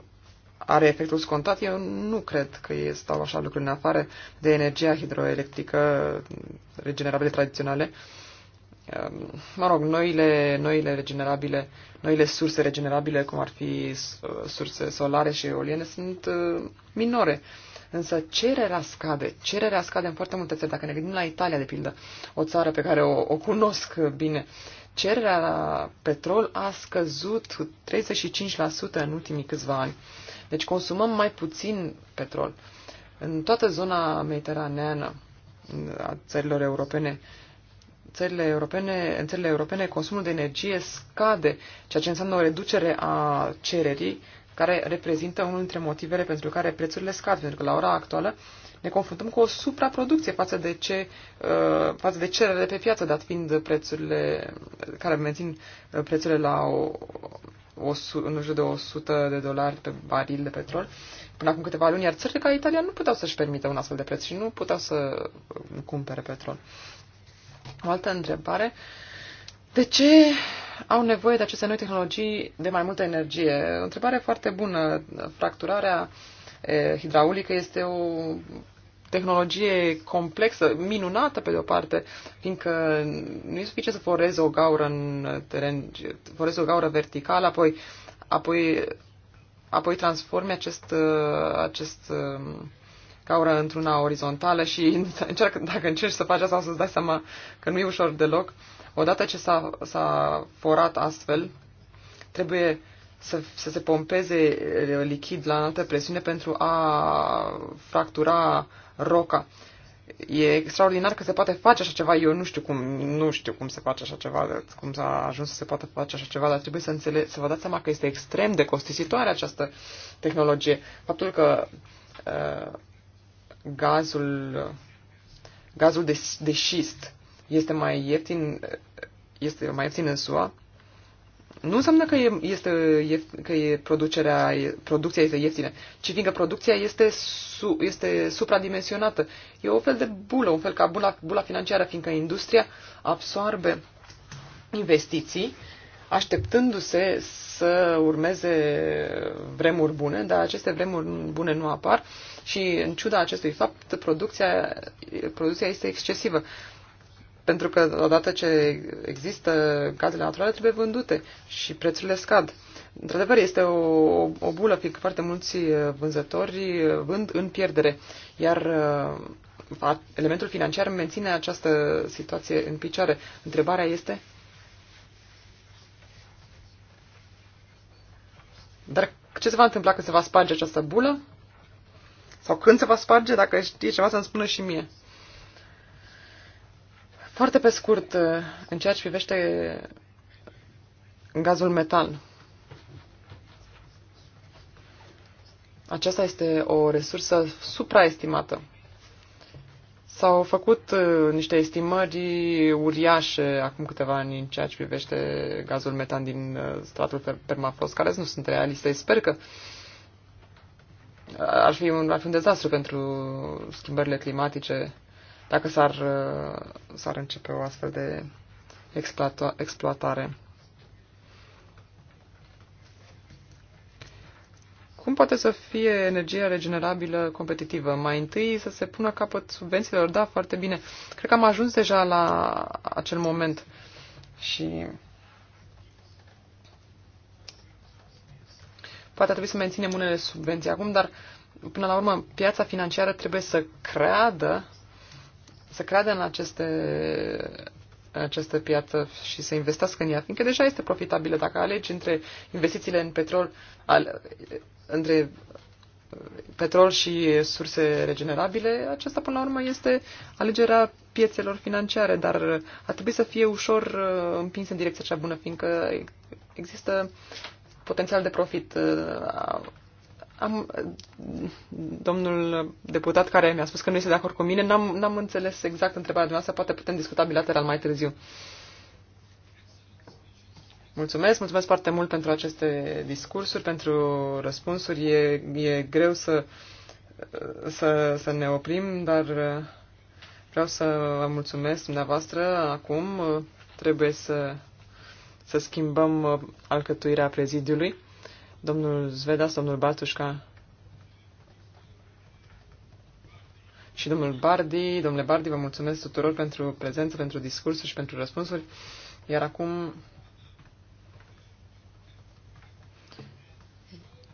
are efectul scontat? Eu nu cred că stau așa lucruri în afară de energia hidroelectrică, regenerabile tradiționale. Uh, mă rog, noile, noile regenerabile, noile surse regenerabile, cum ar fi uh, surse solare și eoliene, sunt minore însă cererea scade, cererea scade în foarte multe țări. Dacă ne gândim la Italia, de pildă, o țară pe care o, o cunosc bine, cererea la petrol a scăzut 35% în ultimii câțiva ani. Deci consumăm mai puțin petrol. În toată zona mediteraneană a țărilor europene, țările europene, în țările europene consumul de energie scade, ceea ce înseamnă o reducere a cererii care reprezintă unul dintre motivele pentru care prețurile scad, pentru că la ora actuală ne confruntăm cu o supraproducție față de, ce, uh, față de cerere pe piață, dat fiind prețurile care mențin uh, prețurile la o, o, în jur de 100 de dolari pe baril de petrol până acum câteva luni, iar țările ca Italia nu puteau să-și permită un astfel de preț și nu puteau să cumpere petrol. O altă întrebare de ce au nevoie de aceste noi tehnologii de mai multă energie? O Întrebare foarte bună. Fracturarea hidraulică este o tehnologie complexă, minunată pe de-o parte, fiindcă nu e suficient să forezi o gaură în teren, forezi o gaură verticală, apoi, apoi, apoi transformi acest, acest gaură într-una orizontală și [LAUGHS] încerc, dacă încerci să faci asta, o să-ți dai seama că nu e ușor deloc. Uh, Odată ce s-a forat astfel, trebuie să, să se pompeze lichid la înaltă presiune pentru a fractura roca. E extraordinar că se poate face așa ceva. Eu nu știu cum, nu știu cum se face așa ceva, cum s-a ajuns să se poată face așa ceva, dar trebuie să, înțele- să vă dați seama că este extrem de costisitoare această tehnologie. Faptul că uh, gazul, gazul de, de șist este mai ieftin este mai ieftin în SUA, nu înseamnă că, e, este, că e producerea, producția este ieftină, ci fiindcă producția este, su, este supradimensionată. E o fel de bulă, un fel ca bula, bula financiară, fiindcă industria absorbe investiții așteptându-se să urmeze vremuri bune, dar aceste vremuri bune nu apar și în ciuda acestui fapt producția, producția este excesivă pentru că odată ce există gazele naturale trebuie vândute și prețurile scad. Într-adevăr, este o, o bulă, fiindcă foarte mulți uh, vânzători uh, vând în pierdere, iar uh, elementul financiar menține această situație în picioare. Întrebarea este... Dar ce se va întâmpla când se va sparge această bulă? Sau când se va sparge, dacă știe ceva să-mi spună și mie. Foarte pe scurt, uh, în ceea ce privește gazul metan. Aceasta este o resursă supraestimată. S-au făcut uh, niște estimări uriașe acum câteva ani în ceea ce privește gazul metan din uh, stratul permafrost, care nu sunt realiste. Sper că ar fi un, ar fi un dezastru pentru schimbările climatice dacă s-ar, uh, s-ar începe o astfel de exploata, exploatare. Cum poate să fie energia regenerabilă competitivă? Mai întâi să se pună capăt subvențiilor, da, foarte bine. Cred că am ajuns deja la acel moment și poate trebuie să menținem unele subvenții acum, dar până la urmă piața financiară trebuie să creadă să creadă în aceste în această piață și să investească în ea, fiindcă deja este profitabilă. Dacă alegi între investițiile în petrol, al, între petrol și surse regenerabile, aceasta până la urmă este alegerea piețelor financiare, dar ar trebui să fie ușor uh, împins în direcția cea bună, fiindcă există potențial de profit uh, am, domnul deputat care mi-a spus că nu este de acord cu mine, n-am, n-am înțeles exact întrebarea dumneavoastră, poate putem discuta bilateral mai târziu. Mulțumesc, mulțumesc foarte mult pentru aceste discursuri, pentru răspunsuri. E, e greu să, să, să ne oprim, dar vreau să vă mulțumesc dumneavoastră. Acum trebuie să, să schimbăm alcătuirea prezidiului domnul Zvedas, domnul Bartușca și domnul Bardi. Domnule Bardi, vă mulțumesc tuturor pentru prezență, pentru discursuri și pentru răspunsuri. Iar acum,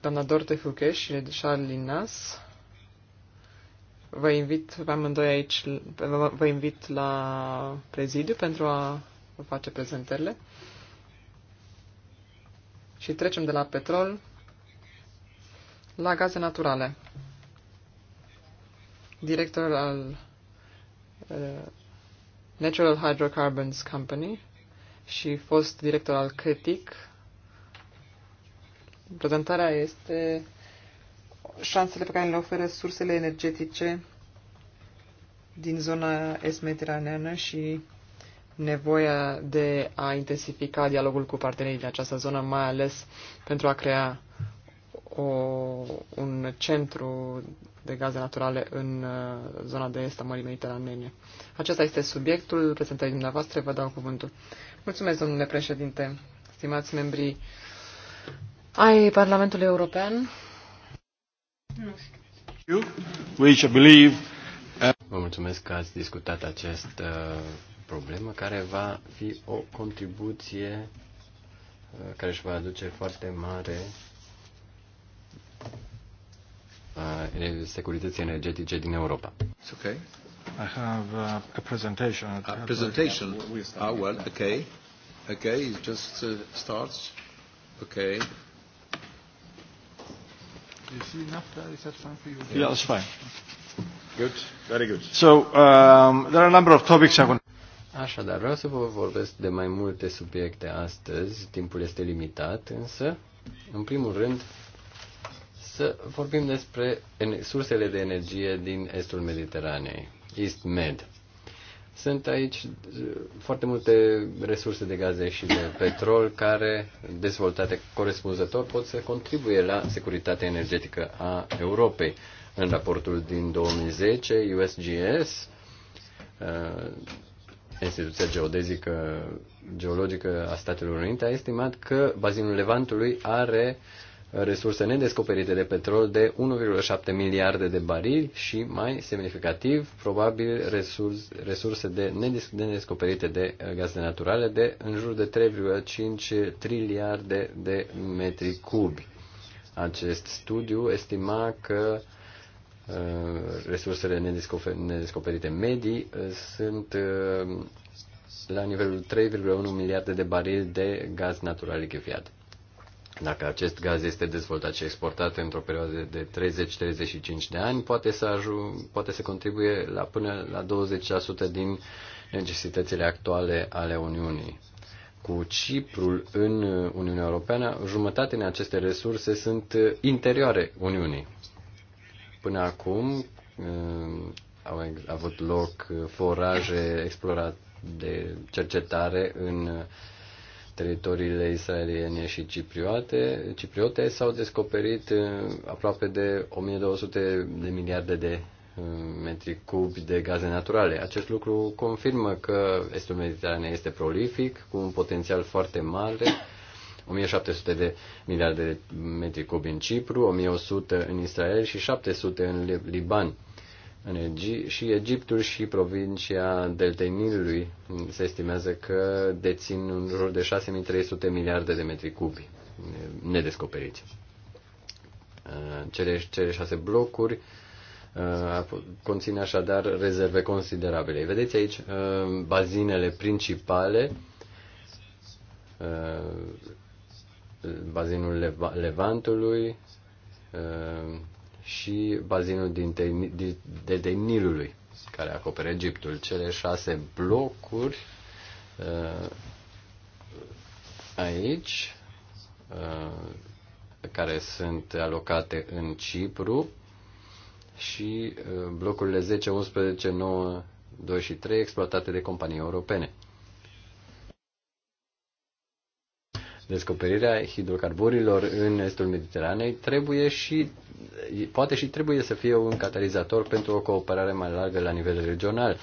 doamna Dorte Fouquet și Charles Linas, vă invit pe amândoi aici, vă invit la prezidiu pentru a vă face prezentările și trecem de la petrol la gaze naturale. Director al uh, Natural Hydrocarbons Company și fost director al Critic. Prezentarea este șansele pe care le oferă sursele energetice din zona est-mediteraneană și nevoia de a intensifica dialogul cu partenerii din această zonă, mai ales pentru a crea o, un centru de gaze naturale în uh, zona de est a Mării Mediteranene. Acesta este subiectul prezentării dumneavoastră. Vă dau cuvântul. Mulțumesc, domnule președinte, stimați membrii ai Parlamentului European. Uh, Vă mulțumesc că ați discutat acest uh, problemă care va fi o contribuție uh, care își va aduce foarte mare uh, securității energetice din Europa. It's okay. I have a, uh, a presentation. A presentation? Ah, well, okay. Okay, it just uh, starts. Okay. Is enough that? Is that fine for you? Yeah, it's fine. Good, very good. So, um, there are a number of topics I want. to... Așadar, vreau să vă vorbesc de mai multe subiecte astăzi, timpul este limitat, însă, în primul rând, să vorbim despre sursele de energie din estul Mediteranei, East Med. Sunt aici uh, foarte multe resurse de gaze și de petrol care, dezvoltate corespunzător, pot să contribuie la securitatea energetică a Europei. În raportul din 2010, USGS Instituția Geodezică, Geologică a Statelor Unite a estimat că bazinul Levantului are resurse nedescoperite de petrol de 1,7 miliarde de barili și, mai semnificativ, probabil resurse de nedescoperite de uh, gaze naturale de în jur de 3,5 triliarde de metri cubi. Acest studiu estima că uh, Uh, resursele nedescoperite medii uh, sunt uh, la nivelul 3,1 miliarde de barili de gaz natural lichefiat. Dacă acest gaz este dezvoltat și exportat într-o perioadă de 30-35 de ani, poate să, ajung, poate să contribuie la până la 20% din necesitățile actuale ale Uniunii. Cu Ciprul în Uniunea Europeană, jumătate din aceste resurse sunt interioare Uniunii. Până acum eh, au avut loc foraje explorat de cercetare în teritoriile israeliene și cipriote, cipriote s-au descoperit eh, aproape de 1200 de miliarde de eh, metri cubi de gaze naturale. Acest lucru confirmă că estul mediteranei este prolific, cu un potențial foarte mare 1700 de miliarde de metri cubi în Cipru, 1100 în Israel și 700 în Liban. În Egi- și Egiptul și provincia Deltei Nilului se estimează că dețin în jur de 6300 miliarde de metri cubi nedescoperiți. Cele, cele șase blocuri uh, conține așadar rezerve considerabile. Vedeți aici uh, bazinele principale uh, bazinul Levantului uh, și bazinul de Nilului, care acoperă Egiptul. Cele șase blocuri uh, aici, uh, care sunt alocate în Cipru, și blocurile 10, 11, 9, 2 și 3 exploatate de companii europene. descoperirea hidrocarburilor în estul Mediteranei trebuie și poate și trebuie să fie un catalizator pentru o cooperare mai largă la nivel regional,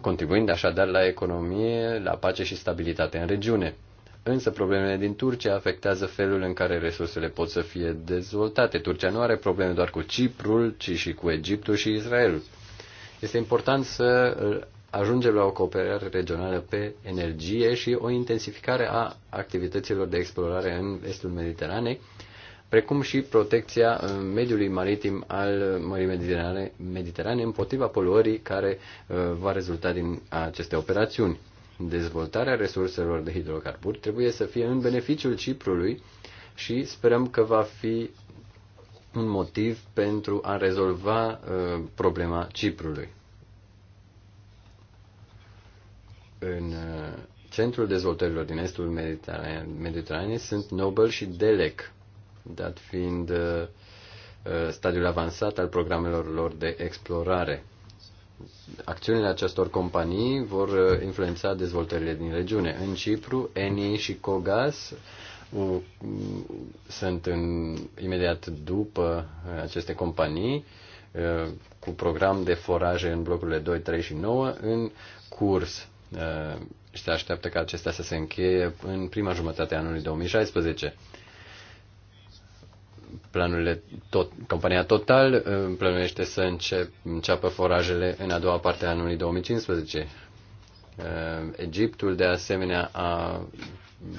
contribuind așadar la economie, la pace și stabilitate în regiune. Însă problemele din Turcia afectează felul în care resursele pot să fie dezvoltate. Turcia nu are probleme doar cu Ciprul, ci și cu Egiptul și Israelul. Este important să ajungem la o cooperare regională pe energie și o intensificare a activităților de explorare în estul Mediteranei, precum și protecția uh, mediului maritim al Mării Mediterane, Mediterane împotriva poluării care uh, va rezulta din aceste operațiuni. Dezvoltarea resurselor de hidrocarburi trebuie să fie în beneficiul Ciprului și sperăm că va fi un motiv pentru a rezolva uh, problema Ciprului. În uh, centrul dezvoltărilor din estul Mediteranei sunt Nobel și Delec, dat fiind uh, uh, stadiul avansat al programelor lor de explorare. Acțiunile acestor companii vor influența dezvoltările din regiune. În Cipru, Eni și Cogas sunt în, imediat după aceste companii cu program de foraje în blocurile 2, 3 și 9 în curs și uh, se așteaptă ca acestea să se încheie în prima jumătate a anului 2016. Planurile tot, compania Total uh, plănuiește să încep, înceapă forajele în a doua parte a anului 2015. Uh, Egiptul, de asemenea, a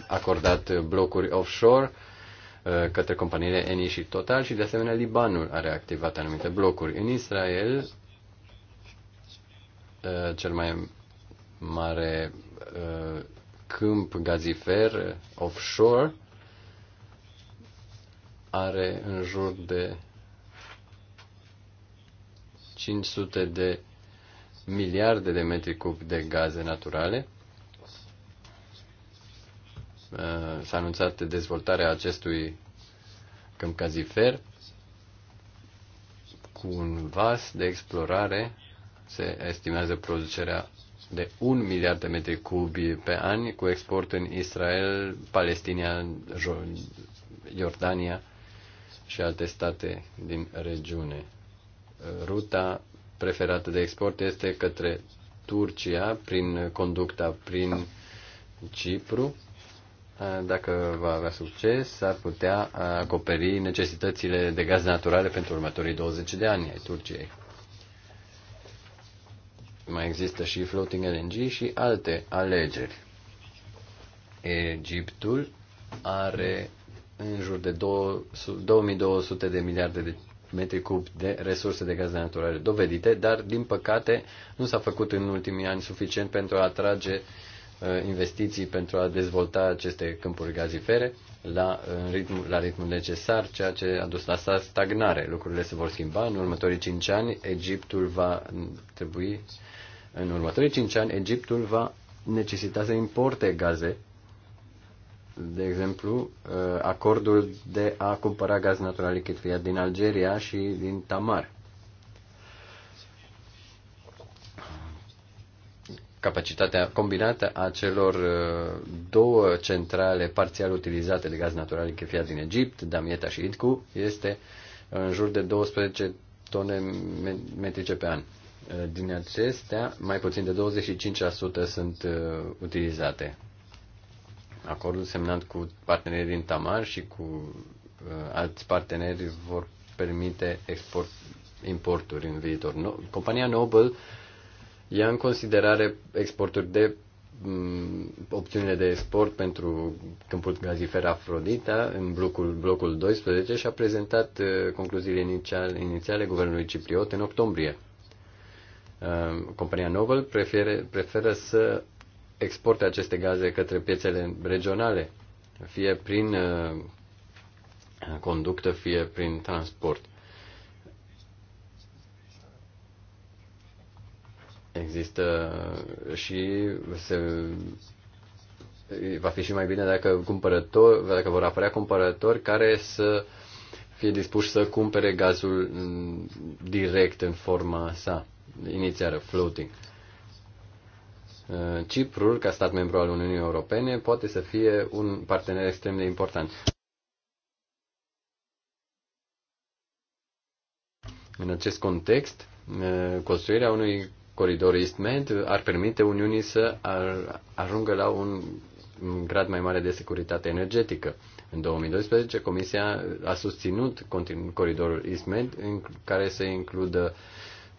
acordat blocuri offshore către companiile Eni și Total și, de asemenea, Libanul a reactivat anumite blocuri. În Israel, cel mai mare uh, câmp gazifer offshore are în jur de 500 de miliarde de metri cub de gaze naturale. Uh, s-a anunțat dezvoltarea acestui câmp cazifer cu un vas de explorare se estimează producerea de 1 miliard de metri cubi pe an cu export în Israel, Palestina, Jordania și alte state din regiune. Ruta preferată de export este către Turcia prin conducta prin Cipru. Dacă va avea succes, s-ar putea acoperi necesitățile de gaz naturale pentru următorii 20 de ani ai Turciei. Mai există și floating LNG și alte alegeri. Egiptul are în jur de 2200 de miliarde de metri cub de resurse de gaze naturale dovedite, dar din păcate nu s-a făcut în ultimii ani suficient pentru a atrage uh, investiții pentru a dezvolta aceste câmpuri gazifere la, în ritm, la ritmul necesar, ceea ce a dus la sa stagnare. Lucrurile se vor schimba. În următorii 5 ani, Egiptul va trebui, în următorii 5 ani, Egiptul va necesita să importe gaze. De exemplu, ă, acordul de a cumpăra gaz natural lichid din Algeria și din Tamar. capacitatea combinată a celor uh, două centrale parțial utilizate de gaz natural chefia din Egipt, Damieta și Idku, este în jur de 12 tone metrice pe an. Uh, din acestea, mai puțin de 25% sunt uh, utilizate. Acordul semnat cu partenerii din Tamar și cu alți parteneri vor permite export, importuri în viitor. compania Noble ia în considerare exporturi de mm, opțiunile de export pentru câmpul gazifer Afrodita în blocul, blocul 12 și a prezentat uh, concluziile inițiale, inițiale guvernului cipriot în octombrie. Uh, compania Novel prefere, preferă să exporte aceste gaze către piețele regionale, fie prin uh, conductă, fie prin transport. Există și se, va fi și mai bine dacă, cumpărător, dacă vor apărea cumpărători care să fie dispuși să cumpere gazul direct în forma sa inițiară, floating. Uh, Ciprul, ca stat membru al Uniunii Europene, poate să fie un partener extrem de important. În acest context, uh, construirea unui coridorul east ar permite Uniunii să ajungă la un grad mai mare de securitate energetică. În 2012, Comisia a susținut coridorul ISMED, în care se includă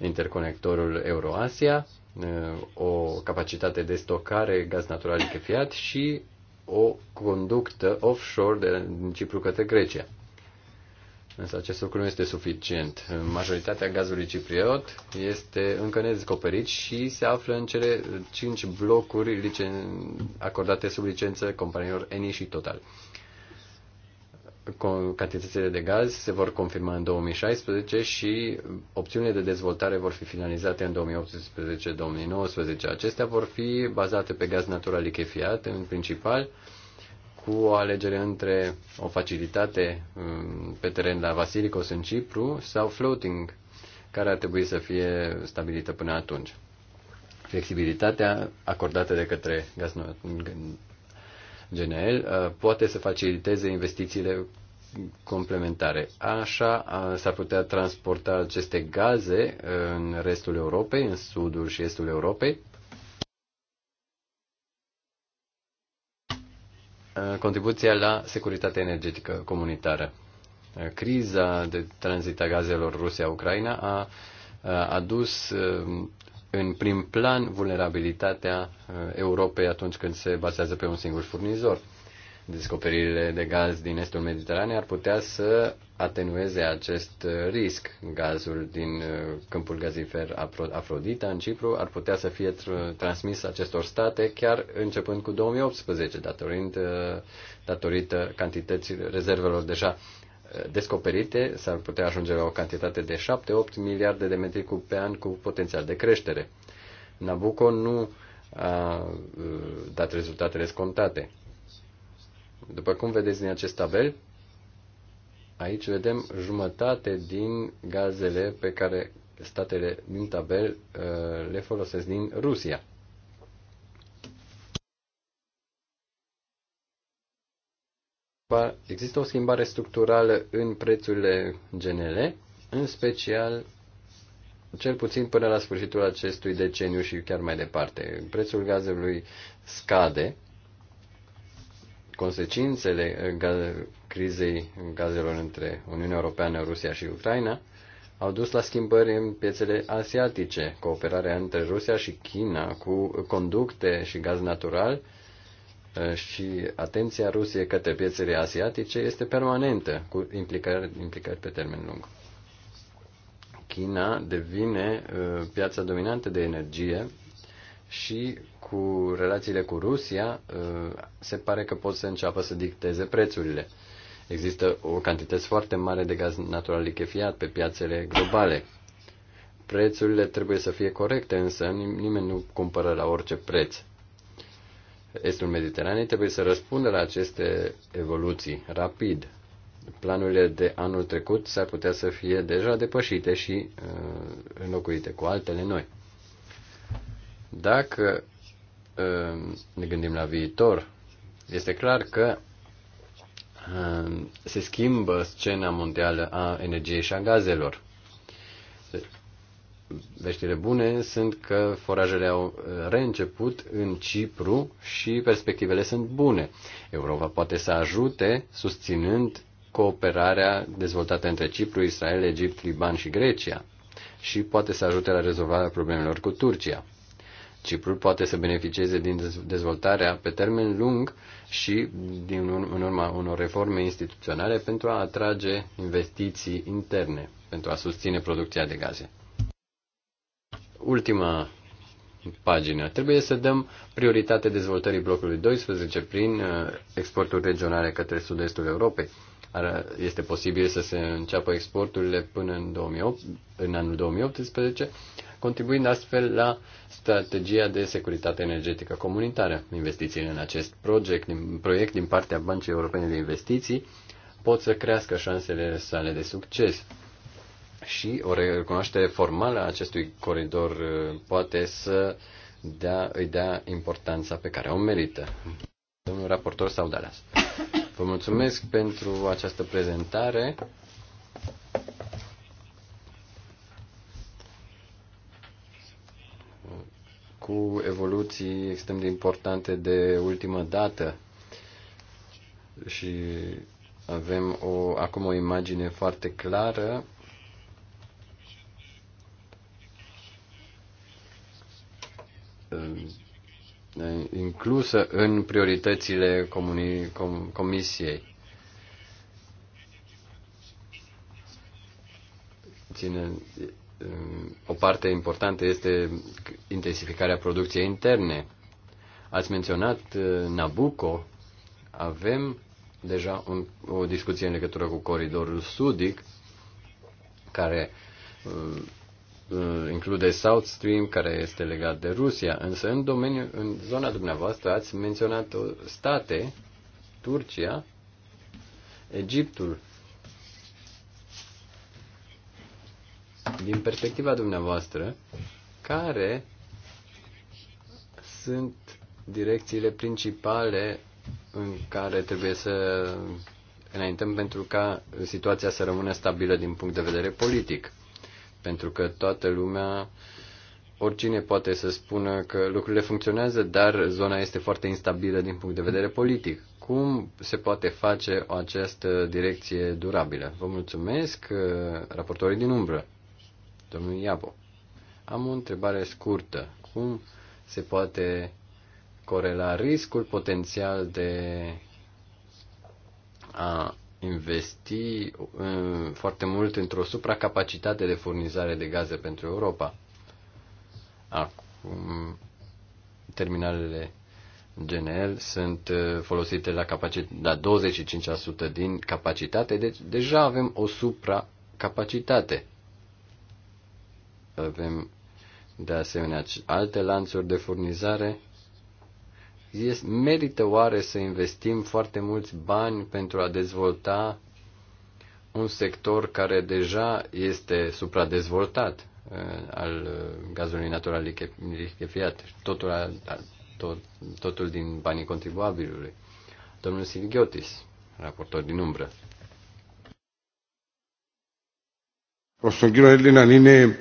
interconectorul Euroasia, uh, o capacitate de stocare gaz natural lichefiat și o conductă offshore de Cipru către Grecia. Însă acest lucru nu este suficient. Majoritatea gazului cipriot este încă nedescoperit și se află în cele cinci blocuri acordate sub licență companiilor Eni și Total. Cantitățile de gaz se vor confirma în 2016 și opțiunile de dezvoltare vor fi finalizate în 2018-2019. Acestea vor fi bazate pe gaz natural lichefiat în principal cu o alegere între o facilitate mm, pe teren la Vasilicos în Cipru sau floating, care ar trebui să fie stabilită până atunci. Flexibilitatea acordată de către GNL uh, poate să faciliteze investițiile complementare. Așa uh, s-ar putea transporta aceste gaze uh, în restul Europei, în sudul și estul Europei, Uh, contribuția la securitatea energetică comunitară. Uh, criza de tranzit a gazelor Rusia-Ucraina a uh, adus în prim plan vulnerabilitatea Europei atunci când se bazează pe un singur furnizor. Descoperirile de gaz din estul Mediteranei ar putea să atenueze acest uh, risc. Gazul din uh, câmpul gazifer Afrodita în Cipru ar putea să fie transmis acestor state chiar începând cu 2018, datorită, uh, datorită cantității rezervelor deja descoperite, s-ar putea ajunge la o cantitate de 7-8 miliarde de metri cub pe an cu potențial de creștere. Nabucco nu a dat rezultatele scontate. După cum vedeți din acest tabel, Aici vedem jumătate din gazele pe care statele din tabel uh, le folosesc din Rusia. Există o schimbare structurală în prețurile GNL, în special cel puțin până la sfârșitul acestui deceniu și chiar mai departe. Prețul gazelui scade, consecințele uh, crizei gazelor între Uniunea Europeană, Rusia și Ucraina, au dus la schimbări în piețele asiatice. Cooperarea între Rusia și China cu conducte și gaz natural uh, și atenția Rusiei către piețele asiatice este permanentă, cu implicări, implicări pe termen lung. China devine uh, piața dominantă de energie și cu relațiile cu Rusia uh, se pare că pot să înceapă să dicteze prețurile. Există o cantități foarte mare de gaz natural lichefiat pe piațele globale. Prețurile trebuie să fie corecte, însă nimeni nu cumpără la orice preț. Estul Mediteranei trebuie să răspundă la aceste evoluții rapid. Planurile de anul trecut s-ar putea să fie deja depășite și uh, înlocuite cu altele noi. Dacă uh, ne gândim la viitor, este clar că Ehm, se schimbă scena mondială a energiei și a gazelor. Veștile bune sunt că forajele au eh, reînceput în Cipru și perspectivele sunt bune. Europa poate să ajute susținând cooperarea dezvoltată între Cipru, Israel, Egipt, Liban și Grecia și poate să ajute la rezolvarea problemelor cu Turcia. Ciprul poate să beneficieze din dezvoltarea pe termen lung și din în urma unor reforme instituționale pentru a atrage investiții interne, pentru a susține producția de gaze. Ultima pagină. Trebuie să dăm prioritate dezvoltării blocului 12 prin uh, exporturi regionale către sud-estul Europei. Este posibil să se înceapă exporturile până în, 2008, în anul 2018 contribuind astfel la strategia de securitate energetică comunitară. Investițiile în acest proiect din, proiect din partea Băncii Europene de Investiții pot să crească șansele sale de succes. Și o recunoaștere formală a acestui coridor uh, poate să dea, îi dea importanța pe care o merită. Domnul raportor Saudalas. Vă mulțumesc pentru această prezentare. cu evoluții extrem de importante de ultimă dată și avem o, acum o imagine foarte clară inclusă în prioritățile com, comisiei. Ține, o parte importantă este intensificarea producției interne. Ați menționat uh, Nabucco. Avem deja un, o discuție în legătură cu coridorul sudic, care uh, uh, include South Stream, care este legat de Rusia. Însă în, domeniu, în zona dumneavoastră ați menționat state, Turcia, Egiptul, din perspectiva dumneavoastră, care sunt direcțiile principale în care trebuie să înaintăm pentru ca situația să rămână stabilă din punct de vedere politic. Pentru că toată lumea, oricine poate să spună că lucrurile funcționează, dar zona este foarte instabilă din punct de vedere politic. Cum se poate face această direcție durabilă? Vă mulțumesc, raportorii din umbră domnul Iabo. Am o întrebare scurtă. Cum se poate corela riscul potențial de a investi uh, foarte mult într-o supracapacitate de furnizare de gaze pentru Europa. Acum, terminalele GNL sunt uh, folosite la, capacit- la 25% din capacitate, deci deja avem o supracapacitate. Avem de asemenea alte lanțuri de furnizare. Merită oare să investim foarte mulți bani pentru a dezvolta un sector care deja este supradezvoltat uh, al gazului natural lichefiat, totul, tot, totul din banii contribuabilului. Domnul Silghiotis, raportor din umbră. Στον κύριο Έλληνα είναι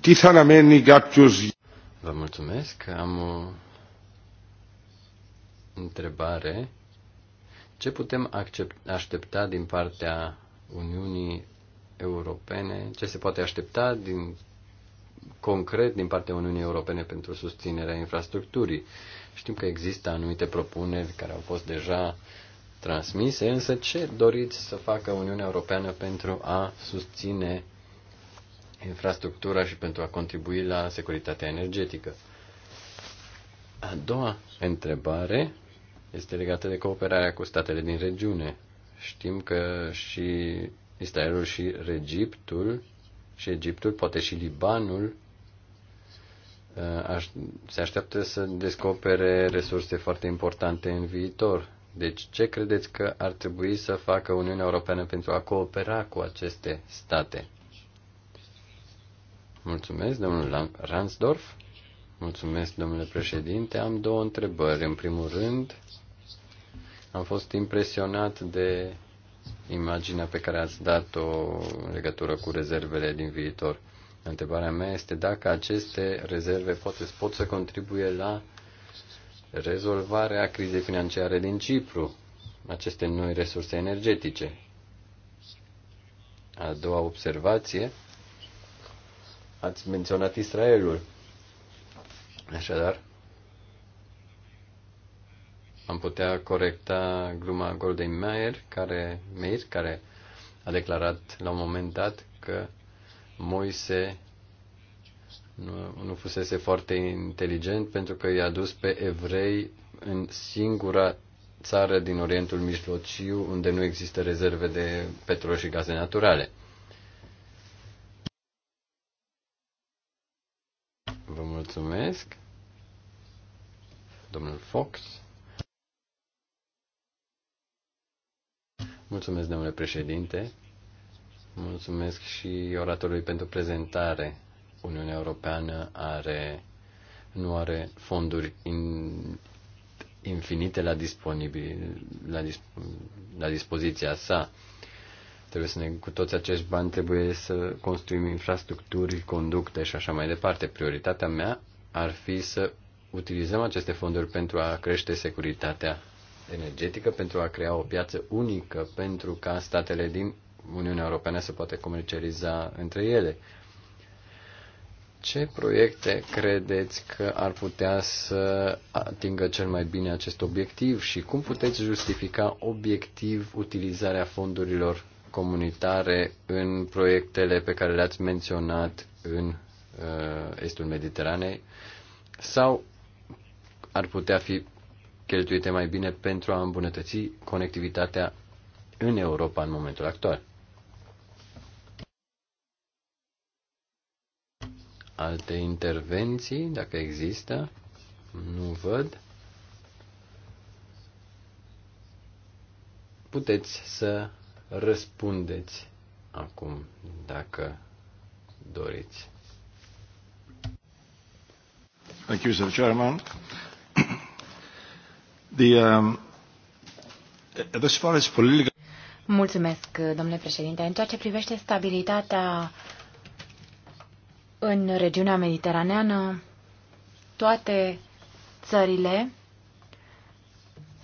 τι θα αναμένει κάποιος... Vă mulțumesc. Am o întrebare. Ce putem accept, aștepta din partea Uniunii Europene? Ce se poate aștepta din concret din partea Uniunii Europene pentru susținerea infrastructurii? Știm că există anumite propuneri care au fost deja transmise, însă ce doriți să facă Uniunea Europeană pentru a susține infrastructura și pentru a contribui la securitatea energetică. A doua întrebare este legată de cooperarea cu statele din regiune. Știm că și Israelul și Egiptul și Egiptul, poate și Libanul, aș, se așteaptă să descopere resurse foarte importante în viitor. Deci, ce credeți că ar trebui să facă Uniunea Europeană pentru a coopera cu aceste state? Mulțumesc, domnul Ransdorf. Mulțumesc, domnule președinte. Am două întrebări. În primul rând, am fost impresionat de imaginea pe care ați dat-o în legătură cu rezervele din viitor. Întrebarea mea este dacă aceste rezerve pot, pot să contribuie la rezolvarea crizei financiare din Cipru, aceste noi resurse energetice. A doua observație Ați menționat Israelul. Așadar, am putea corecta gluma Golden Meir, care, Meir, care a declarat la un moment dat că Moise nu, nu fusese foarte inteligent pentru că i-a dus pe evrei în singura țară din Orientul Mijlociu unde nu există rezerve de petrol și gaze naturale. Vă mulțumesc. Domnul Fox. Mulțumesc, domnule președinte. Mulțumesc și oratorului pentru prezentare. Uniunea Europeană are, nu are fonduri in, infinite la, disponibil, la, disp, la dispoziția sa. Uh, Trebuie să ne, cu toți acești bani trebuie să construim infrastructuri, conducte și așa mai departe. Prioritatea mea ar fi să utilizăm aceste fonduri pentru a crește securitatea energetică, pentru a crea o piață unică, pentru ca statele din Uniunea Europeană să poată comercializa între ele. Ce proiecte credeți că ar putea să atingă cel mai bine acest obiectiv și cum puteți justifica obiectiv utilizarea fondurilor comunitare în proiectele pe care le-ați menționat în uh, estul Mediteranei sau ar putea fi cheltuite mai bine pentru a îmbunătăți conectivitatea în Europa în momentul actual. Alte intervenții, dacă există, nu văd. Puteți să răspundeți acum, dacă doriți. Thank you, Sir Chairman. [CLEARS THROAT] The, um, as far as political... Mulțumesc, domnule președinte. În ceea ce privește stabilitatea în regiunea mediteraneană, toate țările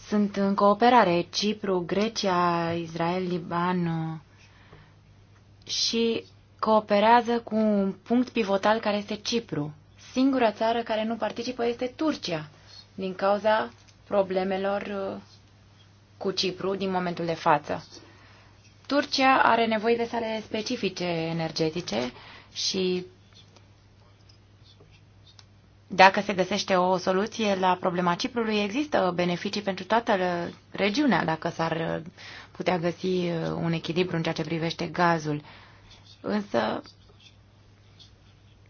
sunt în cooperare Cipru, Grecia, Israel, Liban uh, și cooperează cu un punct pivotal care este Cipru. Singura țară care nu participă este Turcia, din cauza problemelor uh, cu Cipru din momentul de față. Turcia are nevoile sale specifice energetice și dacă se găsește o soluție la problema Ciprului, există beneficii pentru toată regiunea dacă s-ar putea găsi uh, un echilibru în ceea ce privește gazul. Însă,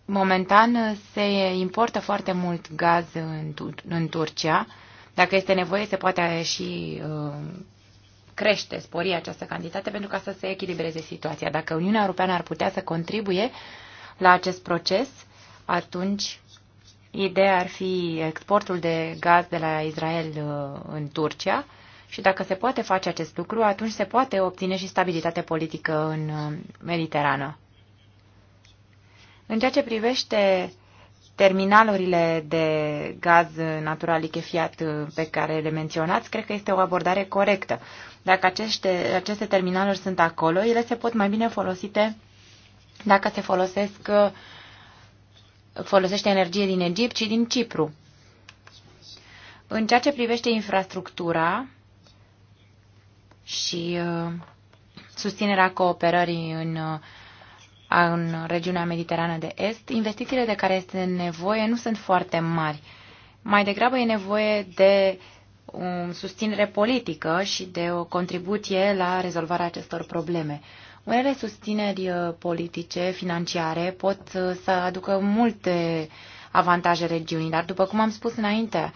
momentan uh, se importă foarte mult gaz în, în Turcia. Dacă este nevoie, se poate și uh, crește, spori această cantitate pentru ca să se echilibreze situația. Dacă Uniunea Europeană ar putea să contribuie la acest proces, atunci Ideea ar fi exportul de gaz de la Israel uh, în Turcia și dacă se poate face acest lucru, atunci se poate obține și stabilitate politică în uh, Mediterană. În ceea ce privește terminalurile de gaz natural lichefiat uh, pe care le menționați, cred că este o abordare corectă. Dacă aceste, aceste terminaluri sunt acolo, ele se pot mai bine folosite dacă se folosesc folosește energie din Egipt, ci din Cipru. În ceea ce privește infrastructura și uh, susținerea cooperării în, uh, în regiunea mediterană de est, investițiile de care este nevoie nu sunt foarte mari. Mai degrabă e nevoie de um, susținere politică și de o contribuție la rezolvarea acestor probleme. Uh, unele susțineri uh, politice, financiare, pot uh, să aducă multe avantaje regiunii, dar după cum am spus înainte,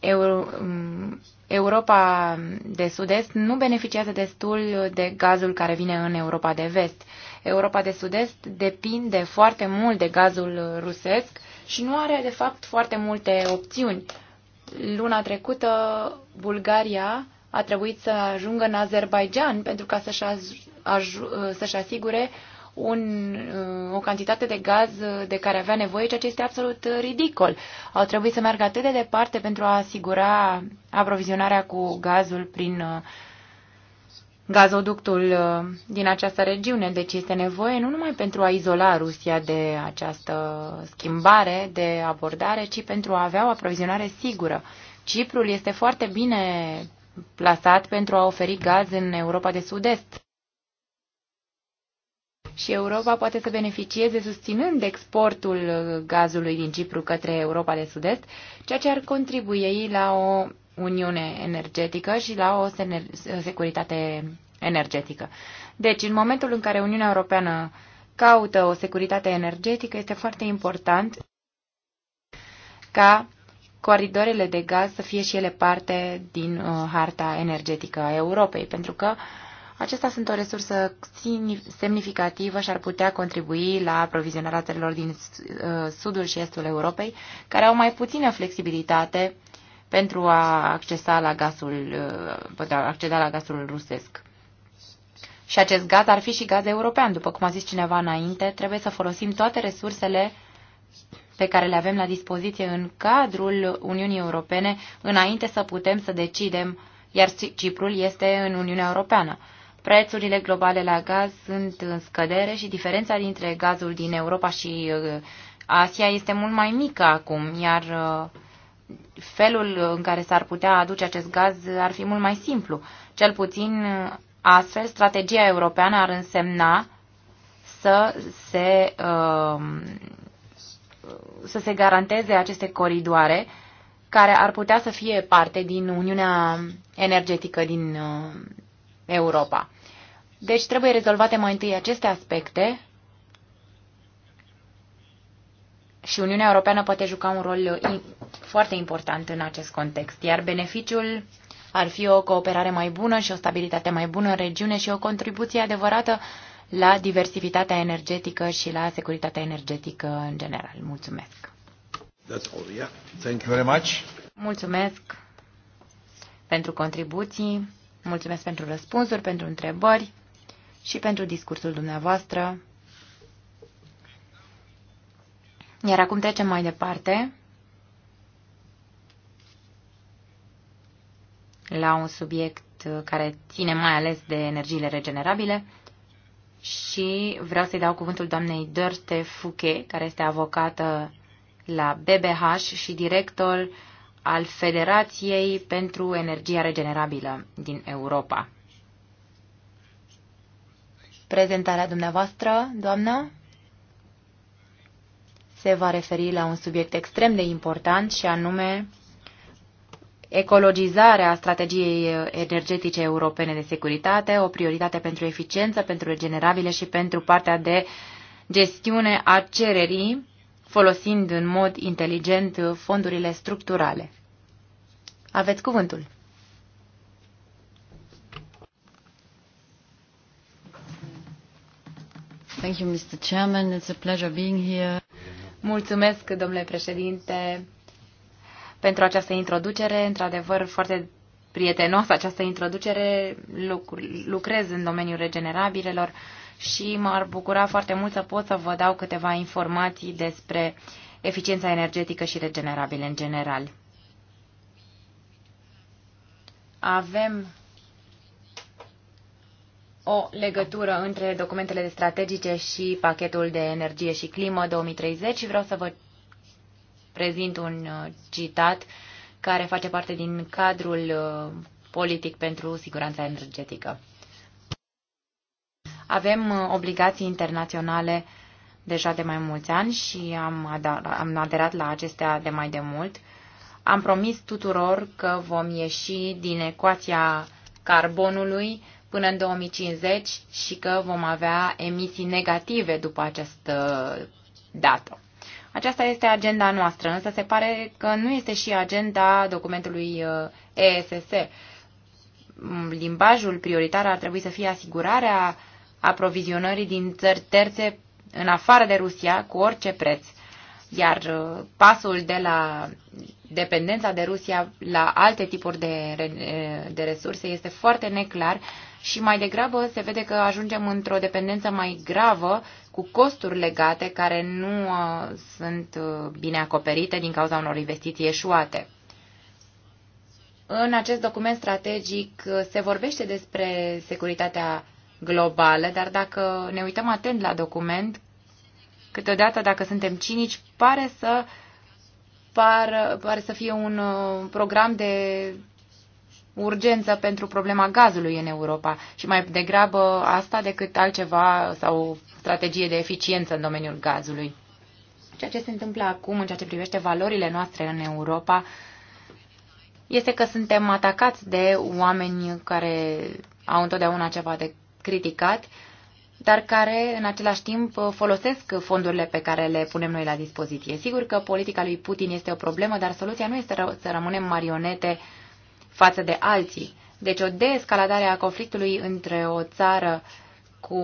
Euro, um, Europa de Sud-Est nu beneficiază destul de gazul care vine în Europa de Vest. Europa de Sud-Est depinde foarte mult de gazul rusesc și nu are, de fapt, foarte multe opțiuni. Luna trecută, Bulgaria a trebuit să ajungă în Azerbaijan pentru ca să-și, să-și asigure un, uh, o cantitate de gaz de care avea nevoie, ceea ce este absolut ridicol. Au trebuit să meargă atât de departe pentru a asigura aprovizionarea cu gazul prin uh, gazoductul uh, din această regiune. Deci este nevoie nu numai pentru a izola Rusia de această schimbare de abordare, ci pentru a avea o aprovizionare sigură. Ciprul este foarte bine plasat pentru a oferi gaz în Europa de Sud-Est. Și Europa poate să beneficieze susținând exportul gazului din Cipru către Europa de Sud-Est, ceea ce ar contribui la o uniune energetică și la o securitate energetică. Deci, în momentul în care Uniunea Europeană caută o securitate energetică, este foarte important ca coridoarele de gaz să fie și ele parte din uh, harta energetică a Europei, pentru că acestea sunt o resursă semnificativă și ar putea contribui la aprovizionarea țărilor din uh, sudul și estul Europei, care au mai puțină flexibilitate pentru a accesa la gazul, uh, pentru a acceda la gazul rusesc. Și acest gaz ar fi și gaz european, după cum a zis cineva înainte, trebuie să folosim toate resursele pe care le avem la dispoziție în cadrul Uniunii Europene înainte să putem să decidem, iar Ciprul este în Uniunea Europeană. Prețurile globale la gaz sunt în scădere și diferența dintre gazul din Europa și uh, Asia este mult mai mică acum, iar uh, felul în care s-ar putea aduce acest gaz ar fi mult mai simplu. Cel puțin uh, astfel, strategia europeană ar însemna să se uh, să se garanteze aceste coridoare care ar putea să fie parte din Uniunea Energetică din uh, Europa. Deci trebuie rezolvate mai întâi aceste aspecte și Uniunea Europeană poate juca un rol foarte important în acest context, iar beneficiul ar fi o cooperare mai bună și o stabilitate mai bună în regiune și o contribuție adevărată uh, la diversitatea energetică și la securitatea energetică în general. Mulțumesc! That's all, yeah. Thank you very much. Mulțumesc pentru contribuții, mulțumesc pentru răspunsuri, pentru întrebări și pentru discursul dumneavoastră. Iar acum trecem mai departe la un subiect care ține mai ales de energiile regenerabile, și vreau să-i dau cuvântul doamnei Dörte Fouquet, care este avocată la BBH și director al Federației pentru Energia Regenerabilă din Europa. Prezentarea dumneavoastră, doamnă, se va referi la un subiect extrem de important și anume ecologizarea strategiei energetice europene de securitate, o prioritate pentru eficiență, pentru regenerabile și pentru partea de gestiune a cererii, folosind în mod inteligent fondurile structurale. Aveți cuvântul. Thank you, Mr. Chairman. It's a pleasure being here. Mulțumesc, domnule președinte pentru această introducere. Într-adevăr, foarte prietenoasă această introducere. Lucrez în domeniul regenerabilelor și m-ar bucura foarte mult să pot să vă dau câteva informații despre eficiența energetică și regenerabile în general. Avem o legătură între documentele strategice și pachetul de energie și climă 2030 și vreau să vă prezint un uh, citat care face parte din cadrul uh, politic pentru siguranța energetică. Avem uh, obligații internaționale deja de mai mulți ani și am, am aderat la acestea de mai de mult. Am promis tuturor că vom ieși din ecuația carbonului până în 2050 și că vom avea emisii negative după această dată. Aceasta este agenda noastră, însă se pare că nu este și agenda documentului uh, ESS. Mm, limbajul prioritar ar trebui să fie asigurarea aprovizionării din țări terțe în afară de Rusia cu orice preț. Iar uh, pasul de la dependența de Rusia la alte tipuri de, uh, de resurse este foarte neclar și mai degrabă se vede că ajungem într-o dependență mai gravă cu costuri legate care nu uh, sunt uh, bine acoperite din cauza unor investiții eșuate. În acest document strategic uh, se vorbește despre securitatea globală, dar dacă ne uităm atent la document, câteodată dacă suntem cinici, pare să, par, pare să fie un program de urgență pentru problema gazului în Europa și mai degrabă asta decât altceva sau strategie de eficiență în domeniul gazului. Ceea ce se întâmplă acum în ceea ce privește valorile noastre în Europa este că suntem atacați de oameni care au întotdeauna ceva de criticat, dar care în același timp folosesc fondurile pe care le punem noi la dispoziție. Sigur că politica lui Putin este o problemă, dar soluția nu este să rămânem marionete uh, față de alții. Deci o deescaladare a conflictului între o țară cu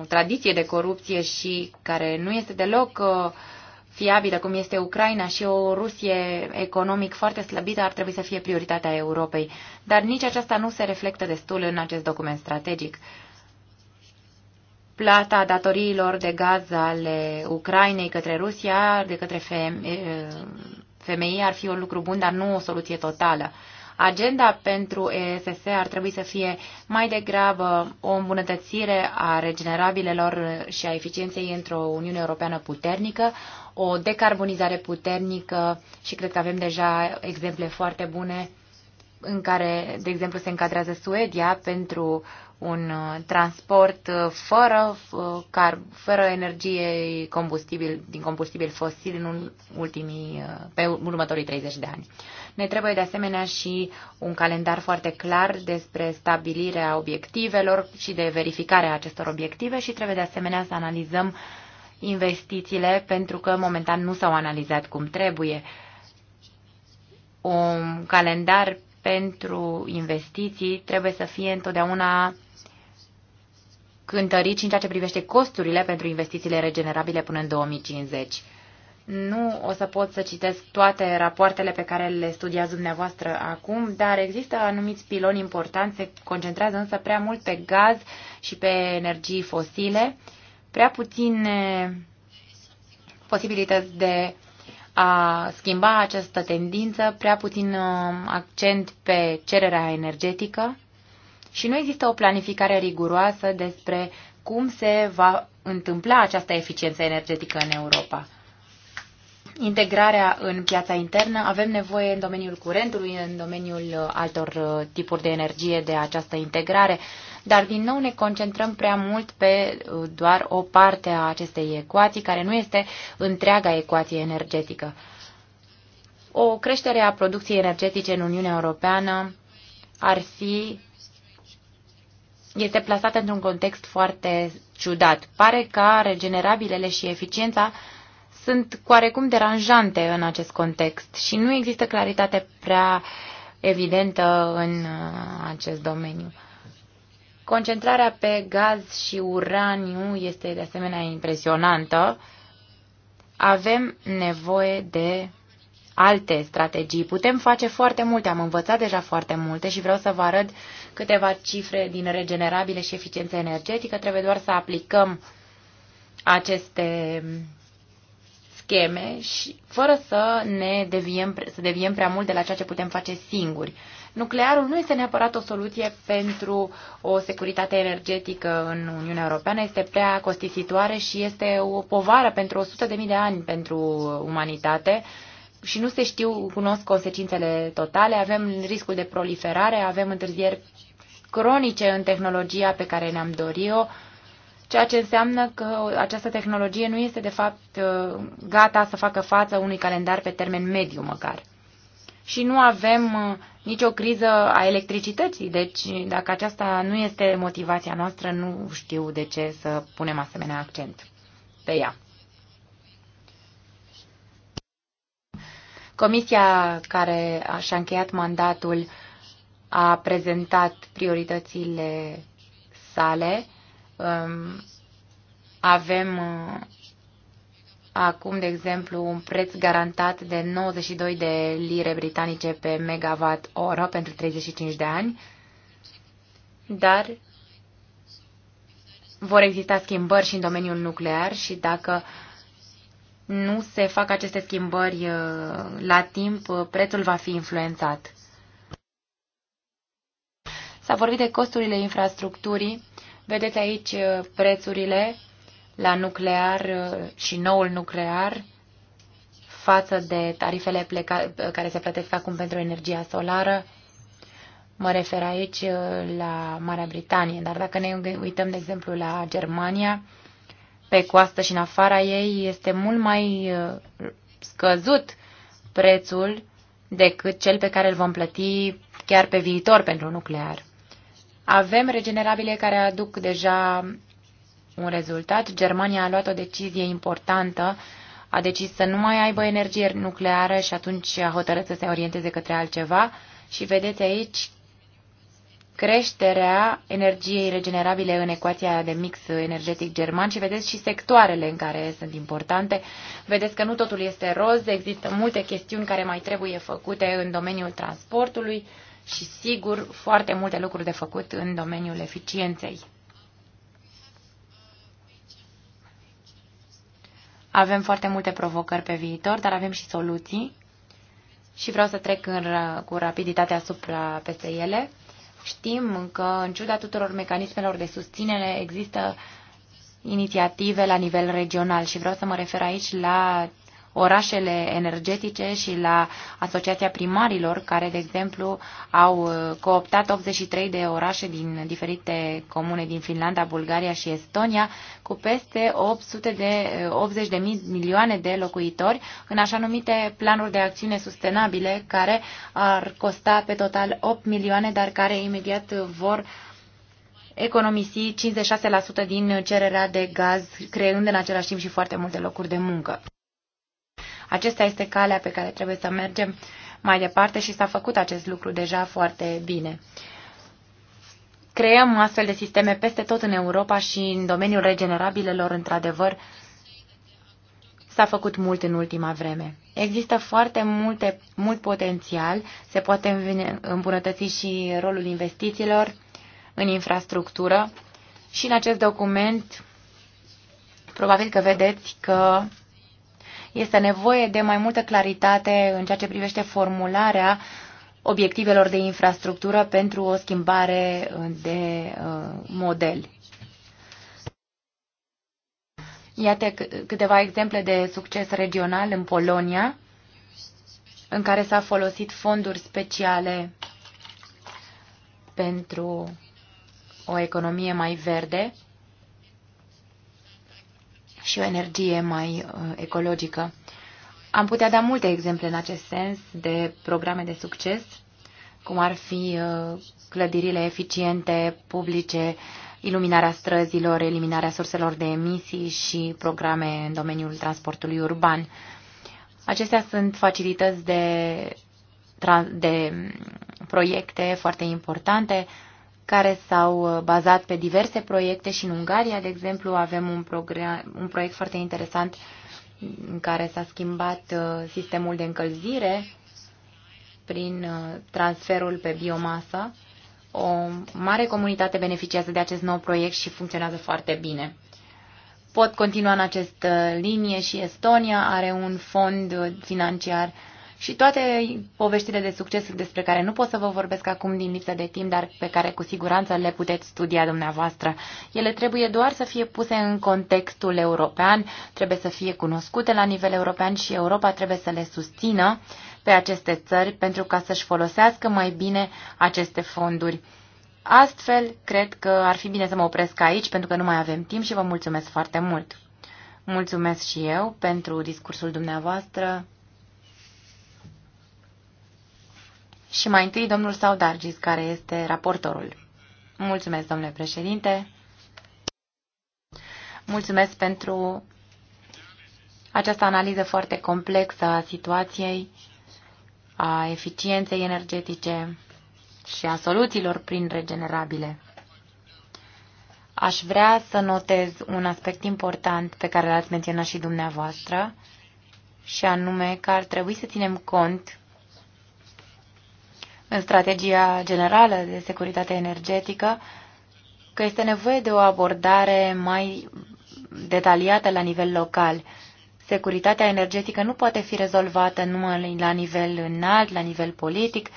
o tradiție de corupție și care nu este deloc uh, fiabilă cum este Ucraina și o Rusie economic foarte slăbită ar trebui să fie prioritatea Europei. Dar nici aceasta nu se reflectă destul în acest document strategic. Plata datoriilor de gaz ale Ucrainei către Rusia, de către femei, ar fi un lucru bun, dar nu o soluție totală. Agenda pentru EFS ar trebui să fie mai degrabă o îmbunătățire a regenerabilelor și a eficienței într-o Uniune Europeană puternică, o decarbonizare puternică și cred că avem deja exemple foarte bune în care, de exemplu, se încadrează Suedia pentru un uh, transport uh, fără, uh, car, fără energie combustibil, din combustibil fosil în ultimii, pe următorii 30 de ani. Ne trebuie de asemenea și un calendar foarte clar despre stabilirea obiectivelor și de verificarea acestor obiective și trebuie de asemenea să analizăm investițiile pentru că momentan nu s-au analizat cum trebuie. Un calendar pentru investiții trebuie să fie întotdeauna cântărit și în ceea ce privește costurile pentru investițiile regenerabile până în 2050. Nu o să pot să citesc toate rapoartele pe care le studiază dumneavoastră acum, dar există anumiți piloni importanți, se concentrează însă prea mult pe gaz și pe energii fosile, prea puține posibilități de a schimba această tendință, prea puțin uh, accent pe cererea energetică și nu există o planificare riguroasă despre cum se va întâmpla această eficiență energetică în Europa. Integrarea în piața internă avem nevoie în domeniul curentului, în domeniul uh, altor uh, tipuri de energie de această integrare, dar din nou ne concentrăm prea mult pe uh, doar o parte a acestei ecuații, care nu este întreaga ecuație energetică. O creștere a producției energetice în Uniunea Europeană ar fi este plasată într-un context foarte ciudat. Pare că regenerabilele și eficiența sunt oarecum deranjante în acest context și nu există claritate prea evidentă în uh, acest domeniu. Concentrarea pe gaz și uraniu este de asemenea impresionantă. Avem nevoie de alte strategii. Putem face foarte multe, am învățat deja foarte multe și vreau să vă arăt uh, câteva cifre din regenerabile și eficiență energetică. Trebuie doar să aplicăm aceste scheme și fără să ne deviem, să deviem prea mult de la ceea ce putem face singuri. Nuclearul nu este neapărat o soluție pentru o securitate energetică în Uniunea Europeană, este prea costisitoare și este o povară pentru 100.000 de ani pentru umanitate și nu se știu, cunosc consecințele totale, avem riscul de proliferare, avem întârzieri cronice în tehnologia pe care ne-am dorit-o, ceea ce înseamnă că această tehnologie nu este de fapt uh, gata să facă față unui calendar pe termen mediu măcar. Și nu avem uh, nicio criză a electricității, deci dacă aceasta nu este motivația noastră, nu știu de ce să punem asemenea accent pe ea. Comisia care și-a încheiat mandatul a prezentat prioritățile sale. Um, avem uh, acum, de exemplu, un preț garantat de 92 de lire britanice pe megawatt oră pentru 35 de ani, dar vor exista schimbări și în domeniul nuclear și dacă uh, nu se fac aceste schimbări uh, la timp, uh, prețul va fi influențat. S-a vorbit de costurile infrastructurii. Vedeți aici uh, prețurile la nuclear și noul nuclear față de tarifele care se plătesc acum pentru energia solară. Mă refer aici la Marea Britanie, dar dacă ne uităm, de exemplu, la Germania, pe coastă și în afara ei este mult mai uh, scăzut prețul decât cel pe care îl vom plăti chiar pe viitor pentru nuclear. Avem regenerabile care aduc deja un rezultat. Germania a luat o decizie importantă, a decis să nu mai aibă energie nucleară și atunci a hotărât să se orienteze către altceva. Și vedeți aici creșterea energiei regenerabile în ecuația de mix energetic german și vedeți și sectoarele în care sunt importante. Vedeți că nu totul este roz, există multe chestiuni care mai trebuie făcute în domeniul transportului și, sigur, foarte multe lucruri de făcut în domeniul eficienței. Avem foarte multe provocări pe viitor, dar avem și soluții și vreau să trec în, cu rapiditate asupra peste ele. Știm că, în ciuda tuturor mecanismelor de susținere, există inițiative la nivel regional și vreau să mă refer aici la orașele energetice și la Asociația Primarilor, care, de exemplu, au uh, cooptat 83 de orașe din diferite comune din Finlanda, Bulgaria și Estonia, cu peste 800 de, 80 uh, de milioane de locuitori, în așa numite planuri de acțiune sustenabile, care ar costa pe total 8 milioane, dar care imediat vor economisi 56% din cererea de gaz, creând în același timp și foarte multe locuri de muncă. Acesta este calea pe care trebuie să mergem mai departe și s-a făcut acest lucru deja foarte bine. Creăm astfel de sisteme peste tot în Europa și în domeniul regenerabilelor, într-adevăr, s-a făcut mult în ultima vreme. Există foarte multe, mult potențial, se poate îmbunătăți și rolul investițiilor în infrastructură și în acest document probabil că vedeți că este nevoie de mai multă claritate în ceea ce privește formularea obiectivelor de infrastructură pentru o schimbare de uh, model. Iată câteva exemple de succes regional în Polonia, în care s-a folosit fonduri speciale pentru o economie mai verde și o energie mai uh, ecologică. Am putea da multe exemple în acest sens de programe de succes, cum ar fi uh, clădirile eficiente, publice, iluminarea străzilor, eliminarea surselor de emisii și programe în domeniul transportului urban. Acestea sunt facilități de, de mm, proiecte foarte importante care s-au uh, bazat pe diverse proiecte și în Ungaria, de exemplu, avem un, program, un proiect foarte interesant în care s-a schimbat uh, sistemul de încălzire prin uh, transferul pe biomasă. O mare comunitate beneficiază de acest nou proiect și funcționează foarte bine. Pot continua în această linie și Estonia are un fond financiar uh, și toate poveștile de succes despre care nu pot să vă vorbesc acum din lipsă de timp, dar pe care cu siguranță le puteți studia dumneavoastră. Ele trebuie doar să fie puse în contextul european, trebuie să fie cunoscute la nivel european și Europa trebuie să le susțină pe aceste țări pentru ca să-și folosească mai bine aceste fonduri. Astfel, cred că ar fi bine să mă opresc aici pentru că nu mai avem timp și vă mulțumesc foarte mult. Mulțumesc și eu pentru discursul dumneavoastră. Și mai întâi domnul Saudargis, care este raportorul. Mulțumesc, domnule președinte. Mulțumesc pentru această analiză foarte complexă a situației, a eficienței energetice și a soluțiilor prin regenerabile. Aș vrea să notez un aspect important pe care l-ați menționat și dumneavoastră, și anume că ar trebui să ținem cont în strategia generală de securitate energetică că este nevoie de o abordare mai detaliată la nivel local. Securitatea energetică nu poate fi rezolvată numai la nivel înalt, la nivel politic,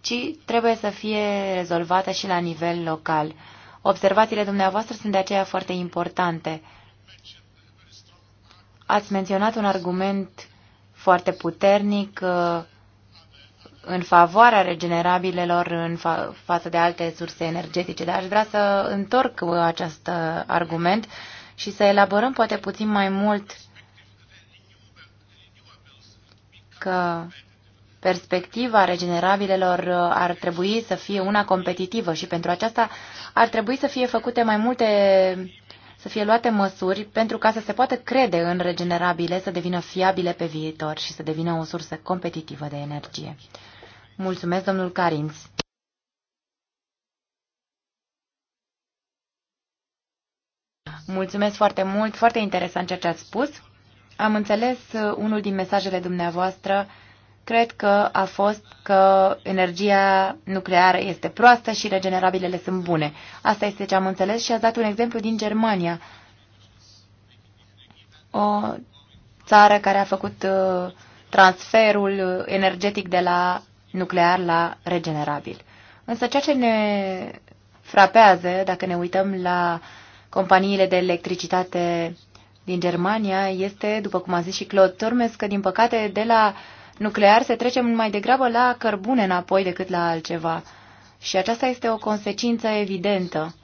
ci trebuie să fie rezolvată și la nivel local. Observațiile dumneavoastră sunt de aceea foarte importante. Ați menționat un argument foarte puternic uh, în favoarea regenerabilelor în fa față de alte surse energetice. Dar aș vrea să întorc acest uh, argument și să elaborăm poate puțin mai mult că perspectiva regenerabilelor uh, ar trebui să fie una competitivă și pentru aceasta ar trebui să fie făcute mai multe să fie luate măsuri pentru ca să se poată crede în regenerabile, să devină fiabile pe viitor și să devină o sursă competitivă de energie. Mulțumesc, domnul Carinț. Mulțumesc foarte mult, foarte interesant ceea ce ați spus. Am înțeles uh, unul din mesajele dumneavoastră, cred că a fost că energia nucleară este proastă și regenerabilele sunt bune. Asta este ce am înțeles și ați dat un exemplu din Germania. O țară care a făcut uh, transferul energetic de la nuclear la regenerabil. Însă ceea ce ne frapează, dacă ne uităm la companiile de electricitate din Germania, este, după cum a zis și Claude Turmes, că, din păcate, de la nuclear se trece mai degrabă la cărbune înapoi decât la altceva. Și aceasta este o consecință evidentă.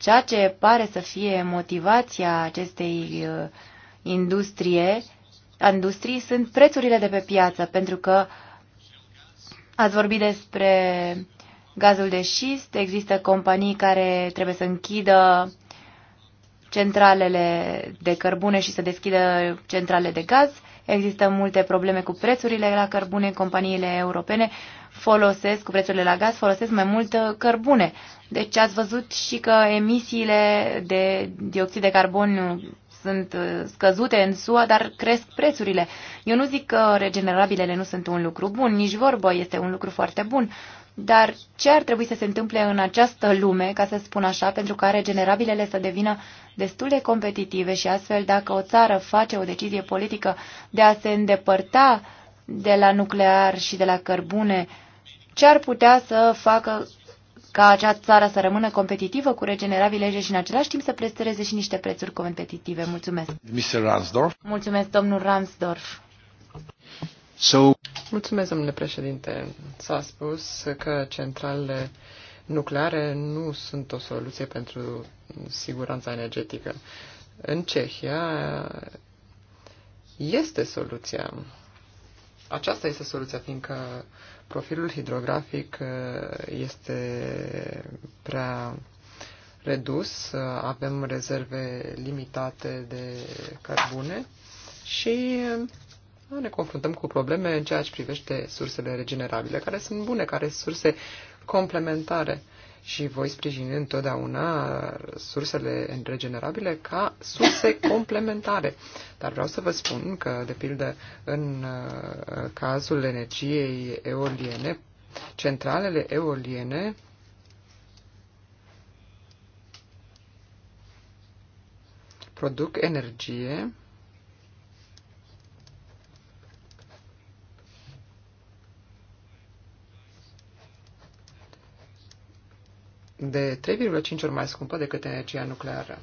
Ceea ce pare să fie motivația acestei uh, industrie, industrii sunt prețurile de pe piață, pentru că uh, Ați vorbit despre gazul de șist, există companii care trebuie să închidă centralele de cărbune și să deschidă centrale de gaz. Există multe probleme cu prețurile la cărbune. Companiile europene folosesc, cu prețurile la gaz, folosesc mai mult cărbune. Deci ați văzut și că emisiile de dioxid de carbon sunt uh, scăzute în SUA, dar cresc prețurile. Eu nu zic că regenerabilele nu sunt un lucru bun, nici vorbă, este un lucru foarte bun. Dar ce ar trebui să se întâmple în această lume, ca să spun așa, pentru ca regenerabilele să devină destul de competitive și astfel dacă o țară face o decizie politică de a se îndepărta de la nuclear și de la cărbune, ce ar putea să facă ca acea țară să rămână competitivă cu regenerabile și în același timp să prestereze și niște prețuri competitive. Mulțumesc. Mr. Ransdorf. Mulțumesc, domnul Ransdorf. So... Mulțumesc, domnule președinte. S-a spus că centralele nucleare nu sunt o soluție pentru siguranța energetică. În Cehia este soluția. Aceasta este soluția, fiindcă profilul hidrografic uh, este prea redus, uh, avem rezerve limitate de carbune și uh, ne confruntăm cu probleme în ceea ce privește sursele regenerabile, care sunt bune, care sunt surse complementare și voi sprijini întotdeauna sursele regenerabile ca surse [LAUGHS] complementare. Dar vreau să vă spun că, de pildă, în uh, cazul energiei eoliene, centralele eoliene produc energie de 3,5 ori mai scumpă decât energia nucleară.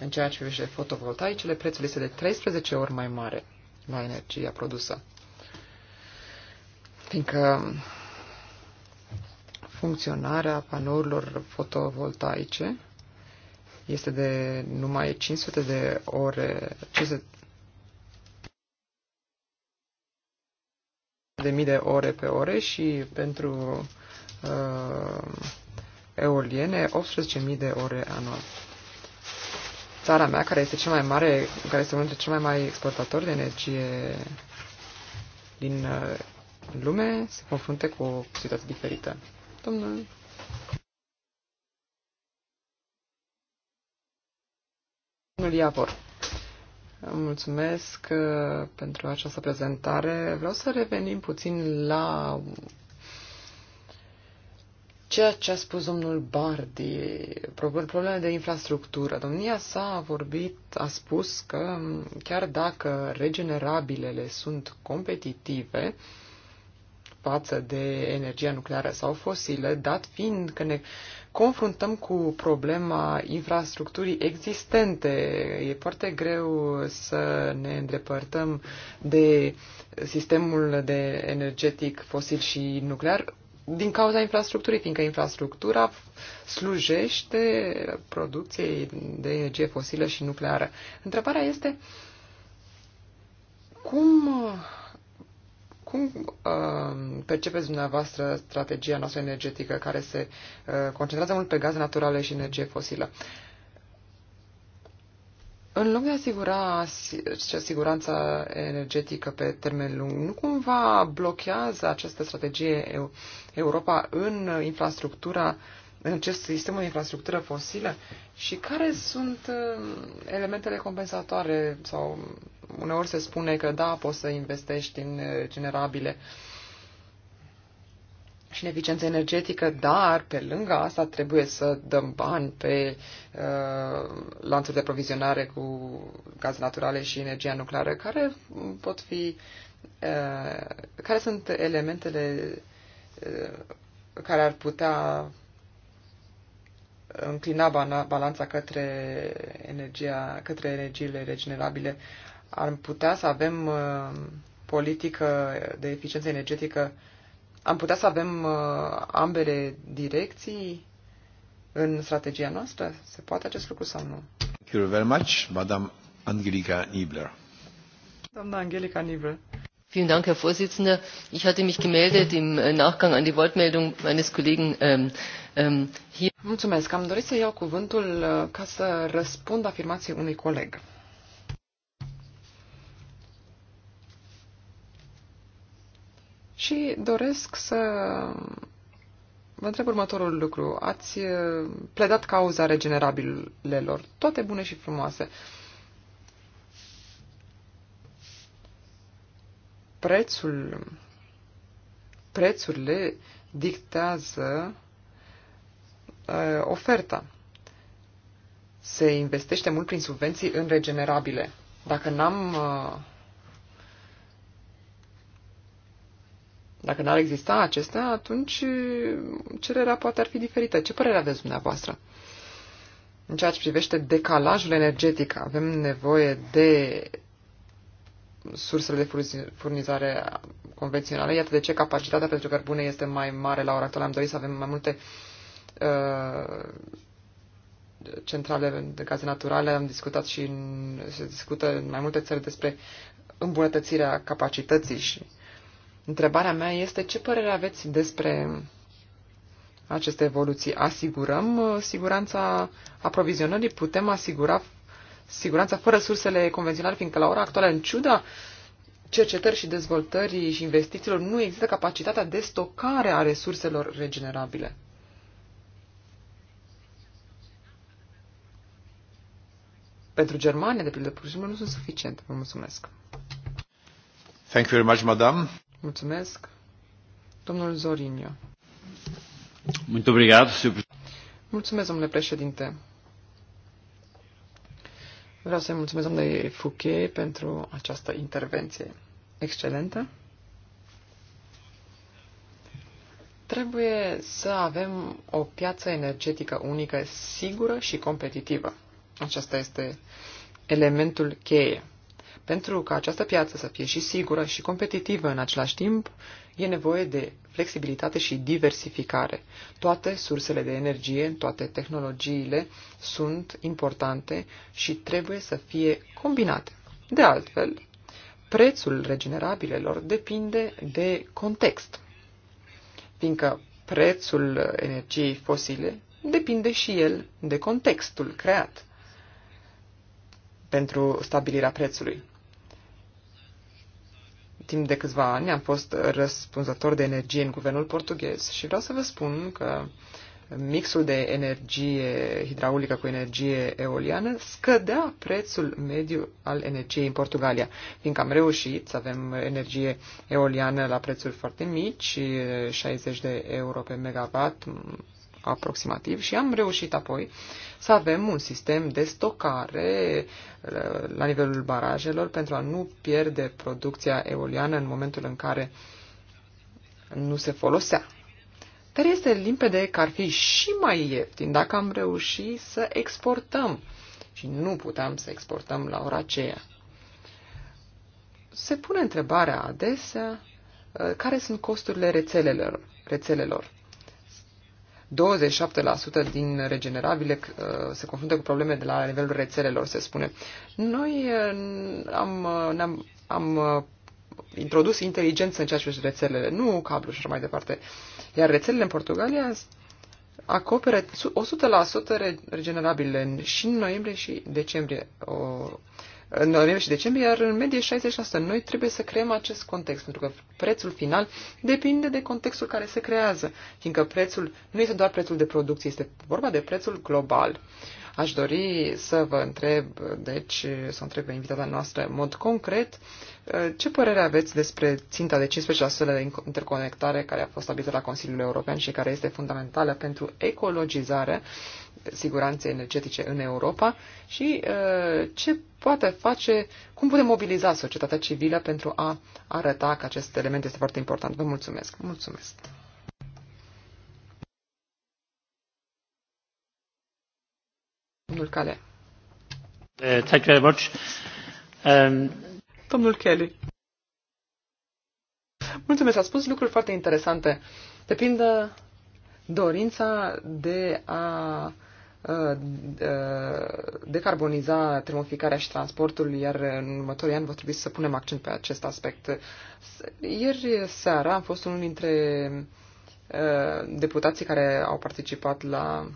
În ceea ce privește fotovoltaicele, prețul este de 13 ori mai mare la energia produsă. Fiindcă funcționarea panourilor fotovoltaice este de numai 500 de ore, 500 de mii de ore pe ore și pentru uh, eoliene, 18.000 de ore anual. Țara mea, care este cea mai mare, care este unul dintre cei mai mari exportatori de energie din uh, lume, se confrunte cu o situație diferită. Domnul Domnul Iavor, mulțumesc uh, pentru această prezentare. Vreau să revenim puțin la ceea ce a spus domnul Bardi, probleme de infrastructură. Domnia sa a vorbit, a spus că chiar dacă regenerabilele sunt competitive față de energia nucleară sau fosile, dat fiind că ne confruntăm cu problema infrastructurii existente. E foarte greu să ne îndepărtăm de sistemul de energetic fosil și nuclear din cauza infrastructurii, fiindcă infrastructura slujește producției de energie fosilă și nucleară. Întrebarea este cum, cum uh, percepeți dumneavoastră strategia noastră energetică care se uh, concentrează mult pe gaze naturale și energie fosilă? Uh, în loc de a asigura siguranța energetică pe termen lung, nu cumva blochează această strategie Europa în infrastructura, în acest sistem de infrastructură fosilă? Și care sunt um, elementele compensatoare? Sau uneori se spune că da, poți să investești în uh, generabile, uh, și în eficiență energetică, dar pe lângă asta trebuie să dăm bani pe uh, lanțuri de provizionare cu gaze naturale și energia nucleară, care pot fi, uh, care sunt elementele uh, care ar putea înclina balanța către energia, către energiile regenerabile. Ar putea să avem uh, politică de eficiență energetică uh, am putea să avem uh, ambele direcții în strategia noastră? Se poate acest lucru sau nu? Thank you very much, Madame Angelica Nibler. Doamna Angelica Nibler. Vielen Dank, Herr Vorsitzender. Ich hatte mich gemeldet im äh, Nachgang an die Wortmeldung meines Kollegen ähm, ähm, hier. Mulțumesc. Am dorit să iau cuvântul uh, ca să răspund afirmației unui coleg. Și doresc să vă întreb următorul lucru. Ați uh, pledat cauza regenerabilelor, toate bune și frumoase. Prețul, prețurile dictează uh, oferta. Se investește mult prin subvenții în regenerabile. Dacă n-am uh, Dacă n-ar exista acestea, atunci cererea poate ar fi diferită. Ce părere aveți dumneavoastră? În ceea ce privește decalajul energetic, avem nevoie de sursele de furnizare convenționale. Iată de ce capacitatea pentru cărbune este mai mare la ora actuală. Am dorit să avem mai multe centrale de gaze naturale. Am discutat și în, se discută în mai multe țări despre îmbunătățirea capacității și uh, Întrebarea mea este ce părere aveți despre aceste evoluții. Asigurăm uh, siguranța aprovizionării? Putem asigura siguranța fără sursele convenționale, fiindcă la ora actuală, în ciuda cercetări și dezvoltării și investițiilor, nu există capacitatea de stocare a resurselor regenerabile. Pentru Germania, de pildă, nu sunt suficiente. Vă mulțumesc. Thank you very much, madam. Mulțumesc. Domnul Zorinio. Mulțumesc, domnule președinte. Vreau să-i mulțumesc domnului Fouquet pentru această intervenție excelentă. Trebuie să avem o piață energetică unică sigură și competitivă. Aceasta este elementul cheie. Pentru ca această piață să fie și sigură și competitivă în același timp, e nevoie de flexibilitate și diversificare. Toate sursele de energie, toate tehnologiile sunt importante și trebuie să fie combinate. De altfel, prețul regenerabilelor depinde de context, fiindcă prețul energiei fosile depinde și el de contextul creat pentru stabilirea prețului. Timp de câțiva ani am fost răspunzător de energie în guvernul portughez și vreau să vă spun că mixul de energie hidraulică cu energie eoliană scădea prețul mediu al energiei în Portugalia, fiindcă am reușit să avem energie eoliană la prețuri foarte mici, 60 de euro pe megawatt, aproximativ și am reușit apoi să avem un sistem de stocare uh, la nivelul barajelor pentru a nu pierde producția eoliană în momentul în care nu se folosea. Dar este limpede că ar fi și mai ieftin dacă am reușit să exportăm și nu puteam să exportăm la ora aceea. Se pune întrebarea adesea uh, care sunt costurile rețelelor. rețelelor. 27% din regenerabile uh, se confruntă cu probleme de la nivelul rețelelor, se spune. Noi uh, am, uh, am, am introdus inteligență în ceea ce rețelele, nu cablu și așa mai departe. Iar rețelele în Portugalia acoperă 100% regenerabile și în noiembrie și decembrie. O, în noiembrie și decembrie, iar în medie 60%. Noi trebuie să creăm acest context, pentru că prețul final depinde de contextul care se creează, fiindcă prețul nu este doar prețul de producție, este vorba de prețul global. Aș dori să vă întreb, deci, să întreb pe invitata noastră în mod concret, ce părere aveți despre ținta de 15% de interconectare care a fost stabilită la Consiliul European și care este fundamentală pentru ecologizare siguranței energetice în Europa și uh, ce poate face, cum putem mobiliza societatea civilă pentru a arăta că acest element este foarte important. Vă mulțumesc! Mulțumesc! Domnul Cale. Eh, thank you very much. Um... Domnul Kelly. Mulțumesc, a spus lucruri foarte interesante. Depinde dorința de a Uh, uh, decarboniza termoficarea și transportul, iar în următorii ani va trebui să punem accent pe acest aspect. Ieri seara am fost unul dintre uh, deputații care au participat la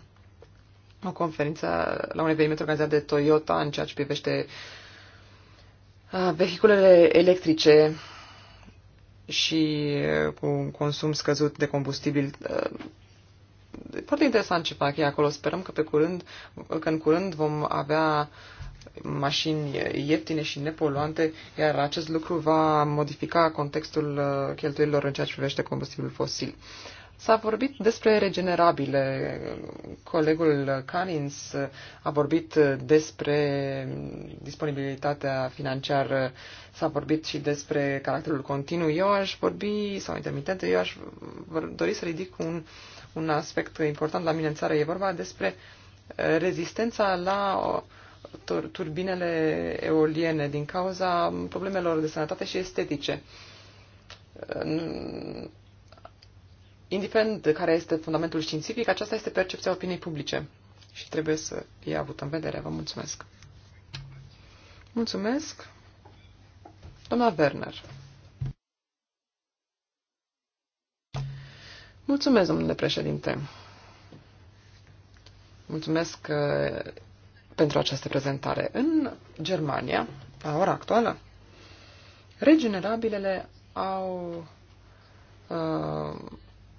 o conferință, la un eveniment organizat de Toyota în ceea ce privește vehiculele electrice și cu un consum scăzut de combustibil foarte interesant ce fac ei acolo. Sperăm că pe curând, că în curând vom avea mașini ieftine și nepoluante, iar acest lucru va modifica contextul uh, cheltuielilor în ceea ce privește combustibilul fosil. S-a vorbit despre regenerabile. Colegul Canins a vorbit despre disponibilitatea financiară, s-a vorbit și despre caracterul continuu. Eu aș vorbi, sau intermitent, eu aș dori să ridic un, un aspect important la mine în țară. E vorba despre uh, rezistența la uh, turbinele eoliene din cauza problemelor de sănătate și estetice. Uh, indiferent de care este fundamentul științific, aceasta este percepția opiniei publice și trebuie să fie avută în vedere. Vă mulțumesc. Mulțumesc. Doamna Werner. Mulțumesc, domnule președinte. Mulțumesc uh, pentru această prezentare. În Germania, la ora actuală, regenerabilele au uh,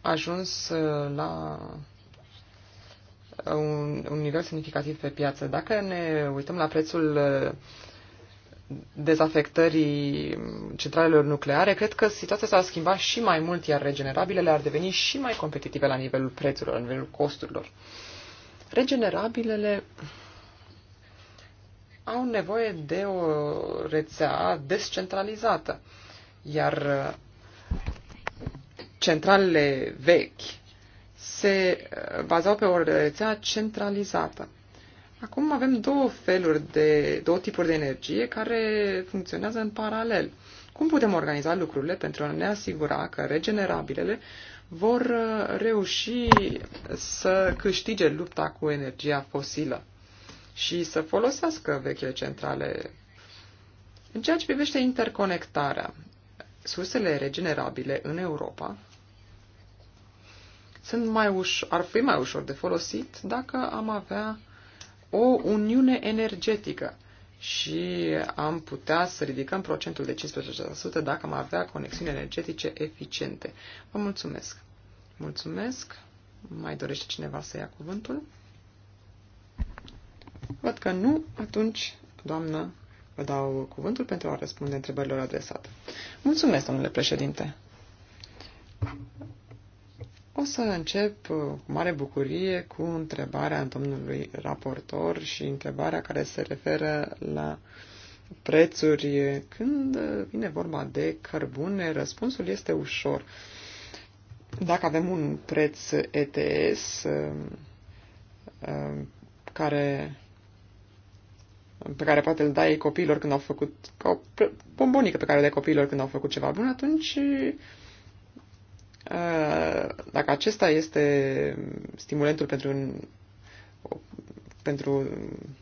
ajuns uh, la un, un nivel semnificativ pe piață. Dacă ne uităm la prețul uh, dezafectării centralelor nucleare, cred că situația s-a schimbat și mai mult, iar regenerabilele ar deveni și mai competitive la nivelul prețurilor, la nivelul costurilor. Regenerabilele au nevoie de o rețea descentralizată, iar uh, centralele vechi se uh, bazau pe o rețea centralizată. Acum avem două feluri de, două tipuri de energie care funcționează în paralel. Cum putem organiza lucrurile pentru a ne asigura că regenerabilele vor uh, reuși să câștige lupta cu energia fosilă și să folosească vechile centrale. În ceea ce privește interconectarea, sursele regenerabile în Europa sunt mai uș- ar fi mai ușor de folosit dacă am avea o uniune energetică și am putea să ridicăm procentul de 15% dacă am avea conexiuni energetice eficiente. Vă mulțumesc! Mulțumesc! Mai dorește cineva să ia cuvântul? Văd că nu, atunci, doamnă, vă dau cuvântul pentru a răspunde întrebărilor adresate. Mulțumesc, domnule președinte! O să încep uh, cu mare bucurie cu întrebarea domnului raportor și întrebarea care se referă la prețuri. Când uh, vine vorba de cărbune, răspunsul este ușor. Dacă avem un preț ETS uh, care pe care poate îl dai copiilor când au făcut, o bombonică pe care le dai copiilor când au făcut ceva bun, atunci Uh, dacă acesta este stimulentul pentru, pentru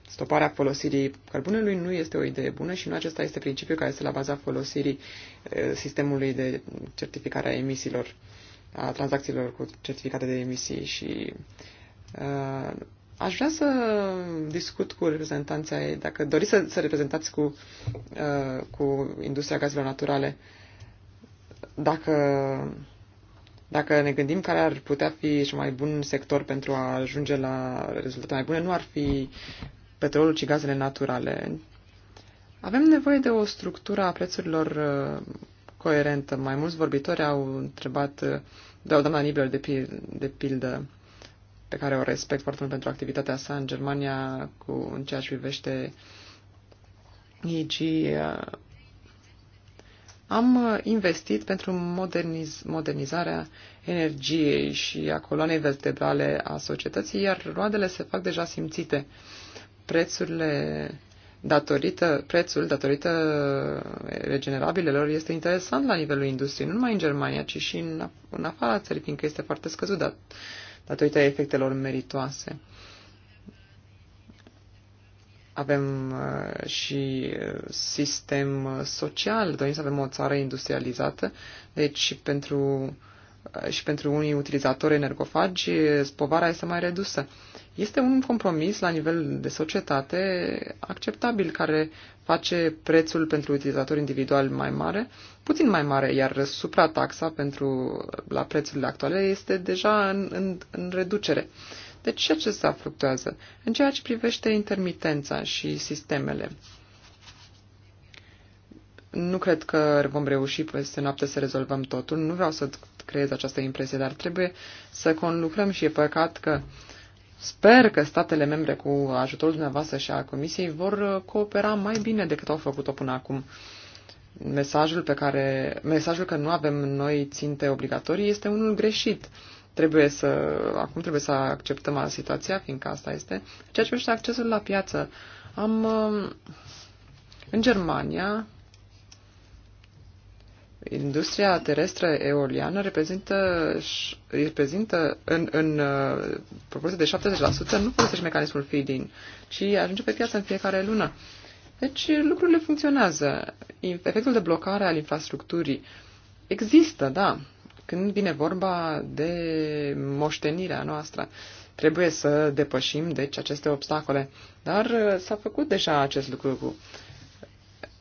stoparea folosirii cărbunelui, nu este o idee bună și nu acesta este principiul care este la baza folosirii uh, sistemului de certificare a emisiilor, a tranzacțiilor cu certificate de emisii și uh, Aș vrea să discut cu reprezentanții ei, dacă doriți să, să reprezentați cu, cu industria gazelor naturale, dacă dacă ne gândim care ar putea fi și mai bun sector pentru a ajunge la rezultate mai bune, nu ar fi petrolul, ci gazele naturale. Avem nevoie de o structură a prețurilor uh, coerentă. Mai mulți vorbitori au întrebat, uh, doamna Nibler de, pil, de pildă, pe care o respect foarte mult pentru activitatea sa în Germania cu, în ceea ce privește EG, uh, am uh, investit pentru moderniz- modernizarea energiei și a coloanei vertebrale a societății, iar roadele se fac deja simțite. Prețurile datorită, prețul datorită regenerabilelor este interesant la nivelul industriei, nu numai în Germania, ci și în, în afara țării, fiindcă este foarte scăzut dat, datorită efectelor meritoase. Avem uh, și uh, sistem uh, social, dorim să avem o țară industrializată, deci pentru, și pentru unii utilizatori energofagi povara este mai redusă. Este un compromis la nivel de societate acceptabil care face prețul pentru utilizatori individuali mai mare, puțin mai mare, iar suprataxa pentru la prețurile actuale este deja în, în, în reducere. Uh, deci și acesta fluctuează. În ceea ce privește intermitența și sistemele, nu cred că vom reuși peste noapte să rezolvăm totul. Nu vreau să creez această impresie, dar trebuie să conlucrăm și e păcat că sper că statele membre cu ajutorul dumneavoastră și a Comisiei vor coopera mai bine decât au făcut-o până acum. Mesajul, pe care, mesajul că nu avem noi ținte obligatorii este unul greșit trebuie să, acum trebuie să acceptăm situația, fiindcă asta este. Ceea ce privește accesul la piață, am, um, în Germania, industria terestră eoliană reprezintă, reprezintă în, în uh, proporție de 70%, nu folosește mecanismul feed-in, ci ajunge pe piață în fiecare lună. Deci lucrurile funcționează. Efectul de blocare al infrastructurii există, da, când vine vorba de moștenirea noastră. Trebuie să depășim, deci, aceste obstacole. Dar uh, s-a făcut deja acest lucru cu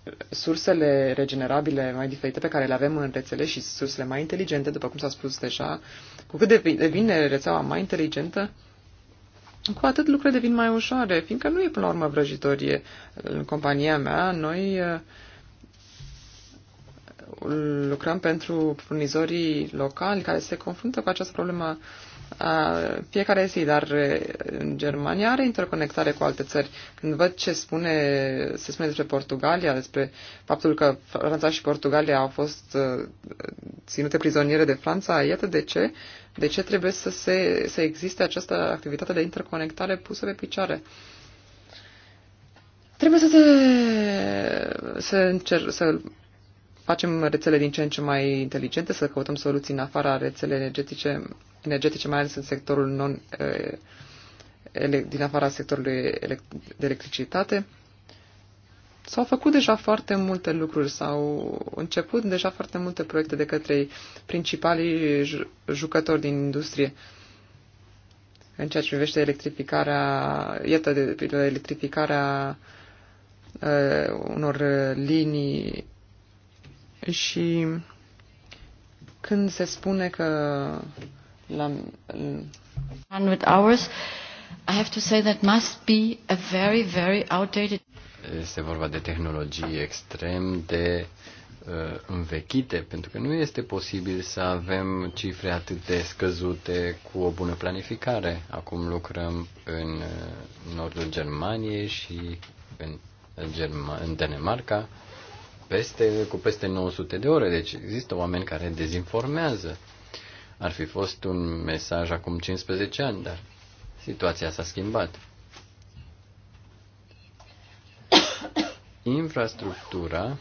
uh, sursele regenerabile mai diferite pe care le avem în rețele și sursele mai inteligente, după cum s-a spus deja, cu cât devine rețeaua mai inteligentă, cu atât lucrurile devin mai ușoare, fiindcă nu e până la urmă vrăjitorie. În compania mea, noi uh, lucrăm pentru furnizorii locali care se confruntă cu această problemă a fiecare zi, dar în Germania are interconectare cu alte țări. Când văd ce spune, se spune despre Portugalia, despre faptul că Franța și Portugalia au fost ținute prizoniere de Franța, iată de ce, de ce trebuie să, se, să existe această activitate de interconectare pusă pe picioare. Trebuie să se, să, încer, să facem rețele din ce în ce mai inteligente, să căutăm soluții în afara rețelei energetice, energetice mai ales în sectorul non, eh, din afara sectorului de electricitate. S-au făcut deja foarte multe lucruri, s-au început deja foarte multe proiecte de către principalii jucători din industrie în ceea ce privește electrificarea, iată, de, de electrificarea uh, unor linii și când se spune că la hundred hours, I have to say that must be a very, very outdated. Este vorba de tehnologii extrem de uh, învechite, pentru că nu este posibil să avem cifre atât de scăzute cu o bună planificare. Acum lucrăm în uh, nordul Germaniei și în, Germa- în Danemarca peste, cu peste 900 de ore. Deci există oameni care dezinformează. Ar fi fost un mesaj acum 15 ani, dar situația s-a schimbat. Infrastructura,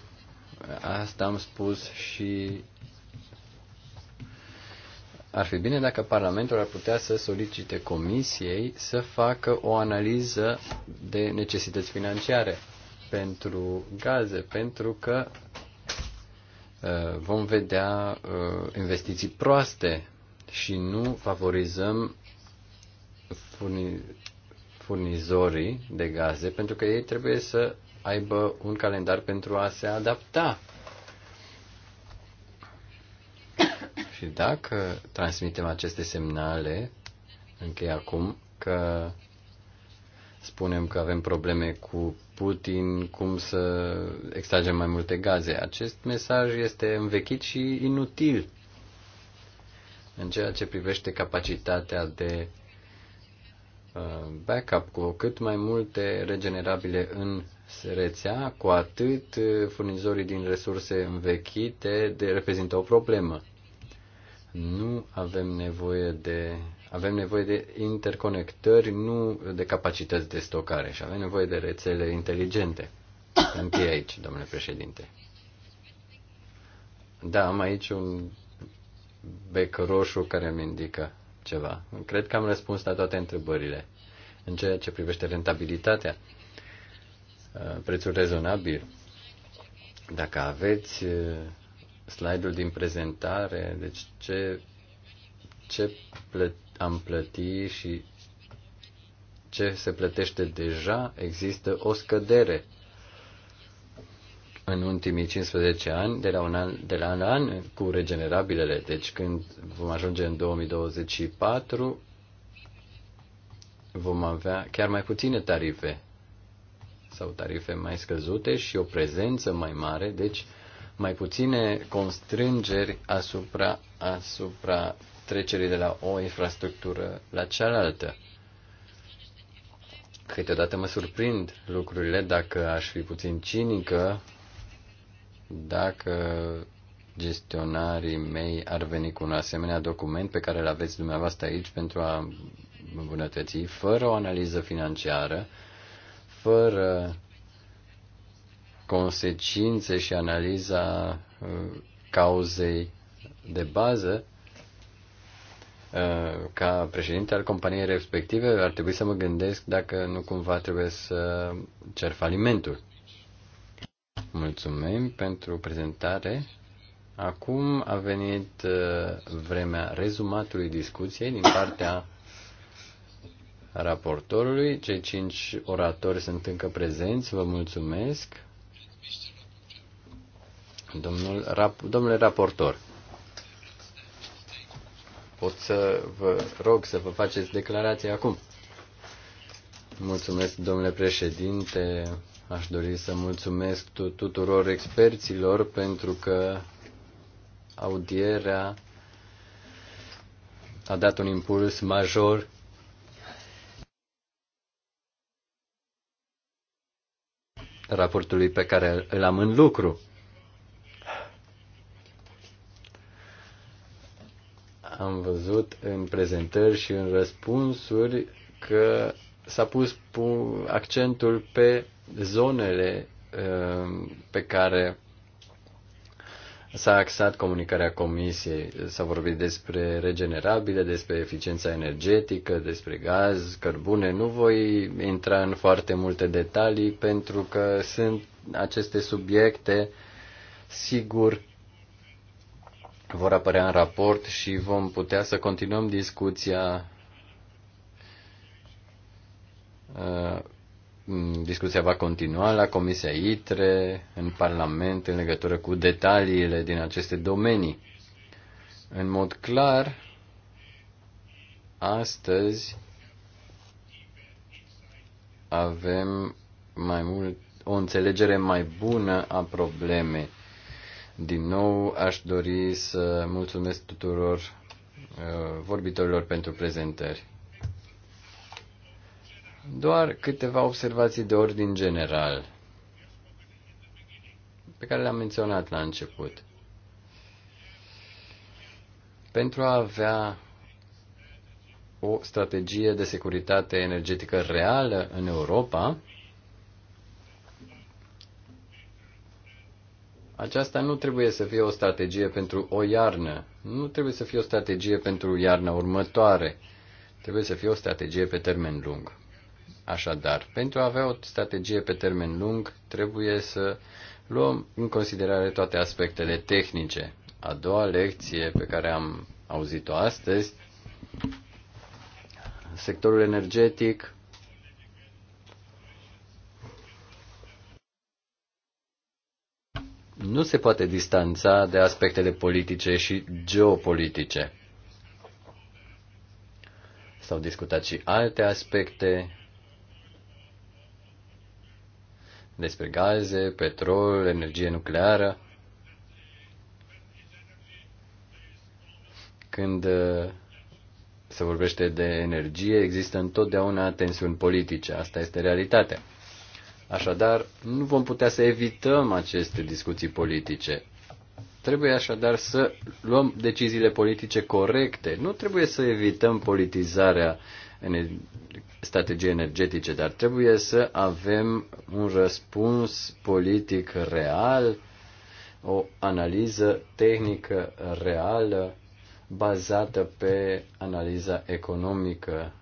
asta am spus și ar fi bine dacă Parlamentul ar putea să solicite Comisiei să facă o analiză de necesități financiare pentru gaze, pentru că uh, vom vedea uh, investiții proaste și nu favorizăm furnizorii de gaze, pentru că ei trebuie să aibă un calendar pentru a se adapta. [COUGHS] Și dacă transmitem aceste semnale, închei acum, că spunem că avem probleme cu Putin cum să extragem mai multe gaze. Acest mesaj este învechit și inutil în ceea ce privește capacitatea de uh, backup cu cât mai multe regenerabile în rețea, cu atât uh, furnizorii din resurse învechite de, reprezintă o problemă. Nu avem nevoie de avem nevoie de interconectări, nu de capacități de stocare și avem nevoie de rețele inteligente. Încheie aici, domnule președinte. Da, am aici un bec roșu care îmi indică ceva. Cred că am răspuns la toate întrebările. În ceea ce privește rentabilitatea, uh, prețul rezonabil, dacă aveți uh, slide-ul din prezentare, deci ce, ce, plă, am plăti și ce se plătește deja, există o scădere în ultimii 15 ani, de la, un an, de la an la an, cu regenerabilele. Deci când vom ajunge în 2024, vom avea chiar mai puține tarife sau tarife mai scăzute și o prezență mai mare, deci mai puține constrângeri asupra, asupra trecerii de la o infrastructură la cealaltă. Câteodată mă surprind lucrurile dacă aș fi puțin cinică, dacă gestionarii mei ar veni cu un asemenea document pe care îl aveți dumneavoastră aici pentru a îmbunătăți, fără o analiză financiară, fără consecințe și analiza uh, cauzei de bază, Uh, ca președinte al companiei respective, ar trebui să mă gândesc dacă nu cumva trebuie să cer falimentul. Mulțumim pentru prezentare. Acum a venit uh, vremea rezumatului discuției din partea raportorului. Cei cinci oratori sunt încă prezenți. Vă mulțumesc. Domnul, rap, domnule raportor pot să vă rog să vă faceți declarația acum. Mulțumesc, domnule președinte. Aș dori să mulțumesc tuturor experților pentru că audierea a dat un impuls major raportului pe care îl am în lucru. am văzut în prezentări și în răspunsuri că s-a pus accentul pe zonele uh, pe care s-a axat comunicarea comisiei. S-a vorbit despre regenerabile, despre eficiența energetică, despre gaz, cărbune. Nu voi intra în foarte multe detalii pentru că sunt aceste subiecte, sigur, vor apărea în raport și vom putea să continuăm discuția uh, discuția va continua la Comisia ITRE, în Parlament, în legătură cu detaliile din aceste domenii. În mod clar, astăzi avem mai mult o înțelegere mai bună a problemei din nou aș dori să mulțumesc tuturor uh, vorbitorilor pentru prezentări. Doar câteva observații de ordin general pe care le-am menționat la început. Pentru a avea o strategie de securitate energetică reală în Europa, Aceasta nu trebuie să fie o strategie pentru o iarnă, nu trebuie să fie o strategie pentru iarna următoare, trebuie să fie o strategie pe termen lung. Așadar, pentru a avea o strategie pe termen lung, trebuie să luăm în considerare toate aspectele tehnice. A doua lecție pe care am auzit-o astăzi, sectorul energetic nu se poate distanța de aspectele politice și geopolitice. S-au discutat și alte aspecte despre gaze, petrol, energie nucleară. Când uh, se vorbește de energie, există întotdeauna tensiuni politice. Asta este realitatea. Așadar, nu vom putea să evităm aceste discuții politice. Trebuie așadar să luăm deciziile politice corecte. Nu trebuie să evităm politizarea strategie energetice, dar trebuie să avem un răspuns politic real, o analiză tehnică reală bazată pe analiza economică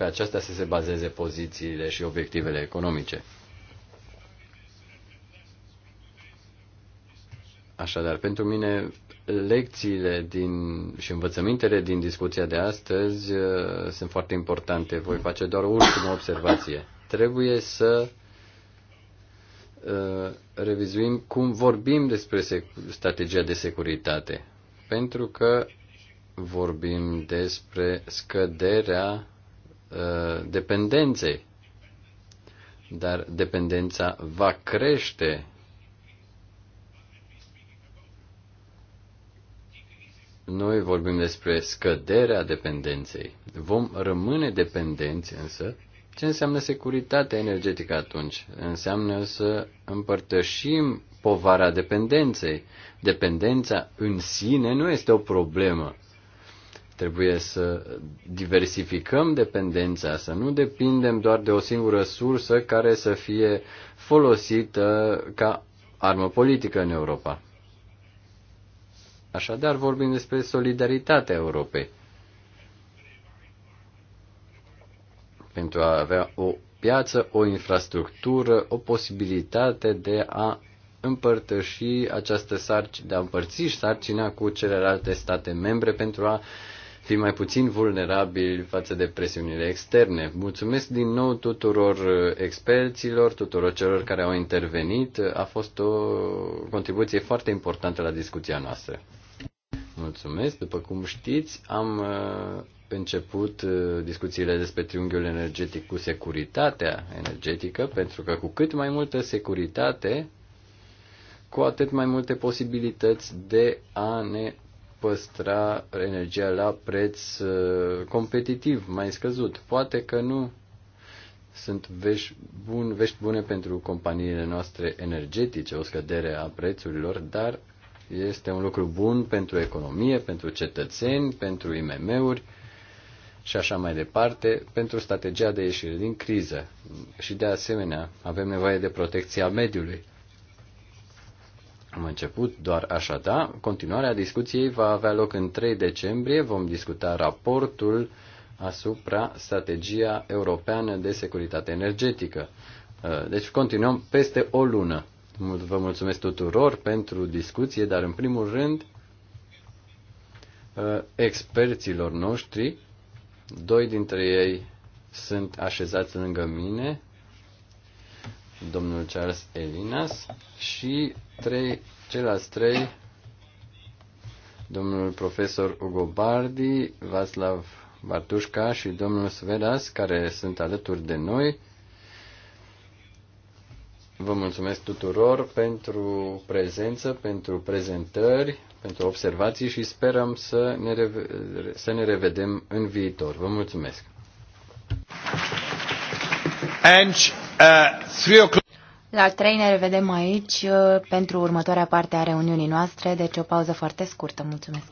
pe aceasta să se bazeze pozițiile și obiectivele economice. Așadar, pentru mine, lecțiile din, și învățămintele din discuția de astăzi uh, sunt foarte importante. Voi face doar o ultimă observație. Trebuie să uh, revizuim cum vorbim despre strategia de securitate. Pentru că vorbim despre scăderea Uh, dependenței. Dar dependența va crește Noi vorbim despre scăderea dependenței. Vom rămâne dependenți însă. Ce înseamnă securitatea energetică atunci? Înseamnă să împărtășim povara dependenței. Dependența în sine nu este o problemă. Trebuie să diversificăm dependența, să nu depindem doar de o singură sursă care să fie folosită ca armă politică în Europa. Așadar, vorbim despre solidaritatea Europei. Pentru a avea o piață, o infrastructură, o posibilitate de a împărtăși această sarcină, de a împărți sarcina cu celelalte state membre pentru a fi mai puțin vulnerabili față de presiunile externe. Mulțumesc din nou tuturor uh, experților, tuturor celor care au intervenit. A fost o contribuție foarte importantă la discuția noastră. Mulțumesc. După cum știți, am uh, început uh, discuțiile despre triunghiul energetic cu securitatea energetică, pentru că cu cât mai multă securitate, cu atât mai multe posibilități de a ne păstra energia la preț uh, competitiv, mai scăzut. Poate că nu sunt vești, bun, vești bune pentru companiile noastre energetice, o scădere a prețurilor, dar este un lucru bun pentru economie, pentru cetățeni, pentru IMM-uri și așa mai departe, pentru strategia de ieșire din criză. Și de asemenea, avem nevoie de protecția mediului. Am început doar așa, da? Continuarea discuției va avea loc în 3 decembrie. Vom discuta raportul asupra strategia europeană de securitate energetică. Uh, deci continuăm peste o lună. Vă mulțumesc tuturor pentru discuție, dar în primul rând uh, experților noștri. Doi dintre ei sunt așezați lângă mine, domnul Charles Elinas și trei, ceilalți trei, domnul profesor Ugo Bardi, Vaslav Bartușca și domnul Svedas, care sunt alături de noi. Vă mulțumesc tuturor pentru prezență, pentru prezentări, pentru observații și sperăm să ne, reve- să ne revedem în viitor. Vă mulțumesc! And la trei ne revedem aici uh, pentru următoarea parte a reuniunii noastre, deci o pauză foarte scurtă. Mulțumesc!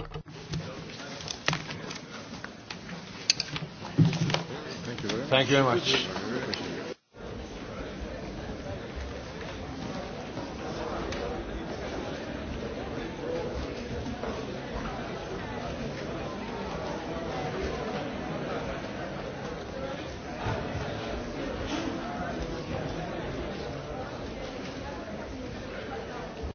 Thank you very much.